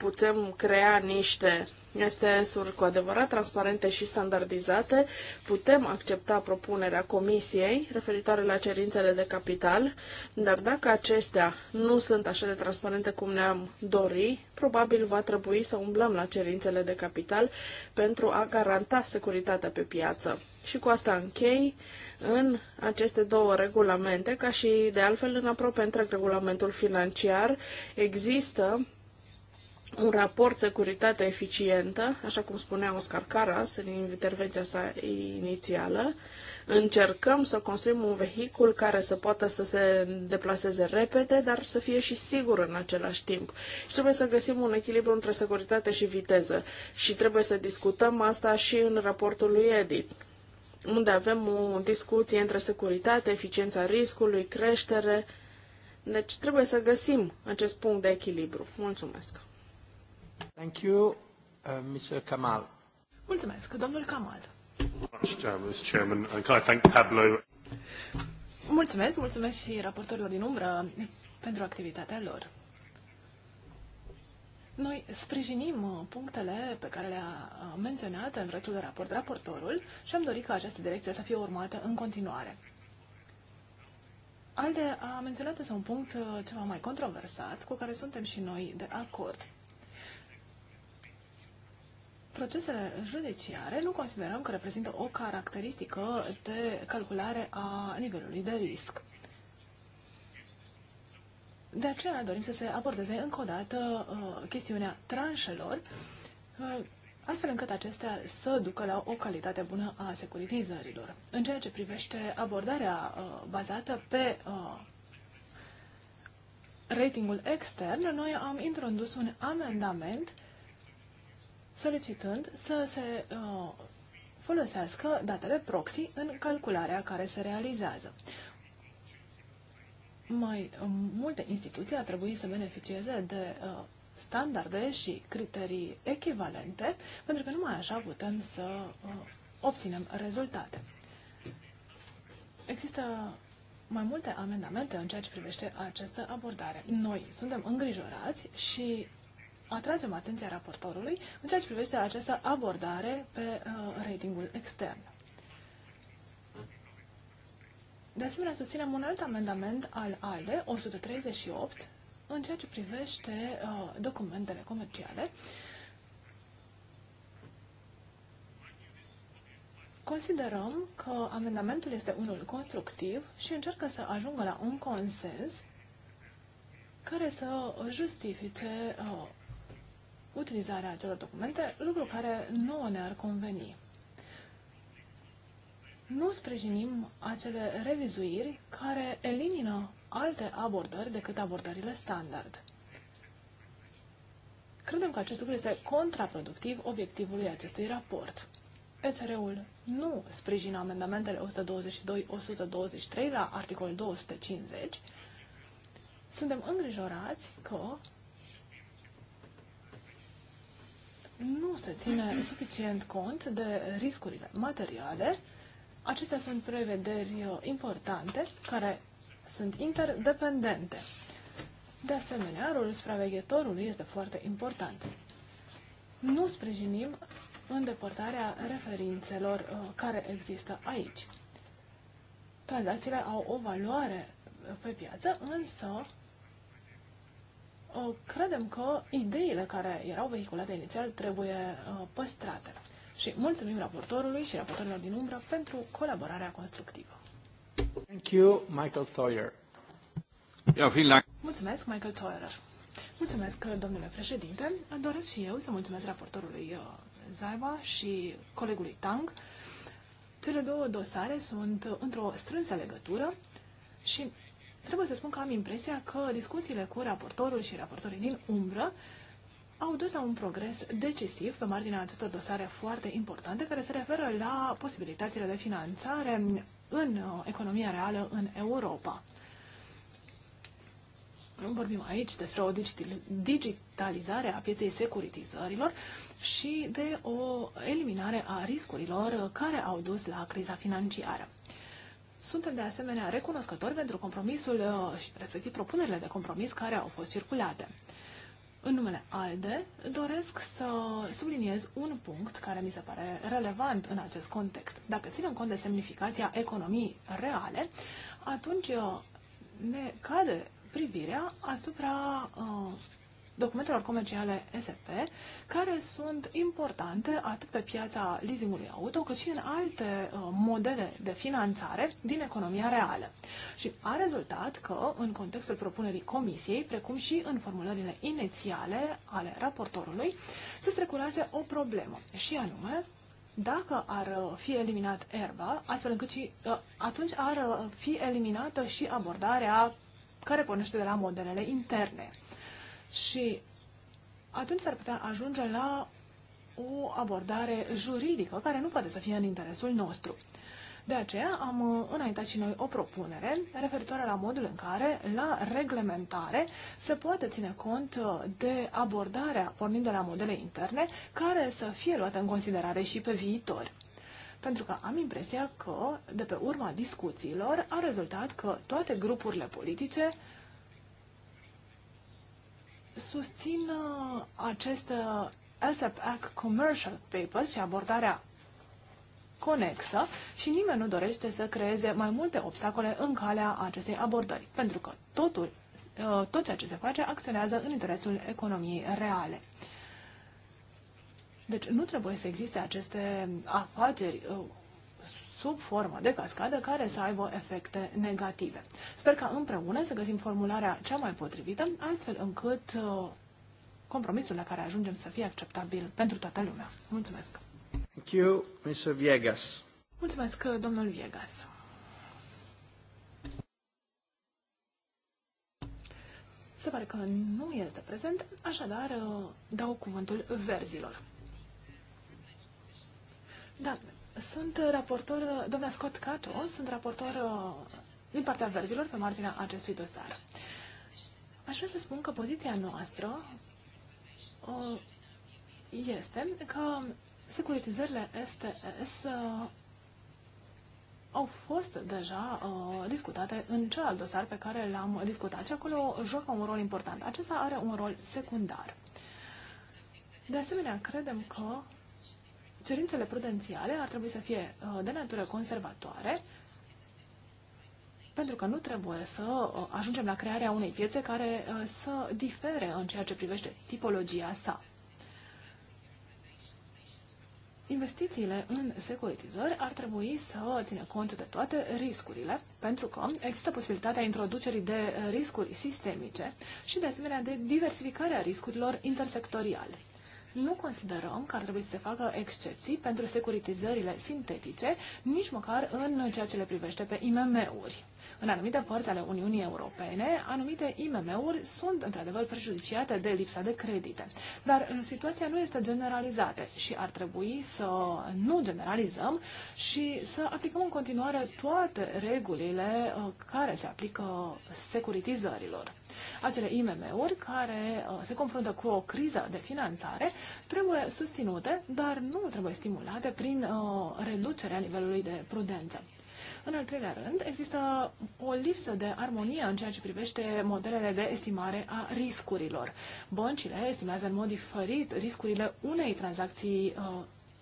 putem crea niște STS-uri cu adevărat transparente și standardizate, putem accepta propunerea Comisiei referitoare la cerințele de capital, dar dacă acestea nu sunt așa de transparente cum ne-am dori, probabil va trebui să umblăm la cerințele de capital pentru a garanta securitatea pe piață. Și cu asta închei în aceste două regulamente, ca și de altfel în aproape întreg regulamentul financiar, există un raport securitate eficientă, așa cum spunea Oscar Caras în intervenția sa inițială. Încercăm să construim un vehicul care să poată să se deplaseze repede, dar să fie și sigur în același timp. Și trebuie să găsim un echilibru între securitate și viteză. Și trebuie să discutăm asta și în raportul lui Edit unde avem o discuție între securitate, eficiența riscului, creștere. Deci trebuie să găsim acest punct de echilibru. Mulțumesc! Thank you, uh, Mr. Kamal. Mulțumesc, domnul Kamal. Mulțumesc, mulțumesc și raportorilor din umbră pentru activitatea lor. Noi sprijinim uh, punctele pe care le-a uh, menționat în proiectul de raport raportorul și am dorit ca această direcție să fie urmată în continuare. Alde a menționat însă un punct uh, ceva mai controversat cu care suntem și noi de acord. Procesele judiciare nu considerăm că reprezintă o caracteristică de calculare a nivelului de risc. De aceea dorim să se abordeze încă o dată uh, chestiunea tranșelor, uh, astfel încât acestea să ducă la o calitate bună a securitizărilor. În ceea ce privește abordarea uh, bazată pe uh, ratingul extern, noi am introdus un amendament solicitând să se uh, folosească datele proxy în calcularea care se realizează. Mai uh, multe instituții ar trebui să beneficieze de uh, standarde și criterii echivalente, pentru că numai așa putem să uh, obținem rezultate. Există mai multe amendamente în ceea ce privește această abordare. Noi suntem îngrijorați și atragem atenția raportorului în ceea ce privește această abordare pe uh, ratingul extern. De asemenea, susținem un alt amendament al ALDE, 138, în ceea ce privește uh, documentele comerciale. Considerăm că amendamentul este unul constructiv și încearcă să ajungă la un consens care să justifice uh, utilizarea acelor documente, lucru care nu ne-ar conveni. Nu sprijinim acele revizuiri care elimină alte abordări decât abordările standard. Credem că acest lucru este contraproductiv obiectivului acestui raport. ECR-ul nu sprijină amendamentele 122-123 la articolul 250. Suntem îngrijorați că nu se ține suficient cont de riscurile materiale. Acestea sunt prevederi uh, importante care sunt interdependente. De asemenea, rolul supraveghetorului este foarte important. Nu sprijinim îndepărtarea referințelor uh, care există aici. Tranzacțiile au o valoare uh, pe piață, însă credem că ideile care erau vehiculate inițial trebuie uh, păstrate. Și mulțumim raportorului și raportorilor din umbră pentru colaborarea constructivă. Thank you, Michael Thoyer. Mulțumesc, Michael Thoyer. Mulțumesc, domnule președinte. Doresc și eu să mulțumesc raportorului uh, Zaiba și colegului Tang. Cele două dosare sunt într-o strânsă legătură și Trebuie să spun că am impresia că discuțiile cu raportorul și raportorii din umbră au dus la un progres decisiv pe marginea acestor dosare foarte importante care se referă la posibilitățile de finanțare în uh, economia reală în Europa. Vorbim aici despre o digitalizare a pieței securitizărilor și de o eliminare a riscurilor care au dus la criza financiară. Suntem de asemenea recunoscători pentru compromisul uh, și respectiv propunerile de compromis care au fost circulate. În numele ALDE doresc să subliniez un punct care mi se pare relevant în acest context. Dacă ținem cont de semnificația economiei reale, atunci uh, ne cade privirea asupra uh, documentelor comerciale SP, care sunt importante atât pe piața leasingului auto, cât și în alte uh, modele de finanțare din economia reală. Și a rezultat că, în contextul propunerii comisiei, precum și în formulările inițiale ale raportorului, se strecurase o problemă, și anume dacă ar uh, fi eliminat erba, astfel încât și uh, atunci ar uh, fi eliminată și abordarea care pornește de la modelele interne. Și atunci s-ar putea ajunge la o abordare juridică care nu poate să fie în interesul nostru. De aceea am înaintat și noi o propunere referitoare la modul în care, la reglementare, se poate ține cont de abordarea pornind de la modele interne care să fie luată în considerare și pe viitor. Pentru că am impresia că, de pe urma discuțiilor, a rezultat că toate grupurile politice susțin uh, acest ASAP uh, Act Commercial Papers și abordarea conexă și nimeni nu dorește să creeze mai multe obstacole în calea acestei abordări, pentru că totul, uh, tot ceea ce se face acționează în interesul economiei reale. Deci nu trebuie să existe aceste afaceri sub formă de cascadă care să aibă efecte negative. Sper ca împreună să găsim formularea cea mai potrivită, astfel încât uh, compromisul la care ajungem să fie acceptabil pentru toată lumea. Mulțumesc! Thank you, Mr. Viegas. Mulțumesc, domnul Viegas. Se pare că nu este prezent, așadar uh, dau cuvântul verzilor. Da, sunt raportor, doamna Scott Cato, sunt raportor uh, din partea verzilor pe marginea acestui dosar. Aș vrea să spun că poziția noastră uh, este că securitizările STS uh, au fost deja uh, discutate în celălalt dosar pe care l-am discutat și acolo joacă un rol important. Acesta are un rol secundar. De asemenea, credem că cerințele prudențiale ar trebui să fie uh, de natură conservatoare, pentru că nu trebuie să uh, ajungem la crearea unei piețe care uh, să difere în ceea ce privește tipologia sa. Investițiile în securitizări ar trebui să țină cont de toate riscurile, pentru că există posibilitatea introducerii de riscuri sistemice și, de asemenea, de diversificarea riscurilor intersectoriale nu considerăm că ar trebui să se facă excepții pentru securitizările sintetice, nici măcar în ceea ce le privește pe IMM-uri. În anumite părți ale Uniunii Europene, anumite IMM-uri sunt într-adevăr prejudiciate de lipsa de credite. Dar uh, situația nu este generalizată și ar trebui să nu generalizăm și să aplicăm în continuare toate regulile uh, care se aplică securitizărilor. Acele IMM-uri care uh, se confruntă cu o criză de finanțare trebuie susținute, dar nu trebuie stimulate prin reducerea nivelului de prudență. În al treilea rând, există o lipsă de armonie în ceea ce privește modelele de estimare a riscurilor. Băncile estimează în mod diferit riscurile unei tranzacții uh,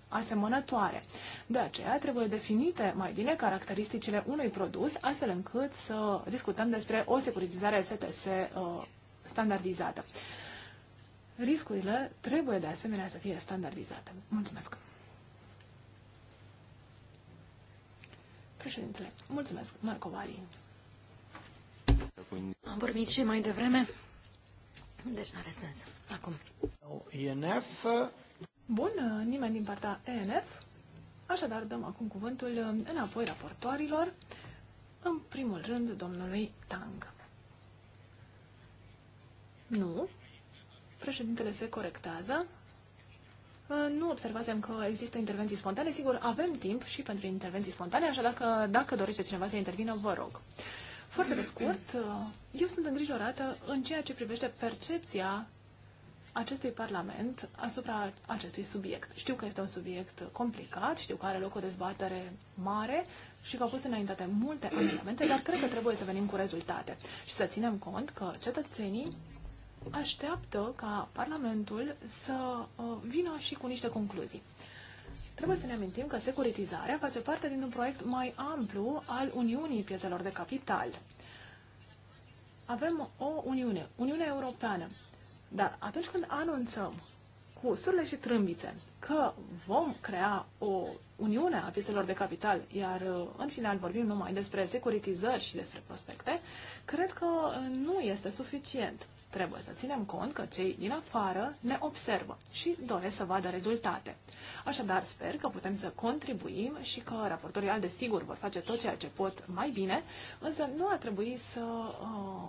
asemănătoare. De aceea trebuie definite mai bine caracteristicile unui produs, astfel încât să discutăm despre o securitizare STS uh, standardizată. Riscurile trebuie de asemenea să fie standardizate. Mulțumesc! Președintele, mulțumesc, Marco Vali. Am vorbit și mai devreme, deci nu are sens. Acum. ENF. Bun, nimeni din partea ENF. Așadar, dăm acum cuvântul înapoi raportoarilor. În primul rând, domnului Tang. Nu. Președintele se corectează. Ă, nu observasem că există intervenții spontane. Sigur, avem timp și pentru intervenții spontane, așa dacă, dacă dorește cineva să intervină, vă rog. Foarte pe scurt, ă, eu sunt îngrijorată în ceea ce privește percepția acestui Parlament asupra acestui subiect. Știu că este un subiect complicat, știu că are loc o dezbatere mare și că au fost înaintate multe amendamente, dar cred că trebuie să venim cu rezultate și să ținem cont că cetățenii așteaptă ca Parlamentul să uh, vină și cu niște concluzii. Trebuie să ne amintim că securitizarea face parte din un proiect mai amplu al Uniunii Piețelor de Capital. Avem o Uniune, Uniunea Europeană, dar atunci când anunțăm cu surle și trâmbițe că vom crea o uniune a piețelor de capital, iar uh, în final vorbim numai despre securitizări și despre prospecte, cred că uh, nu este suficient. Trebuie să ținem cont că cei din afară ne observă și doresc să vadă rezultate. Așadar, sper că putem să contribuim și că raportorii al sigur vor face tot ceea ce pot mai bine, însă nu ar trebui să uh,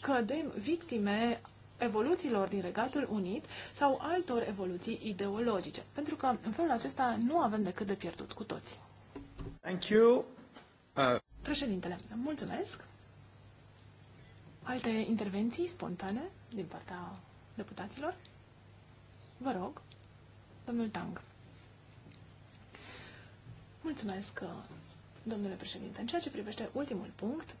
cădem victime evoluțiilor din Regatul Unit sau altor evoluții ideologice, pentru că în felul acesta nu avem decât de pierdut cu toții. Thank you. Uh... Președintele, mulțumesc. Alte intervenții spontane din partea deputaților? Vă rog, domnul Tang. Mulțumesc, domnule președinte. În ceea ce privește ultimul punct,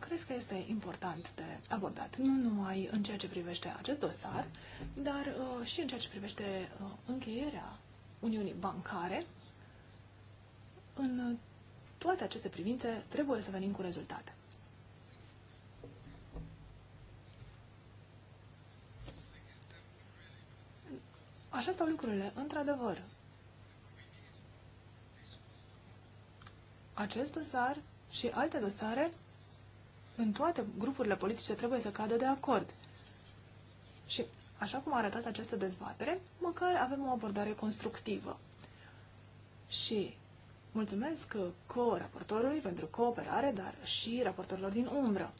Cred că este important de abordat, nu numai în ceea ce privește acest dosar, dar uh, și în ceea ce privește uh, încheierea Uniunii Bancare. În toate aceste privințe trebuie să venim cu rezultate. Așa stau lucrurile, într-adevăr. Acest dosar și alte dosare în toate grupurile politice trebuie să cadă de acord. Și, așa cum a arătat această dezbatere, măcar avem o abordare constructivă. Și mulțumesc uh, co-raportorului pentru cooperare, dar și raportorilor din umbră.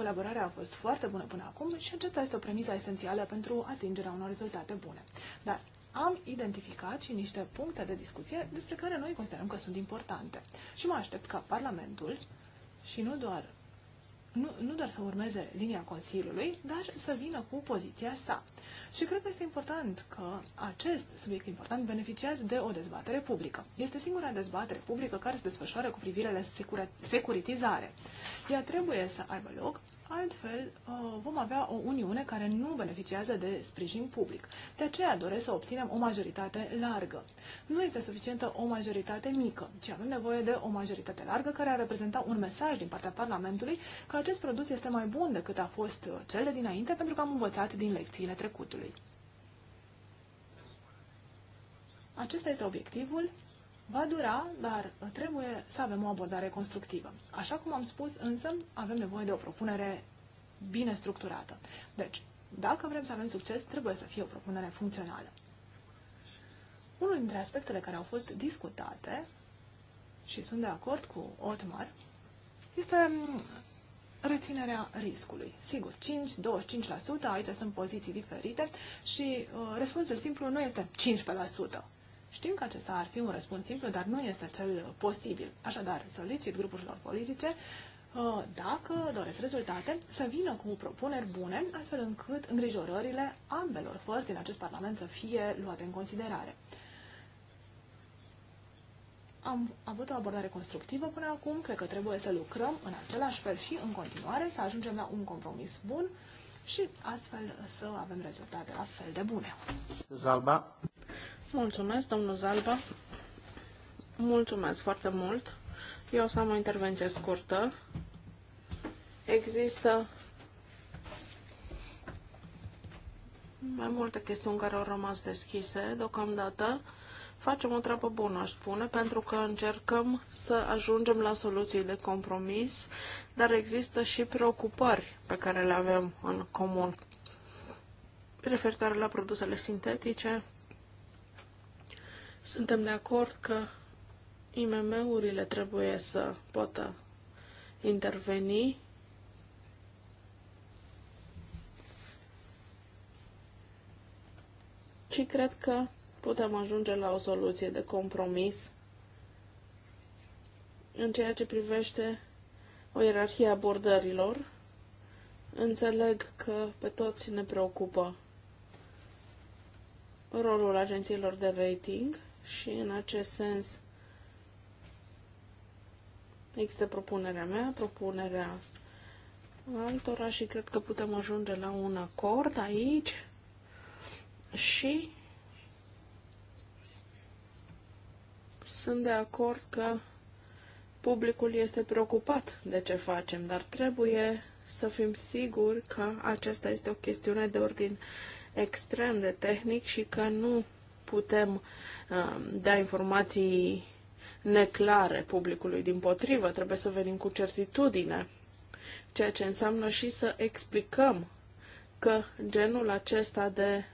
Colaborarea a fost foarte bună până acum și acesta este o premisă esențială pentru atingerea unor rezultate bune. Dar am identificat și niște puncte de discuție despre care noi considerăm că sunt importante. Și mă aștept ca Parlamentul, și nu doar nu, nu doar să urmeze linia Consiliului, dar să vină cu poziția sa. Și cred că este important că acest subiect important beneficiază de o dezbatere publică. Este singura dezbatere publică care se desfășoară cu privire la securitizare. Ea trebuie să aibă loc Altfel, uh, vom avea o Uniune care nu beneficiază de sprijin public. De aceea doresc să obținem o majoritate largă. Nu este suficientă o majoritate mică, ci avem nevoie de o majoritate largă care ar reprezenta un mesaj din partea Parlamentului că acest produs este mai bun decât a fost uh, cel de dinainte pentru că am învățat din lecțiile trecutului. Acesta este obiectivul va dura, dar trebuie să avem o abordare constructivă. Așa cum am spus, însă, avem nevoie de o propunere bine structurată. Deci, dacă vrem să avem succes, trebuie să fie o propunere funcțională. Unul dintre aspectele care au fost discutate, și sunt de acord cu Otmar, este reținerea riscului. Sigur, 5-25%, aici sunt poziții diferite și uh, răspunsul simplu nu este 15%. Știm că acesta ar fi un răspuns simplu, dar nu este cel posibil. Așadar, solicit grupurilor politice uh, dacă doresc rezultate, să vină cu propuneri bune, astfel încât îngrijorările ambelor părți din acest Parlament să fie luate în considerare. Am avut o abordare constructivă până acum, cred că trebuie să lucrăm în același fel și în continuare, să ajungem la un compromis bun și astfel să avem rezultate la fel de bune. Zalba. Mulțumesc, domnul Zalba. Mulțumesc foarte mult. Eu o să am o intervenție scurtă. Există mai multe chestiuni care au rămas deschise deocamdată. Facem o treabă bună, aș spune, pentru că încercăm să ajungem la soluții de compromis, dar există și preocupări pe care le avem în comun referitoare la produsele sintetice, suntem de acord că IMM-urile trebuie să poată interveni și cred că putem ajunge la o soluție de compromis în ceea ce privește o ierarhie a abordărilor. Înțeleg că pe toți ne preocupă rolul agențiilor de rating – și în acest sens există propunerea mea, propunerea altora și cred că putem ajunge la un acord aici și sunt de acord că publicul este preocupat de ce facem, dar trebuie să fim siguri că aceasta este o chestiune de ordin extrem de tehnic și că nu putem Um, dea informații neclare publicului. Din potrivă, trebuie să venim cu certitudine, ceea ce înseamnă și să explicăm că genul acesta de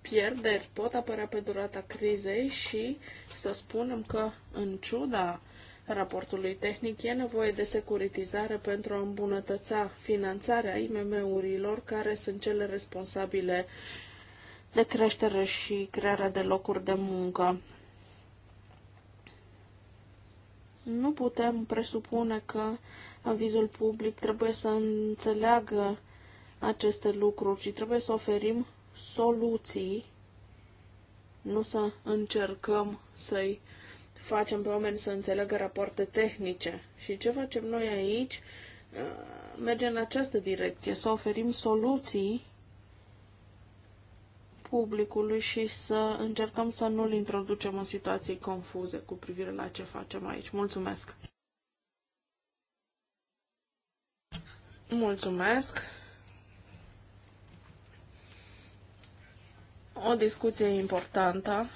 pierderi pot apărea pe durata crizei și să spunem că, în ciuda raportului tehnic, e nevoie de securitizare pentru a îmbunătăța finanțarea IMM-urilor care sunt cele responsabile de creștere și crearea de locuri de muncă. Nu putem presupune că avizul public trebuie să înțeleagă aceste lucruri, ci trebuie să oferim soluții, nu să încercăm să-i facem pe oameni să înțeleagă rapoarte tehnice. Și ce facem noi aici uh, merge în această direcție, să oferim soluții publicului și să încercăm să nu-l introducem în situații confuze cu privire la ce facem aici. Mulțumesc! Mulțumesc! O discuție importantă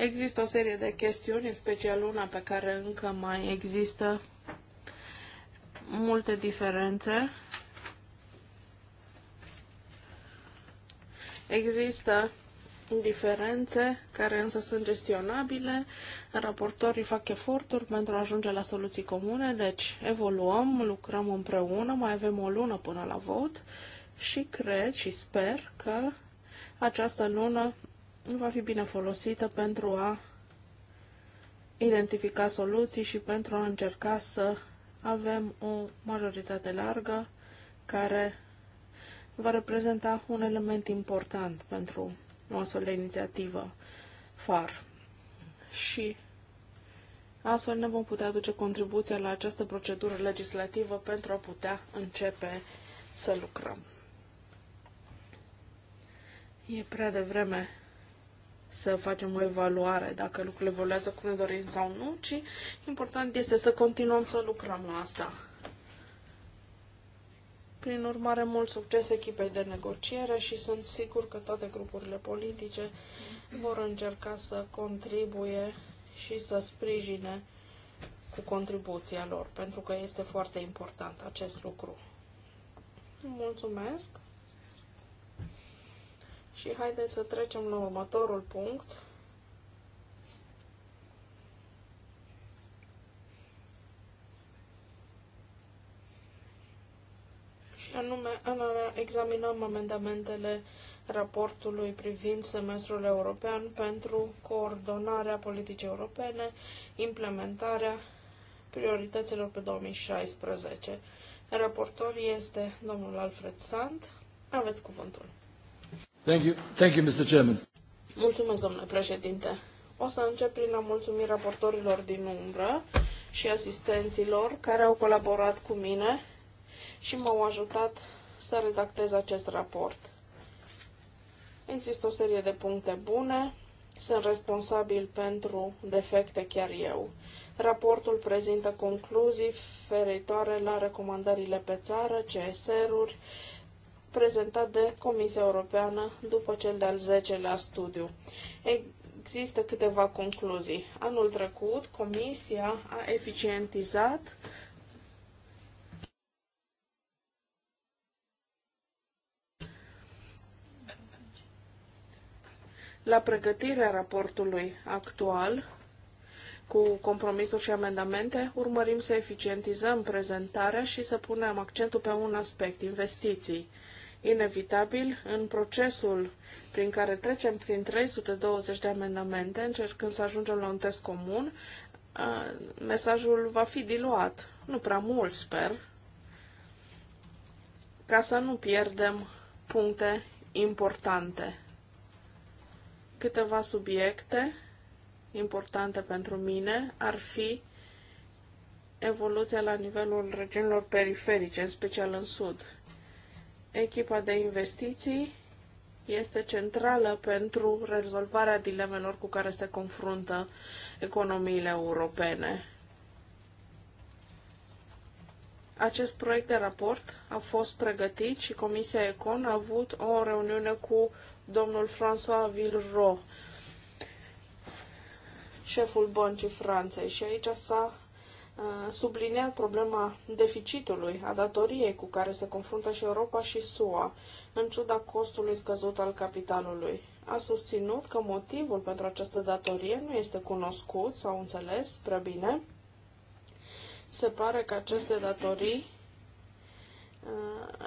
Există o serie de chestiuni, în special una pe care încă mai există multe diferențe. Există diferențe care însă sunt gestionabile. Raportorii fac eforturi pentru a ajunge la soluții comune, deci evoluăm, lucrăm împreună, mai avem o lună până la vot și cred și sper că această lună va fi bine folosită pentru a identifica soluții și pentru a încerca să avem o majoritate largă care va reprezenta un element important pentru o astfel de inițiativă FAR. Și astfel ne vom putea aduce contribuția la această procedură legislativă pentru a putea începe să lucrăm. E prea devreme să facem o evaluare dacă lucrurile evoluează cum ne dorim sau nu, ci important este să continuăm să lucrăm la asta. Prin urmare, mult succes echipei de negociere și sunt sigur că toate grupurile politice vor încerca să contribuie și să sprijine cu contribuția lor, pentru că este foarte important acest lucru. Mulțumesc! Și haideți să trecem la următorul punct. Și anume, examinăm amendamentele raportului privind semestrul european pentru coordonarea politicii europene, implementarea priorităților pe 2016. Raportor este domnul Alfred Sant. Aveți cuvântul. Thank you. Thank you, Mr. Chairman. Mulțumesc, domnule președinte. O să încep prin a mulțumi raportorilor din umbră și asistenților care au colaborat cu mine și m-au ajutat să redactez acest raport. Există o serie de puncte bune, sunt responsabil pentru defecte chiar eu. Raportul prezintă concluzii feritoare la recomandările pe țară, CSR-uri, prezentat de Comisia Europeană după cel de-al 10-lea studiu. Există câteva concluzii. Anul trecut, Comisia a eficientizat la pregătirea raportului actual cu compromisuri și amendamente, urmărim să eficientizăm prezentarea și să punem accentul pe un aspect, investiții. Inevitabil, în procesul prin care trecem prin 320 de amendamente, încercând să ajungem la un test comun, mesajul va fi diluat. Nu prea mult, sper, ca să nu pierdem puncte importante. Câteva subiecte importante pentru mine ar fi evoluția la nivelul regiunilor periferice, în special în sud echipa de investiții este centrală pentru rezolvarea dilemelor cu care se confruntă economiile europene. Acest proiect de raport a fost pregătit și Comisia Econ a avut o reuniune cu domnul François Villeroy, șeful Băncii Franței, și aici s-a subliniat problema deficitului, a datoriei cu care se confruntă și Europa și SUA, în ciuda costului scăzut al capitalului. A susținut că motivul pentru această datorie nu este cunoscut sau înțeles prea bine. Se pare că aceste datorii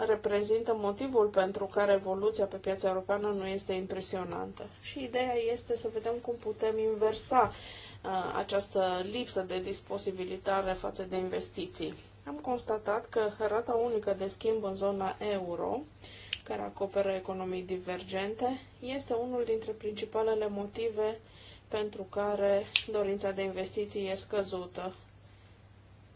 reprezintă motivul pentru care evoluția pe piața europeană nu este impresionantă. Și ideea este să vedem cum putem inversa uh, Uh, această lipsă de disposibilitate față de investiții. Am constatat că rata unică de schimb în zona euro, care acoperă economii divergente, este unul dintre principalele motive pentru care dorința de investiții e scăzută.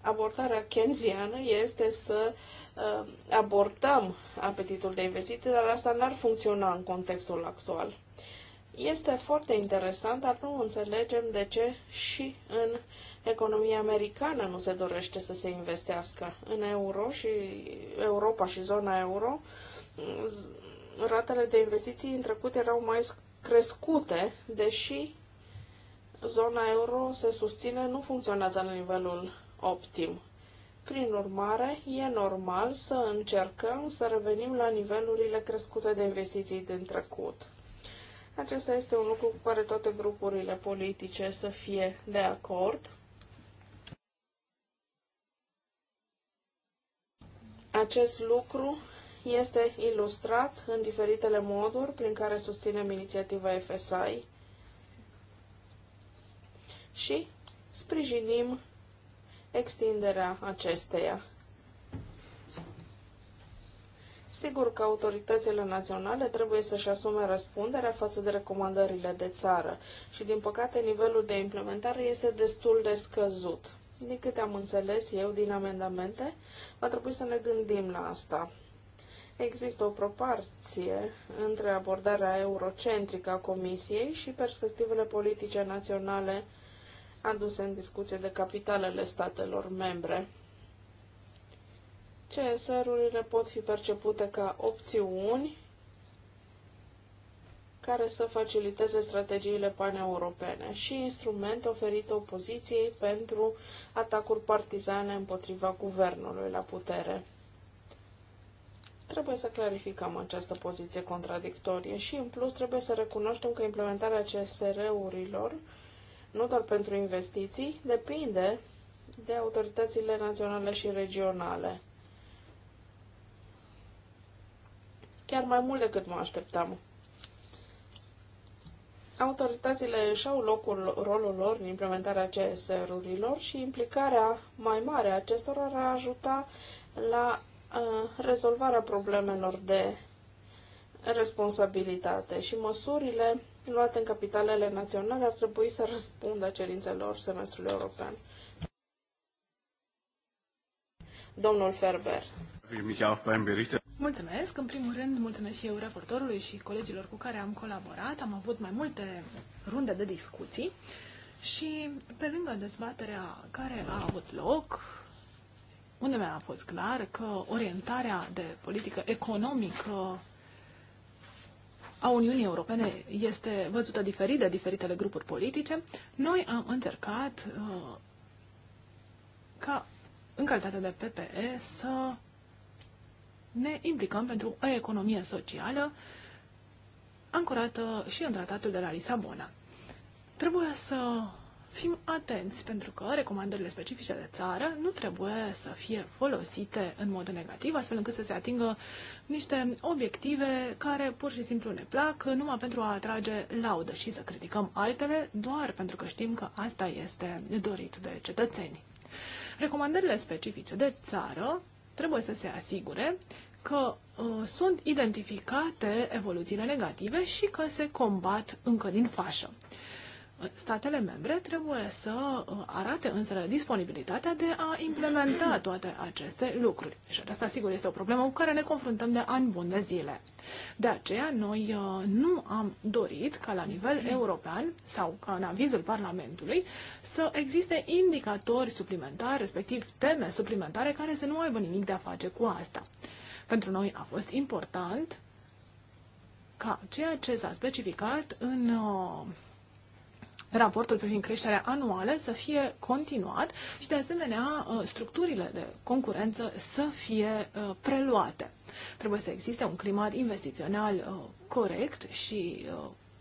Abordarea kenziană este să uh, abortăm apetitul de investiții, dar asta n-ar funcționa în contextul actual. Este foarte interesant, dar nu înțelegem de ce și în economia americană nu se dorește să se investească. În euro și Europa și zona euro, ratele de investiții în trecut erau mai crescute, deși zona euro se susține nu funcționează la nivelul optim. Prin urmare, e normal să încercăm să revenim la nivelurile crescute de investiții din trecut. Acesta este un lucru cu care toate grupurile politice să fie de acord. Acest lucru este ilustrat în diferitele moduri prin care susținem inițiativa FSI și sprijinim extinderea acesteia. Sigur că autoritățile naționale trebuie să-și asume răspunderea față de recomandările de țară și, din păcate, nivelul de implementare este destul de scăzut. Din câte am înțeles eu din amendamente, va trebui să ne gândim la asta. Există o proporție între abordarea eurocentrică a Comisiei și perspectivele politice naționale aduse în discuție de capitalele statelor membre. CSR-urile pot fi percepute ca opțiuni care să faciliteze strategiile paneuropene și instrument oferit opoziției pentru atacuri partizane împotriva guvernului la putere. Trebuie să clarificăm această poziție contradictorie și, în plus, trebuie să recunoaștem că implementarea CSR-urilor, nu doar pentru investiții, depinde de autoritățile naționale și regionale. chiar mai mult decât mă așteptam. Autoritățile își au locul, rolul lor în implementarea CSR-urilor și implicarea mai mare a acestora ar ajuta la uh, rezolvarea problemelor de responsabilitate și măsurile luate în capitalele naționale ar trebui să răspundă cerințelor semestrului european. Domnul Ferber. Mulțumesc. În primul rând, mulțumesc și eu raportorului și colegilor cu care am colaborat. Am avut mai multe runde de discuții și pe lângă dezbaterea care a avut loc, unde mi-a fost clar că orientarea de politică economică a Uniunii Europene este văzută diferit de diferitele grupuri politice, noi am încercat uh, ca, în calitate de PPE, să ne implicăm pentru o economie socială ancorată și în tratatul de la Lisabona. Trebuie să fim atenți pentru că recomandările specifice de țară nu trebuie să fie folosite în mod negativ, astfel încât să se atingă niște obiective care pur și simplu ne plac, numai pentru a atrage laudă și să criticăm altele, doar pentru că știm că asta este dorit de cetățeni. Recomandările specifice de țară trebuie să se asigure că uh, sunt identificate evoluțiile negative și că se combat încă din fașă. Statele membre trebuie să uh, arate însă disponibilitatea de a implementa toate aceste lucruri. Și asta, sigur, este o problemă cu care ne confruntăm de ani buni de zile. De aceea, noi uh, nu am dorit ca la nivel european sau ca în avizul Parlamentului să existe indicatori suplimentari, respectiv teme suplimentare, care să nu aibă nimic de a face cu asta. Pentru noi a fost important ca ceea ce s-a specificat în uh, raportul privind creșterea anuală să fie continuat și, de asemenea, uh, structurile de concurență să fie uh, preluate. Trebuie să existe un climat investițional corect și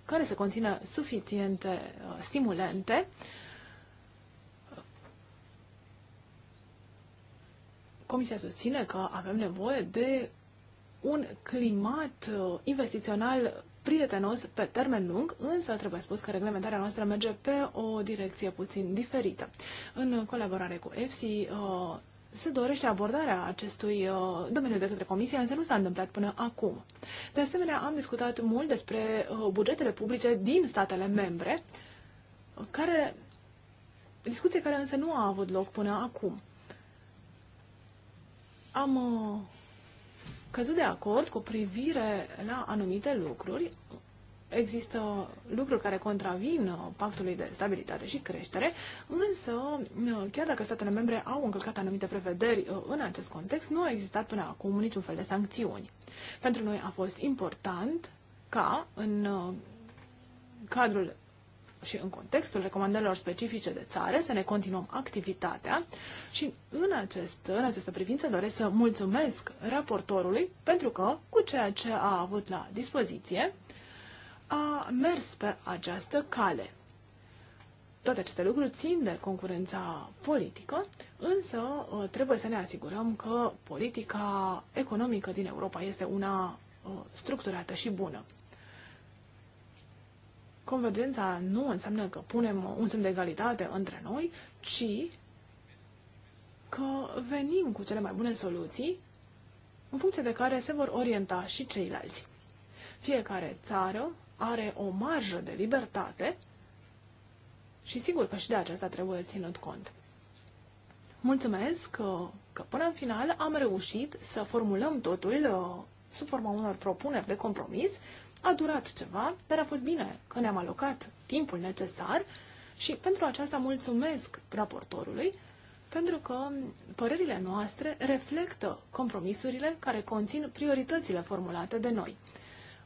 care să conțină suficiente stimulente Comisia susține că avem nevoie de un climat uh, investițional prietenos pe termen lung, însă trebuie spus că reglementarea noastră merge pe o direcție puțin diferită. În colaborare cu EFSI, uh, se dorește abordarea acestui uh, domeniu de către Comisia însă nu s-a întâmplat până acum. De asemenea, am discutat mult despre uh, bugetele publice din statele membre, care, discuție care însă nu a avut loc până acum am uh, căzut de acord cu privire la anumite lucruri. Există lucruri care contravin uh, pactului de stabilitate și creștere, însă, uh, chiar dacă statele membre au încălcat anumite prevederi în acest context, nu a existat până acum niciun fel de sancțiuni. Pentru noi a fost important ca în cadrul și în contextul recomandărilor specifice de țară să ne continuăm activitatea și în, acest, în această privință doresc să mulțumesc raportorului pentru că cu ceea ce a avut la dispoziție a mers pe această cale. Toate aceste lucruri țin de concurența politică, însă ă, trebuie să ne asigurăm că politica economică din Europa este una ă, structurată și bună. Convergența nu înseamnă că punem un semn de egalitate între noi, ci că venim cu cele mai bune soluții în funcție de care se vor orienta și ceilalți. Fiecare țară are o marjă de libertate și sigur că și de aceasta trebuie ținut cont. Mulțumesc că, că până în final am reușit să formulăm totul uh, sub forma unor propuneri de compromis a durat ceva, dar a fost bine că ne-am alocat timpul necesar și pentru aceasta mulțumesc raportorului, pentru că părerile noastre reflectă compromisurile care conțin prioritățile formulate de noi.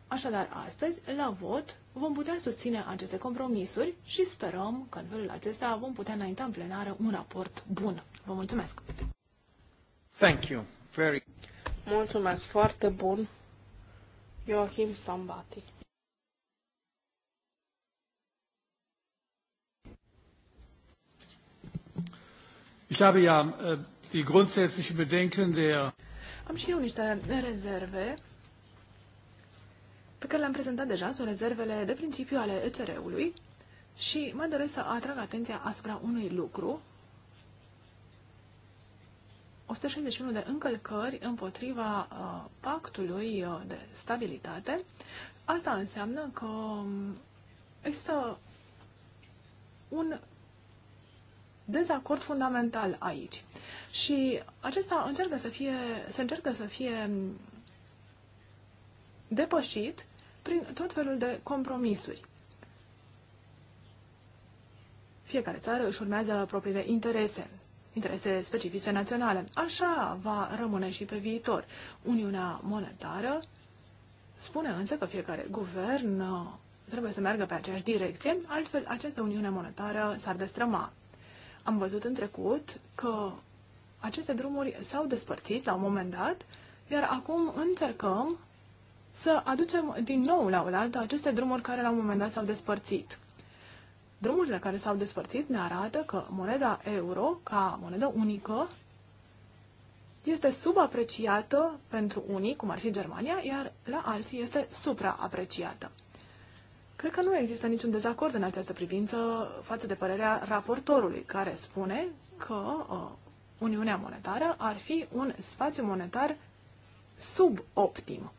Așadar, astăzi, la vot, vom putea susține aceste compromisuri și sperăm că în felul acesta vom putea înainta în plenară un raport bun. Vă mulțumesc! Thank you. Very... Mulțumesc, foarte bun. Joachim Stambati. Ich habe ja äh, die grundsätzlichen Bedenken der Am și eu niște rezerve pe care le-am prezentat deja, sunt rezervele de principiu ale ECR-ului și mă doresc să atrag atenția asupra unui lucru 161 de încălcări împotriva uh, pactului uh, de stabilitate. Asta înseamnă că um, este un dezacord fundamental aici. Și acesta încearcă să fie, se încearcă să fie um, depășit prin tot felul de compromisuri. Fiecare țară își urmează propriile interese interese specifice naționale. Așa va rămâne și pe viitor. Uniunea monetară spune însă că fiecare guvern uh, trebuie să meargă pe aceeași direcție, altfel această uniune monetară s-ar destrăma. Am văzut în trecut că aceste drumuri s-au despărțit la un moment dat, iar acum încercăm să aducem din nou la oaltă aceste drumuri care la un moment dat s-au despărțit. Drumurile care s-au despărțit ne arată că moneda euro, ca monedă unică, este subapreciată pentru unii, cum ar fi Germania, iar la alții este supraapreciată. Cred că nu există niciun dezacord în această privință față de părerea raportorului, care spune că uh, Uniunea Monetară ar fi un spațiu monetar suboptim.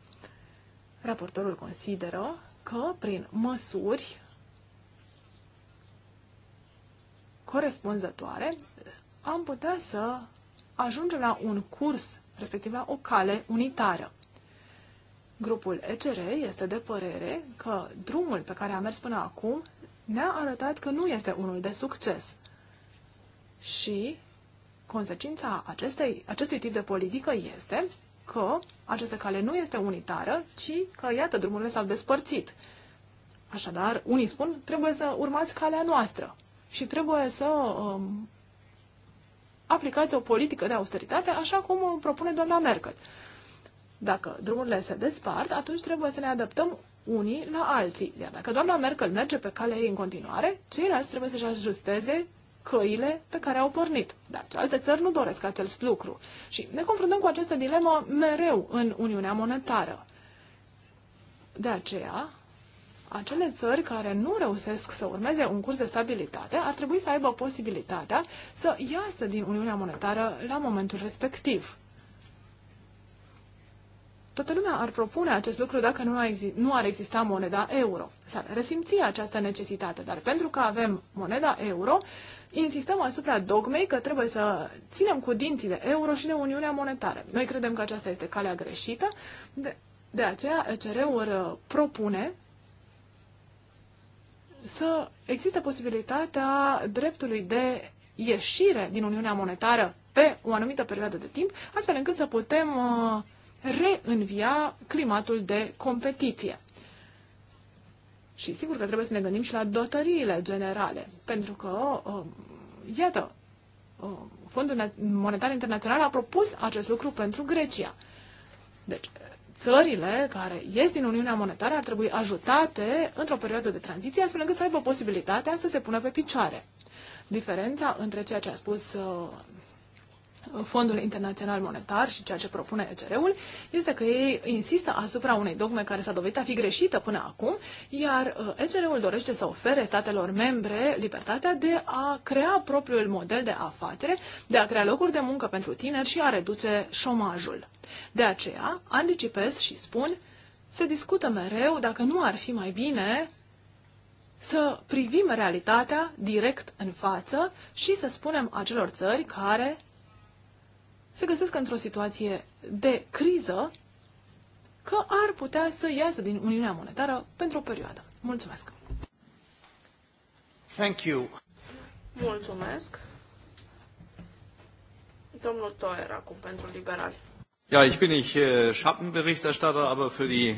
Raportorul consideră că prin măsuri corespunzătoare, am putea să ajungem la un curs, respectiv la o cale unitară. Grupul ECR este de părere că drumul pe care a mers până acum ne-a arătat că nu este unul de succes. Și consecința acestei, acestui tip de politică este că această cale nu este unitară, ci că, iată, drumurile s-au despărțit. Așadar, unii spun, trebuie să urmați calea noastră și trebuie să um, aplicați o politică de austeritate, așa cum uh, propune doamna Merkel. Dacă drumurile se despart, atunci trebuie să ne adaptăm unii la alții. Iar dacă doamna Merkel merge pe calea ei în continuare, ceilalți trebuie să-și ajusteze căile pe care au pornit. Dar alte țări nu doresc acest lucru. Și ne confruntăm cu această dilemă mereu în Uniunea Monetară. De aceea, acele țări care nu reușesc să urmeze un curs de stabilitate ar trebui să aibă posibilitatea să iasă din Uniunea Monetară la momentul respectiv. Toată lumea ar propune acest lucru dacă nu, nu ar exista moneda euro. S-ar resimți această necesitate, dar pentru că avem moneda euro, insistăm asupra dogmei că trebuie să ținem cu dinții de euro și de Uniunea Monetară. Noi credem că aceasta este calea greșită, de, de aceea ECR-ul propune să existe posibilitatea dreptului de ieșire din Uniunea Monetară pe o anumită perioadă de timp, astfel încât să putem uh, reînvia climatul de competiție. Și sigur că trebuie să ne gândim și la dotăriile generale, pentru că, uh, iată, uh, Fondul Monetar Internațional a propus acest lucru pentru Grecia. Deci, țările care ies din Uniunea Monetară ar trebui ajutate într-o perioadă de tranziție, astfel încât să aibă posibilitatea să se pună pe picioare. Diferența între ceea ce a spus uh, Fondul Internațional Monetar și ceea ce propune ECR-ul este că ei insistă asupra unei dogme care s-a dovedit a fi greșită până acum, iar uh, ECR-ul dorește să ofere statelor membre libertatea de a crea propriul model de afacere, de a crea locuri de muncă pentru tineri și a reduce șomajul. De aceea, anticipez și spun, se discută mereu dacă nu ar fi mai bine să privim realitatea direct în față și să spunem acelor țări care se găsesc într-o situație de criză că ar putea să iasă din Uniunea Monetară pentru o perioadă. Mulțumesc! Thank you. Mulțumesc! Domnul Toer acum pentru liberali. Ja, ich bin nicht äh, Schattenberichterstatter, aber für die...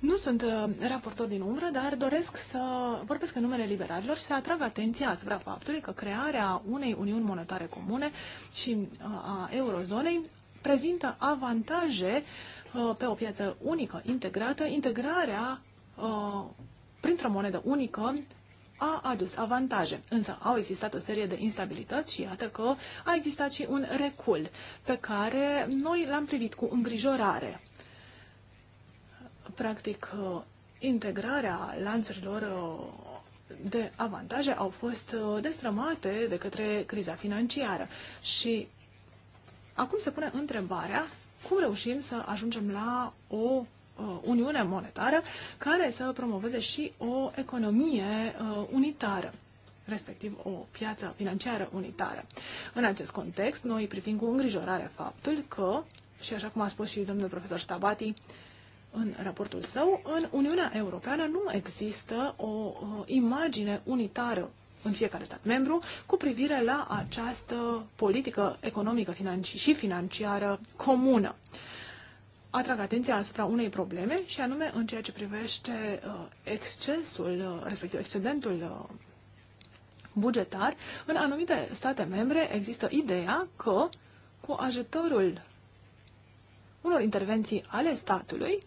Nu sunt uh, raportor din umbră, dar doresc să vorbesc în numele liberalilor și să atrag atenția asupra faptului că crearea unei uniuni monetare comune și uh, a eurozonei prezintă avantaje uh, pe o piață unică integrată, integrarea printr-o monedă unică a adus avantaje. Însă au existat o serie de instabilități și iată că a existat și un recul pe care noi l-am privit cu îngrijorare. Practic, integrarea lanțurilor uh, de avantaje au fost uh, destrămate de către criza financiară și acum se pune întrebarea cum reușim să ajungem la o Uh, Uniune Monetară care să promoveze și o economie uh, unitară respectiv o piață financiară unitară. În acest context, noi privim cu îngrijorare faptul că, și așa cum a spus și domnul profesor Stabati în raportul său, în Uniunea Europeană nu există o uh, imagine unitară în fiecare stat membru cu privire la această politică economică și financiară comună atrag atenția asupra unei probleme și anume în ceea ce privește uh, excesul, uh, respectiv excedentul uh, bugetar, în anumite state membre există ideea că cu ajutorul unor intervenții ale statului,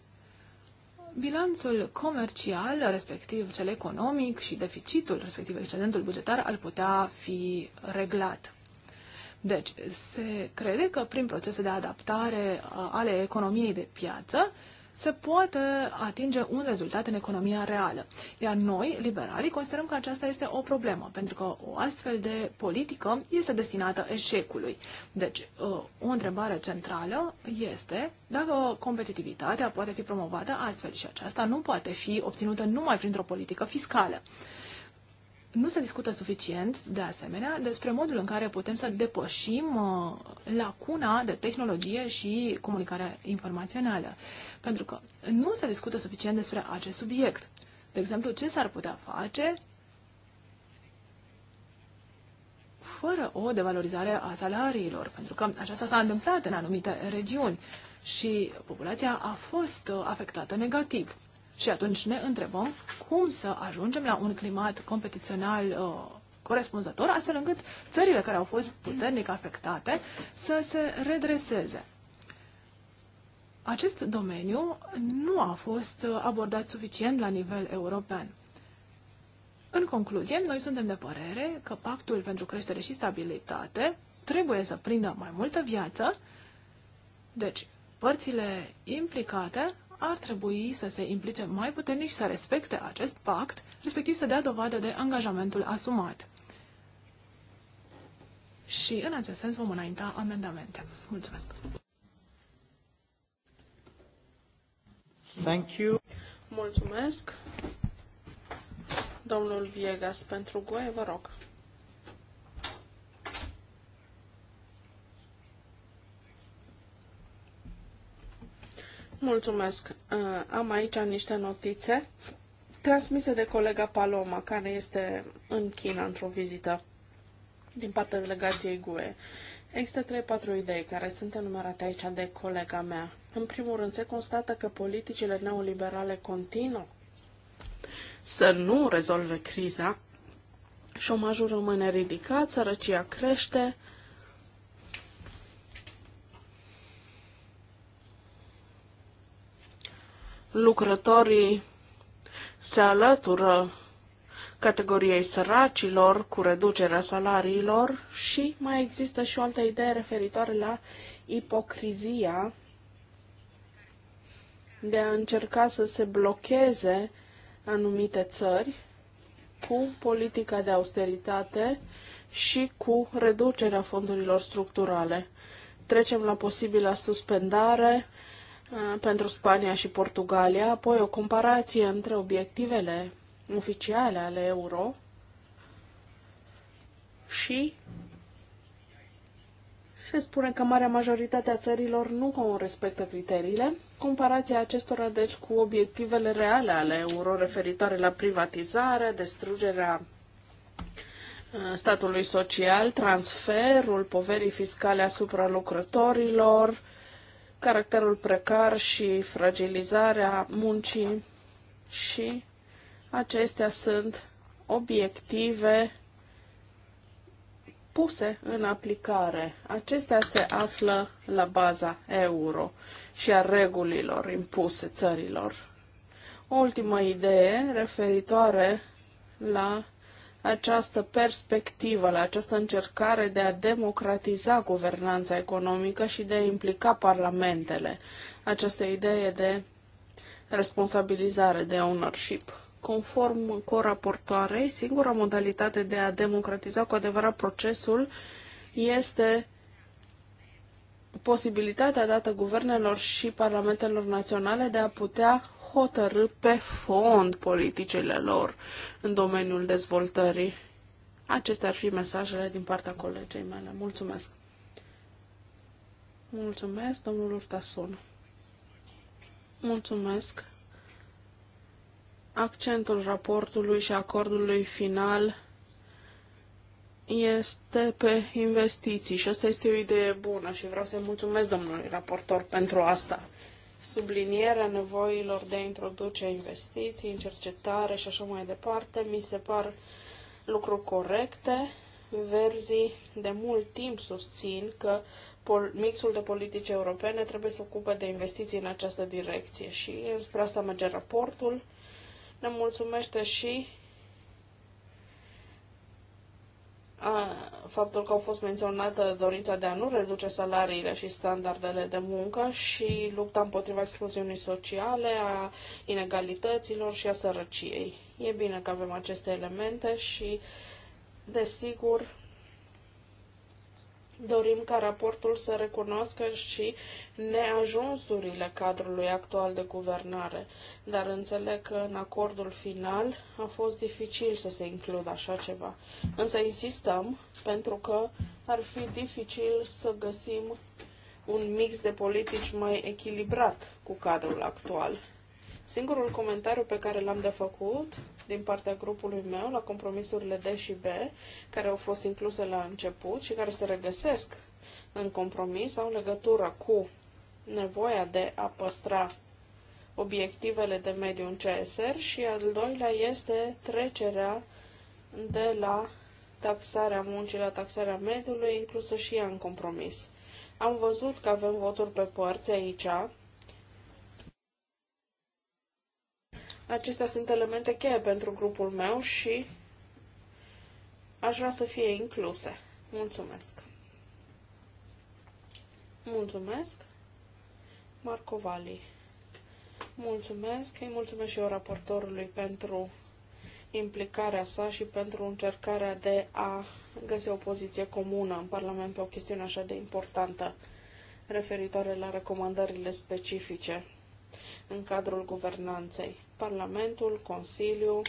bilanțul comercial, respectiv cel economic și deficitul, respectiv excedentul bugetar, ar putea fi reglat. Deci, se crede că prin procese de adaptare ale economiei de piață se poate atinge un rezultat în economia reală. Iar noi, liberalii, considerăm că aceasta este o problemă, pentru că o astfel de politică este destinată eșecului. Deci, ă, o întrebare centrală este dacă competitivitatea poate fi promovată astfel și aceasta nu poate fi obținută numai printr-o politică fiscală nu se discută suficient, de asemenea, despre modul în care putem să depășim uh, lacuna de tehnologie și comunicare informațională. Pentru că nu se discută suficient despre acest subiect. De exemplu, ce s-ar putea face fără o devalorizare a salariilor, pentru că aceasta s-a întâmplat în anumite regiuni și populația a fost uh, afectată negativ. Și atunci ne întrebăm cum să ajungem la un climat competițional uh, corespunzător, astfel încât țările care au fost puternic afectate să se redreseze. Acest domeniu nu a fost abordat suficient la nivel european. În concluzie, noi suntem de părere că Pactul pentru Creștere și Stabilitate trebuie să prindă mai multă viață, deci părțile implicate ar trebui să se implice mai puternic și să respecte acest pact, respectiv să dea dovadă de angajamentul asumat. Și în acest sens vom înainta amendamente. Mulțumesc! Thank you. Mulțumesc! Domnul Viegas pentru GUE, vă rog. Mulțumesc. Uh, am aici niște notițe transmise de colega Paloma, care este în China într-o vizită din partea delegației GUE. Există 3-4 idei care sunt enumerate aici de colega mea. În primul rând, se constată că politicile neoliberale continuă să nu rezolve criza, șomajul rămâne ridicat, sărăcia crește, lucrătorii se alătură categoriei săracilor cu reducerea salariilor și mai există și o altă idee referitoare la ipocrizia de a încerca să se blocheze anumite țări cu politica de austeritate și cu reducerea fondurilor structurale. Trecem la posibila suspendare Eh, pentru Spania și Portugalia, apoi o comparație între obiectivele oficiale ale euro și se spune că marea majoritate a țărilor nu respectă criteriile. Comparația acestora, deci, cu obiectivele reale ale euro referitoare la privatizare, destrugerea eh, statului social, transferul poverii fiscale asupra lucrătorilor, caracterul precar și fragilizarea muncii și acestea sunt obiective puse în aplicare. Acestea se află la baza euro și a regulilor impuse țărilor. O ultimă idee referitoare la această perspectivă, la această încercare de a democratiza guvernanța economică și de a implica parlamentele, această idee de responsabilizare, de ownership. Conform coraportoarei, singura modalitate de a democratiza cu adevărat procesul este posibilitatea dată guvernelor și parlamentelor naționale de a putea hotărâ pe fond politicile lor în domeniul dezvoltării. Acestea ar fi mesajele din partea colegei mele. Mulțumesc! Mulțumesc, domnul Urtasun. Mulțumesc. Accentul raportului și acordului final este pe investiții și asta este o idee bună și vreau să-i mulțumesc domnului raportor pentru asta sublinierea nevoilor de a introduce investiții în cercetare și așa mai departe, mi se par lucruri corecte. Verzii de mult timp susțin că mixul de politici europene trebuie să ocupe de investiții în această direcție și înspre asta merge raportul. Ne mulțumește și a, faptul că au fost menționată dorința de a nu reduce salariile și standardele de muncă și lupta împotriva excluziunii sociale, a inegalităților și a sărăciei. E bine că avem aceste elemente și, desigur, Dorim ca raportul să recunoască și neajunsurile cadrului actual de guvernare, dar înțeleg că în acordul final a fost dificil să se includă așa ceva. Însă insistăm pentru că ar fi dificil să găsim un mix de politici mai echilibrat cu cadrul actual. Singurul comentariu pe care l-am de făcut din partea grupului meu la compromisurile D și B, care au fost incluse la început și care se regăsesc în compromis, au legătură cu nevoia de a păstra obiectivele de mediu în CSR și al doilea este trecerea de la taxarea muncii la taxarea mediului, inclusă și ea în compromis. Am văzut că avem voturi pe părți aici, Acestea sunt elemente cheie pentru grupul meu și aș vrea să fie incluse. Mulțumesc! Mulțumesc! Marco Vali. Mulțumesc, îi mulțumesc și eu raportorului pentru implicarea sa și pentru încercarea de a găsi o poziție comună în Parlament pe o chestiune așa de importantă referitoare la recomandările specifice în cadrul guvernanței. Parlamentul, Consiliul,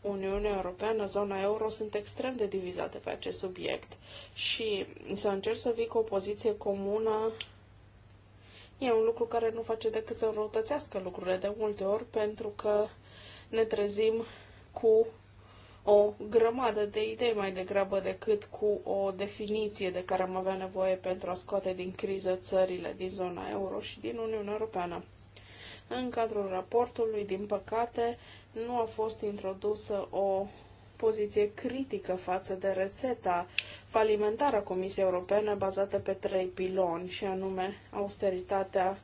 Uniunea Europeană, zona euro sunt extrem de divizate pe acest subiect și să încerci să vii cu o poziție comună e un lucru care nu face decât să înrăutățească lucrurile de multe ori pentru că ne trezim cu o grămadă de idei mai degrabă decât cu o definiție de care am avea nevoie pentru a scoate din criză țările din zona euro și din Uniunea Europeană. În cadrul raportului, din păcate, nu a fost introdusă o poziție critică față de rețeta falimentară a Comisiei Europene bazată pe trei piloni, și anume austeritatea,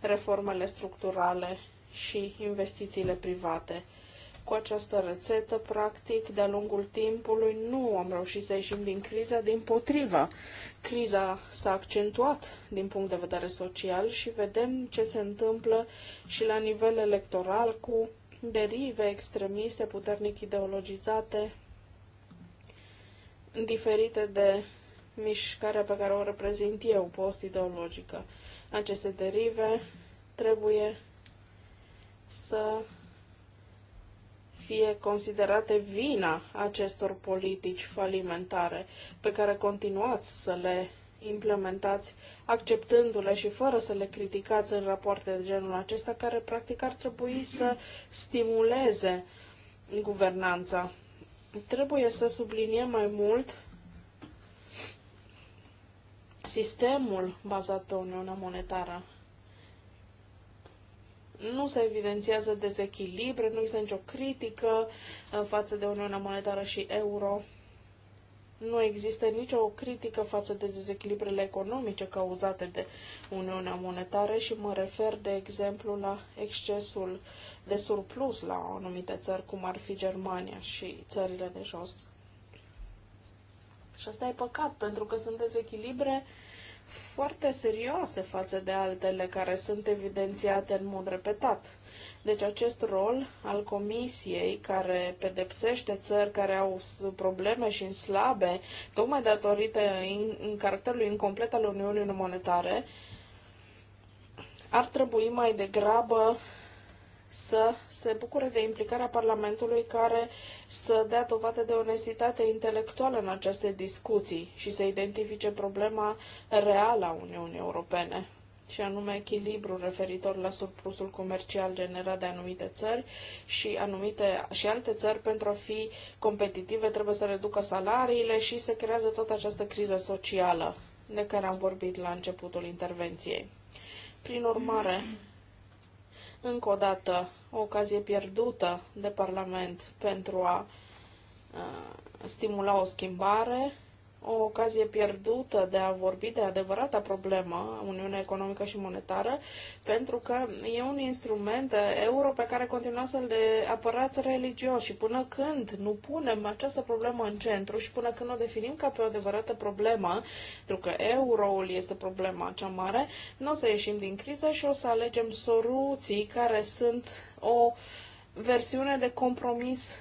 reformele structurale și investițiile private. Cu această rețetă, practic, de-a lungul timpului nu am reușit să ieșim din criza, din potriva. Criza s-a accentuat din punct de vedere social și vedem ce se întâmplă și la nivel electoral cu derive extremiste puternic ideologizate, diferite de mișcarea pe care o reprezint eu, post-ideologică. Aceste derive trebuie să fie considerate vina acestor politici falimentare pe care continuați să le implementați, acceptându-le și fără să le criticați în rapoarte de genul acesta, care practic ar trebui să stimuleze guvernanța. Trebuie să subliniem mai mult sistemul bazat pe Uniunea Monetară nu se evidențiază dezechilibre, nu există nicio critică uh, față de Uniunea Monetară și euro. Nu există nicio critică față de dezechilibrele economice cauzate de Uniunea Monetară și mă refer, de exemplu, la excesul de surplus la anumite țări, cum ar fi Germania și țările de jos. Și asta e păcat, pentru că sunt dezechilibre uh, foarte serioase față de altele care sunt evidențiate în mod repetat. Deci acest rol al comisiei care pedepsește țări care au probleme și în slabe, tocmai datorită în, în caracterului incomplet al Uniunii Monetare, ar trebui mai degrabă să se bucure de implicarea Parlamentului care să dea dovadă de onestitate intelectuală în aceste discuții și să identifice problema reală a Uniunii Europene și anume echilibru referitor la surplusul comercial generat de anumite țări și, anumite, și alte țări pentru a fi competitive trebuie să reducă salariile și se creează toată această criză socială de care am vorbit la începutul intervenției. Prin urmare, încă o dată, o ocazie pierdută de Parlament pentru a, a stimula o schimbare o ocazie pierdută de a vorbi de adevărata problemă, Uniunea Economică și Monetară, pentru că e un instrument euro pe care continuați să le apărați religios și până când nu punem această problemă în centru și până când o definim ca pe o adevărată problemă, pentru că euroul este problema cea mare, nu o să ieșim din criză și o să alegem soluții care sunt o versiune de compromis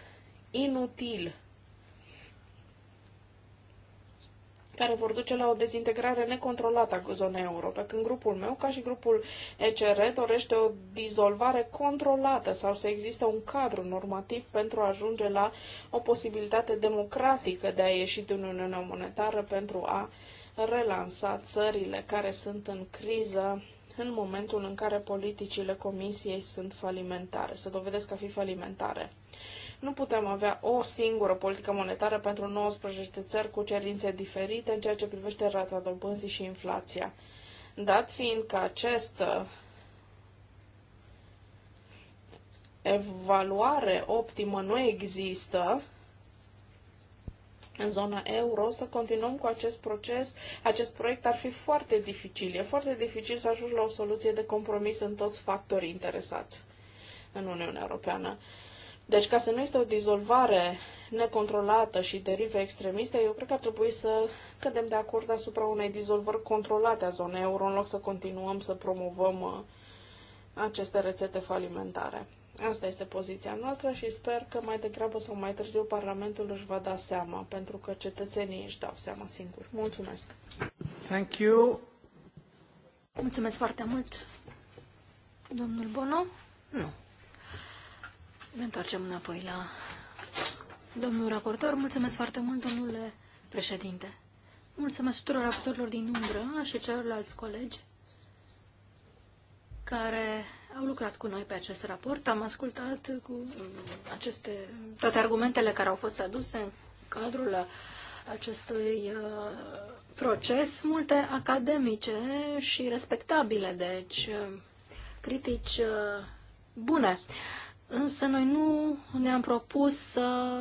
inutil care vor duce la o dezintegrare necontrolată a zonei euro, pe când grupul meu, ca și grupul ECR, dorește o dizolvare controlată sau să existe un cadru normativ pentru a ajunge la o posibilitate democratică de a ieși din Uniunea Monetară pentru a relansa țările care sunt în criză în momentul în care politicile Comisiei sunt falimentare, se dovedesc a fi falimentare. Nu putem avea o singură politică monetară pentru 19 țări cu cerințe diferite în ceea ce privește rata dobânzii și inflația. Dat fiind că acest uh, evaluare optimă nu există în zona euro, să continuăm cu acest proces, acest proiect ar fi foarte dificil. E foarte dificil să ajungi la o soluție de compromis în toți factorii interesați în Uniunea Europeană. Deci, ca să nu este o dizolvare necontrolată și derive extremiste, eu cred că ar trebui să cădem de acord asupra unei dizolvări controlate a zonei euro, în loc să continuăm să promovăm uh, aceste rețete falimentare. Asta este poziția noastră și sper că mai degrabă sau mai târziu Parlamentul își va da seama, pentru că cetățenii își dau seama singuri. Mulțumesc! Thank you! Mulțumesc foarte mult, domnul Bono. Nu. Ne întoarcem înapoi la domnul raportor. Mulțumesc foarte mult, domnule președinte. Mulțumesc tuturor raportorilor din umbră și celorlalți colegi care au lucrat cu noi pe acest raport. Am ascultat cu aceste, toate argumentele care au fost aduse în cadrul acestui uh, proces, multe academice și respectabile, deci uh, critici uh, bune. Însă noi nu ne-am propus să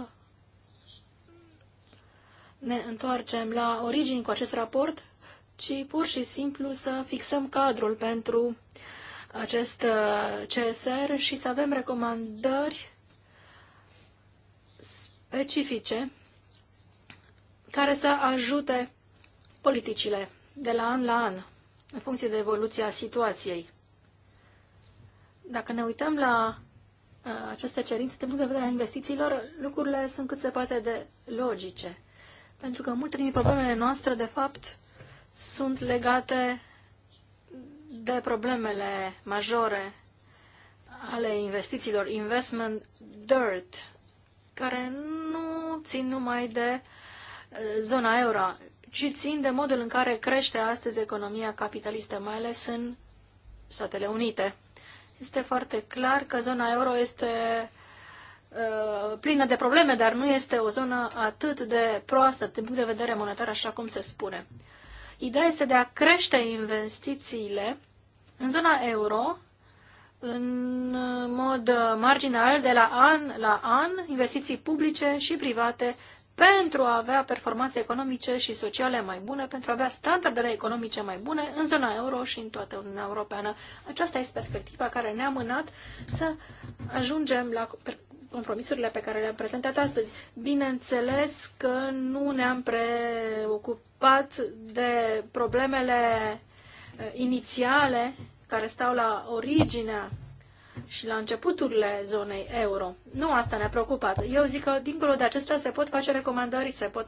ne întoarcem la origini cu acest raport, ci pur și simplu să fixăm cadrul pentru acest uh, CSR și să avem recomandări specifice care să ajute politicile de la an la an, în funcție de evoluția situației. Dacă ne uităm la Uh, aceste cerințe, din punct de vedere al investițiilor, lucrurile sunt cât se poate de logice. Pentru că multe din problemele noastre, de fapt, sunt legate de problemele majore ale investițiilor, investment dirt, care nu țin numai de uh, zona euro, ci țin de modul în care crește astăzi economia capitalistă, mai ales în Statele Unite. Este foarte clar că zona euro este uh, plină de probleme, dar nu este o zonă atât de proastă din punct de vedere monetar, așa cum se spune. Ideea este de a crește investițiile în zona euro în mod marginal de la an la an, investiții publice și private pentru a avea performanțe economice și sociale mai bune, pentru a avea standardele economice mai bune în zona euro și în toată Uniunea Europeană. Aceasta este perspectiva care ne-a mânat să ajungem la compromisurile pe care le-am prezentat astăzi. Bineînțeles că nu ne-am preocupat de problemele eh, inițiale care stau la originea și la începuturile zonei euro. Nu asta ne-a preocupat. Eu zic că, dincolo de acestea, se pot face recomandări, se pot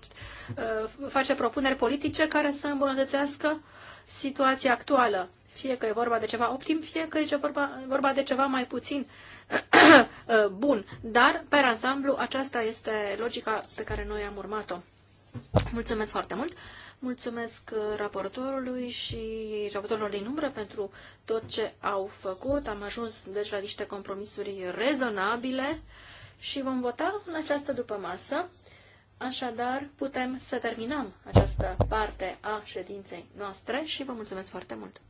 uh, face propuneri politice care să îmbunătățească situația actuală. Fie că e vorba de ceva optim, fie că e vorba, vorba de ceva mai puțin uh, bun. Dar, pe ansamblu, aceasta este logica pe care noi am urmat-o. Mulțumesc foarte mult! Mulțumesc uh, raportorului și raportorilor din umbră pentru tot ce au făcut. Am ajuns deja deci, la niște compromisuri rezonabile și vom vota în această după masă. Așadar, putem să terminăm această parte a ședinței noastre și vă mulțumesc foarte mult!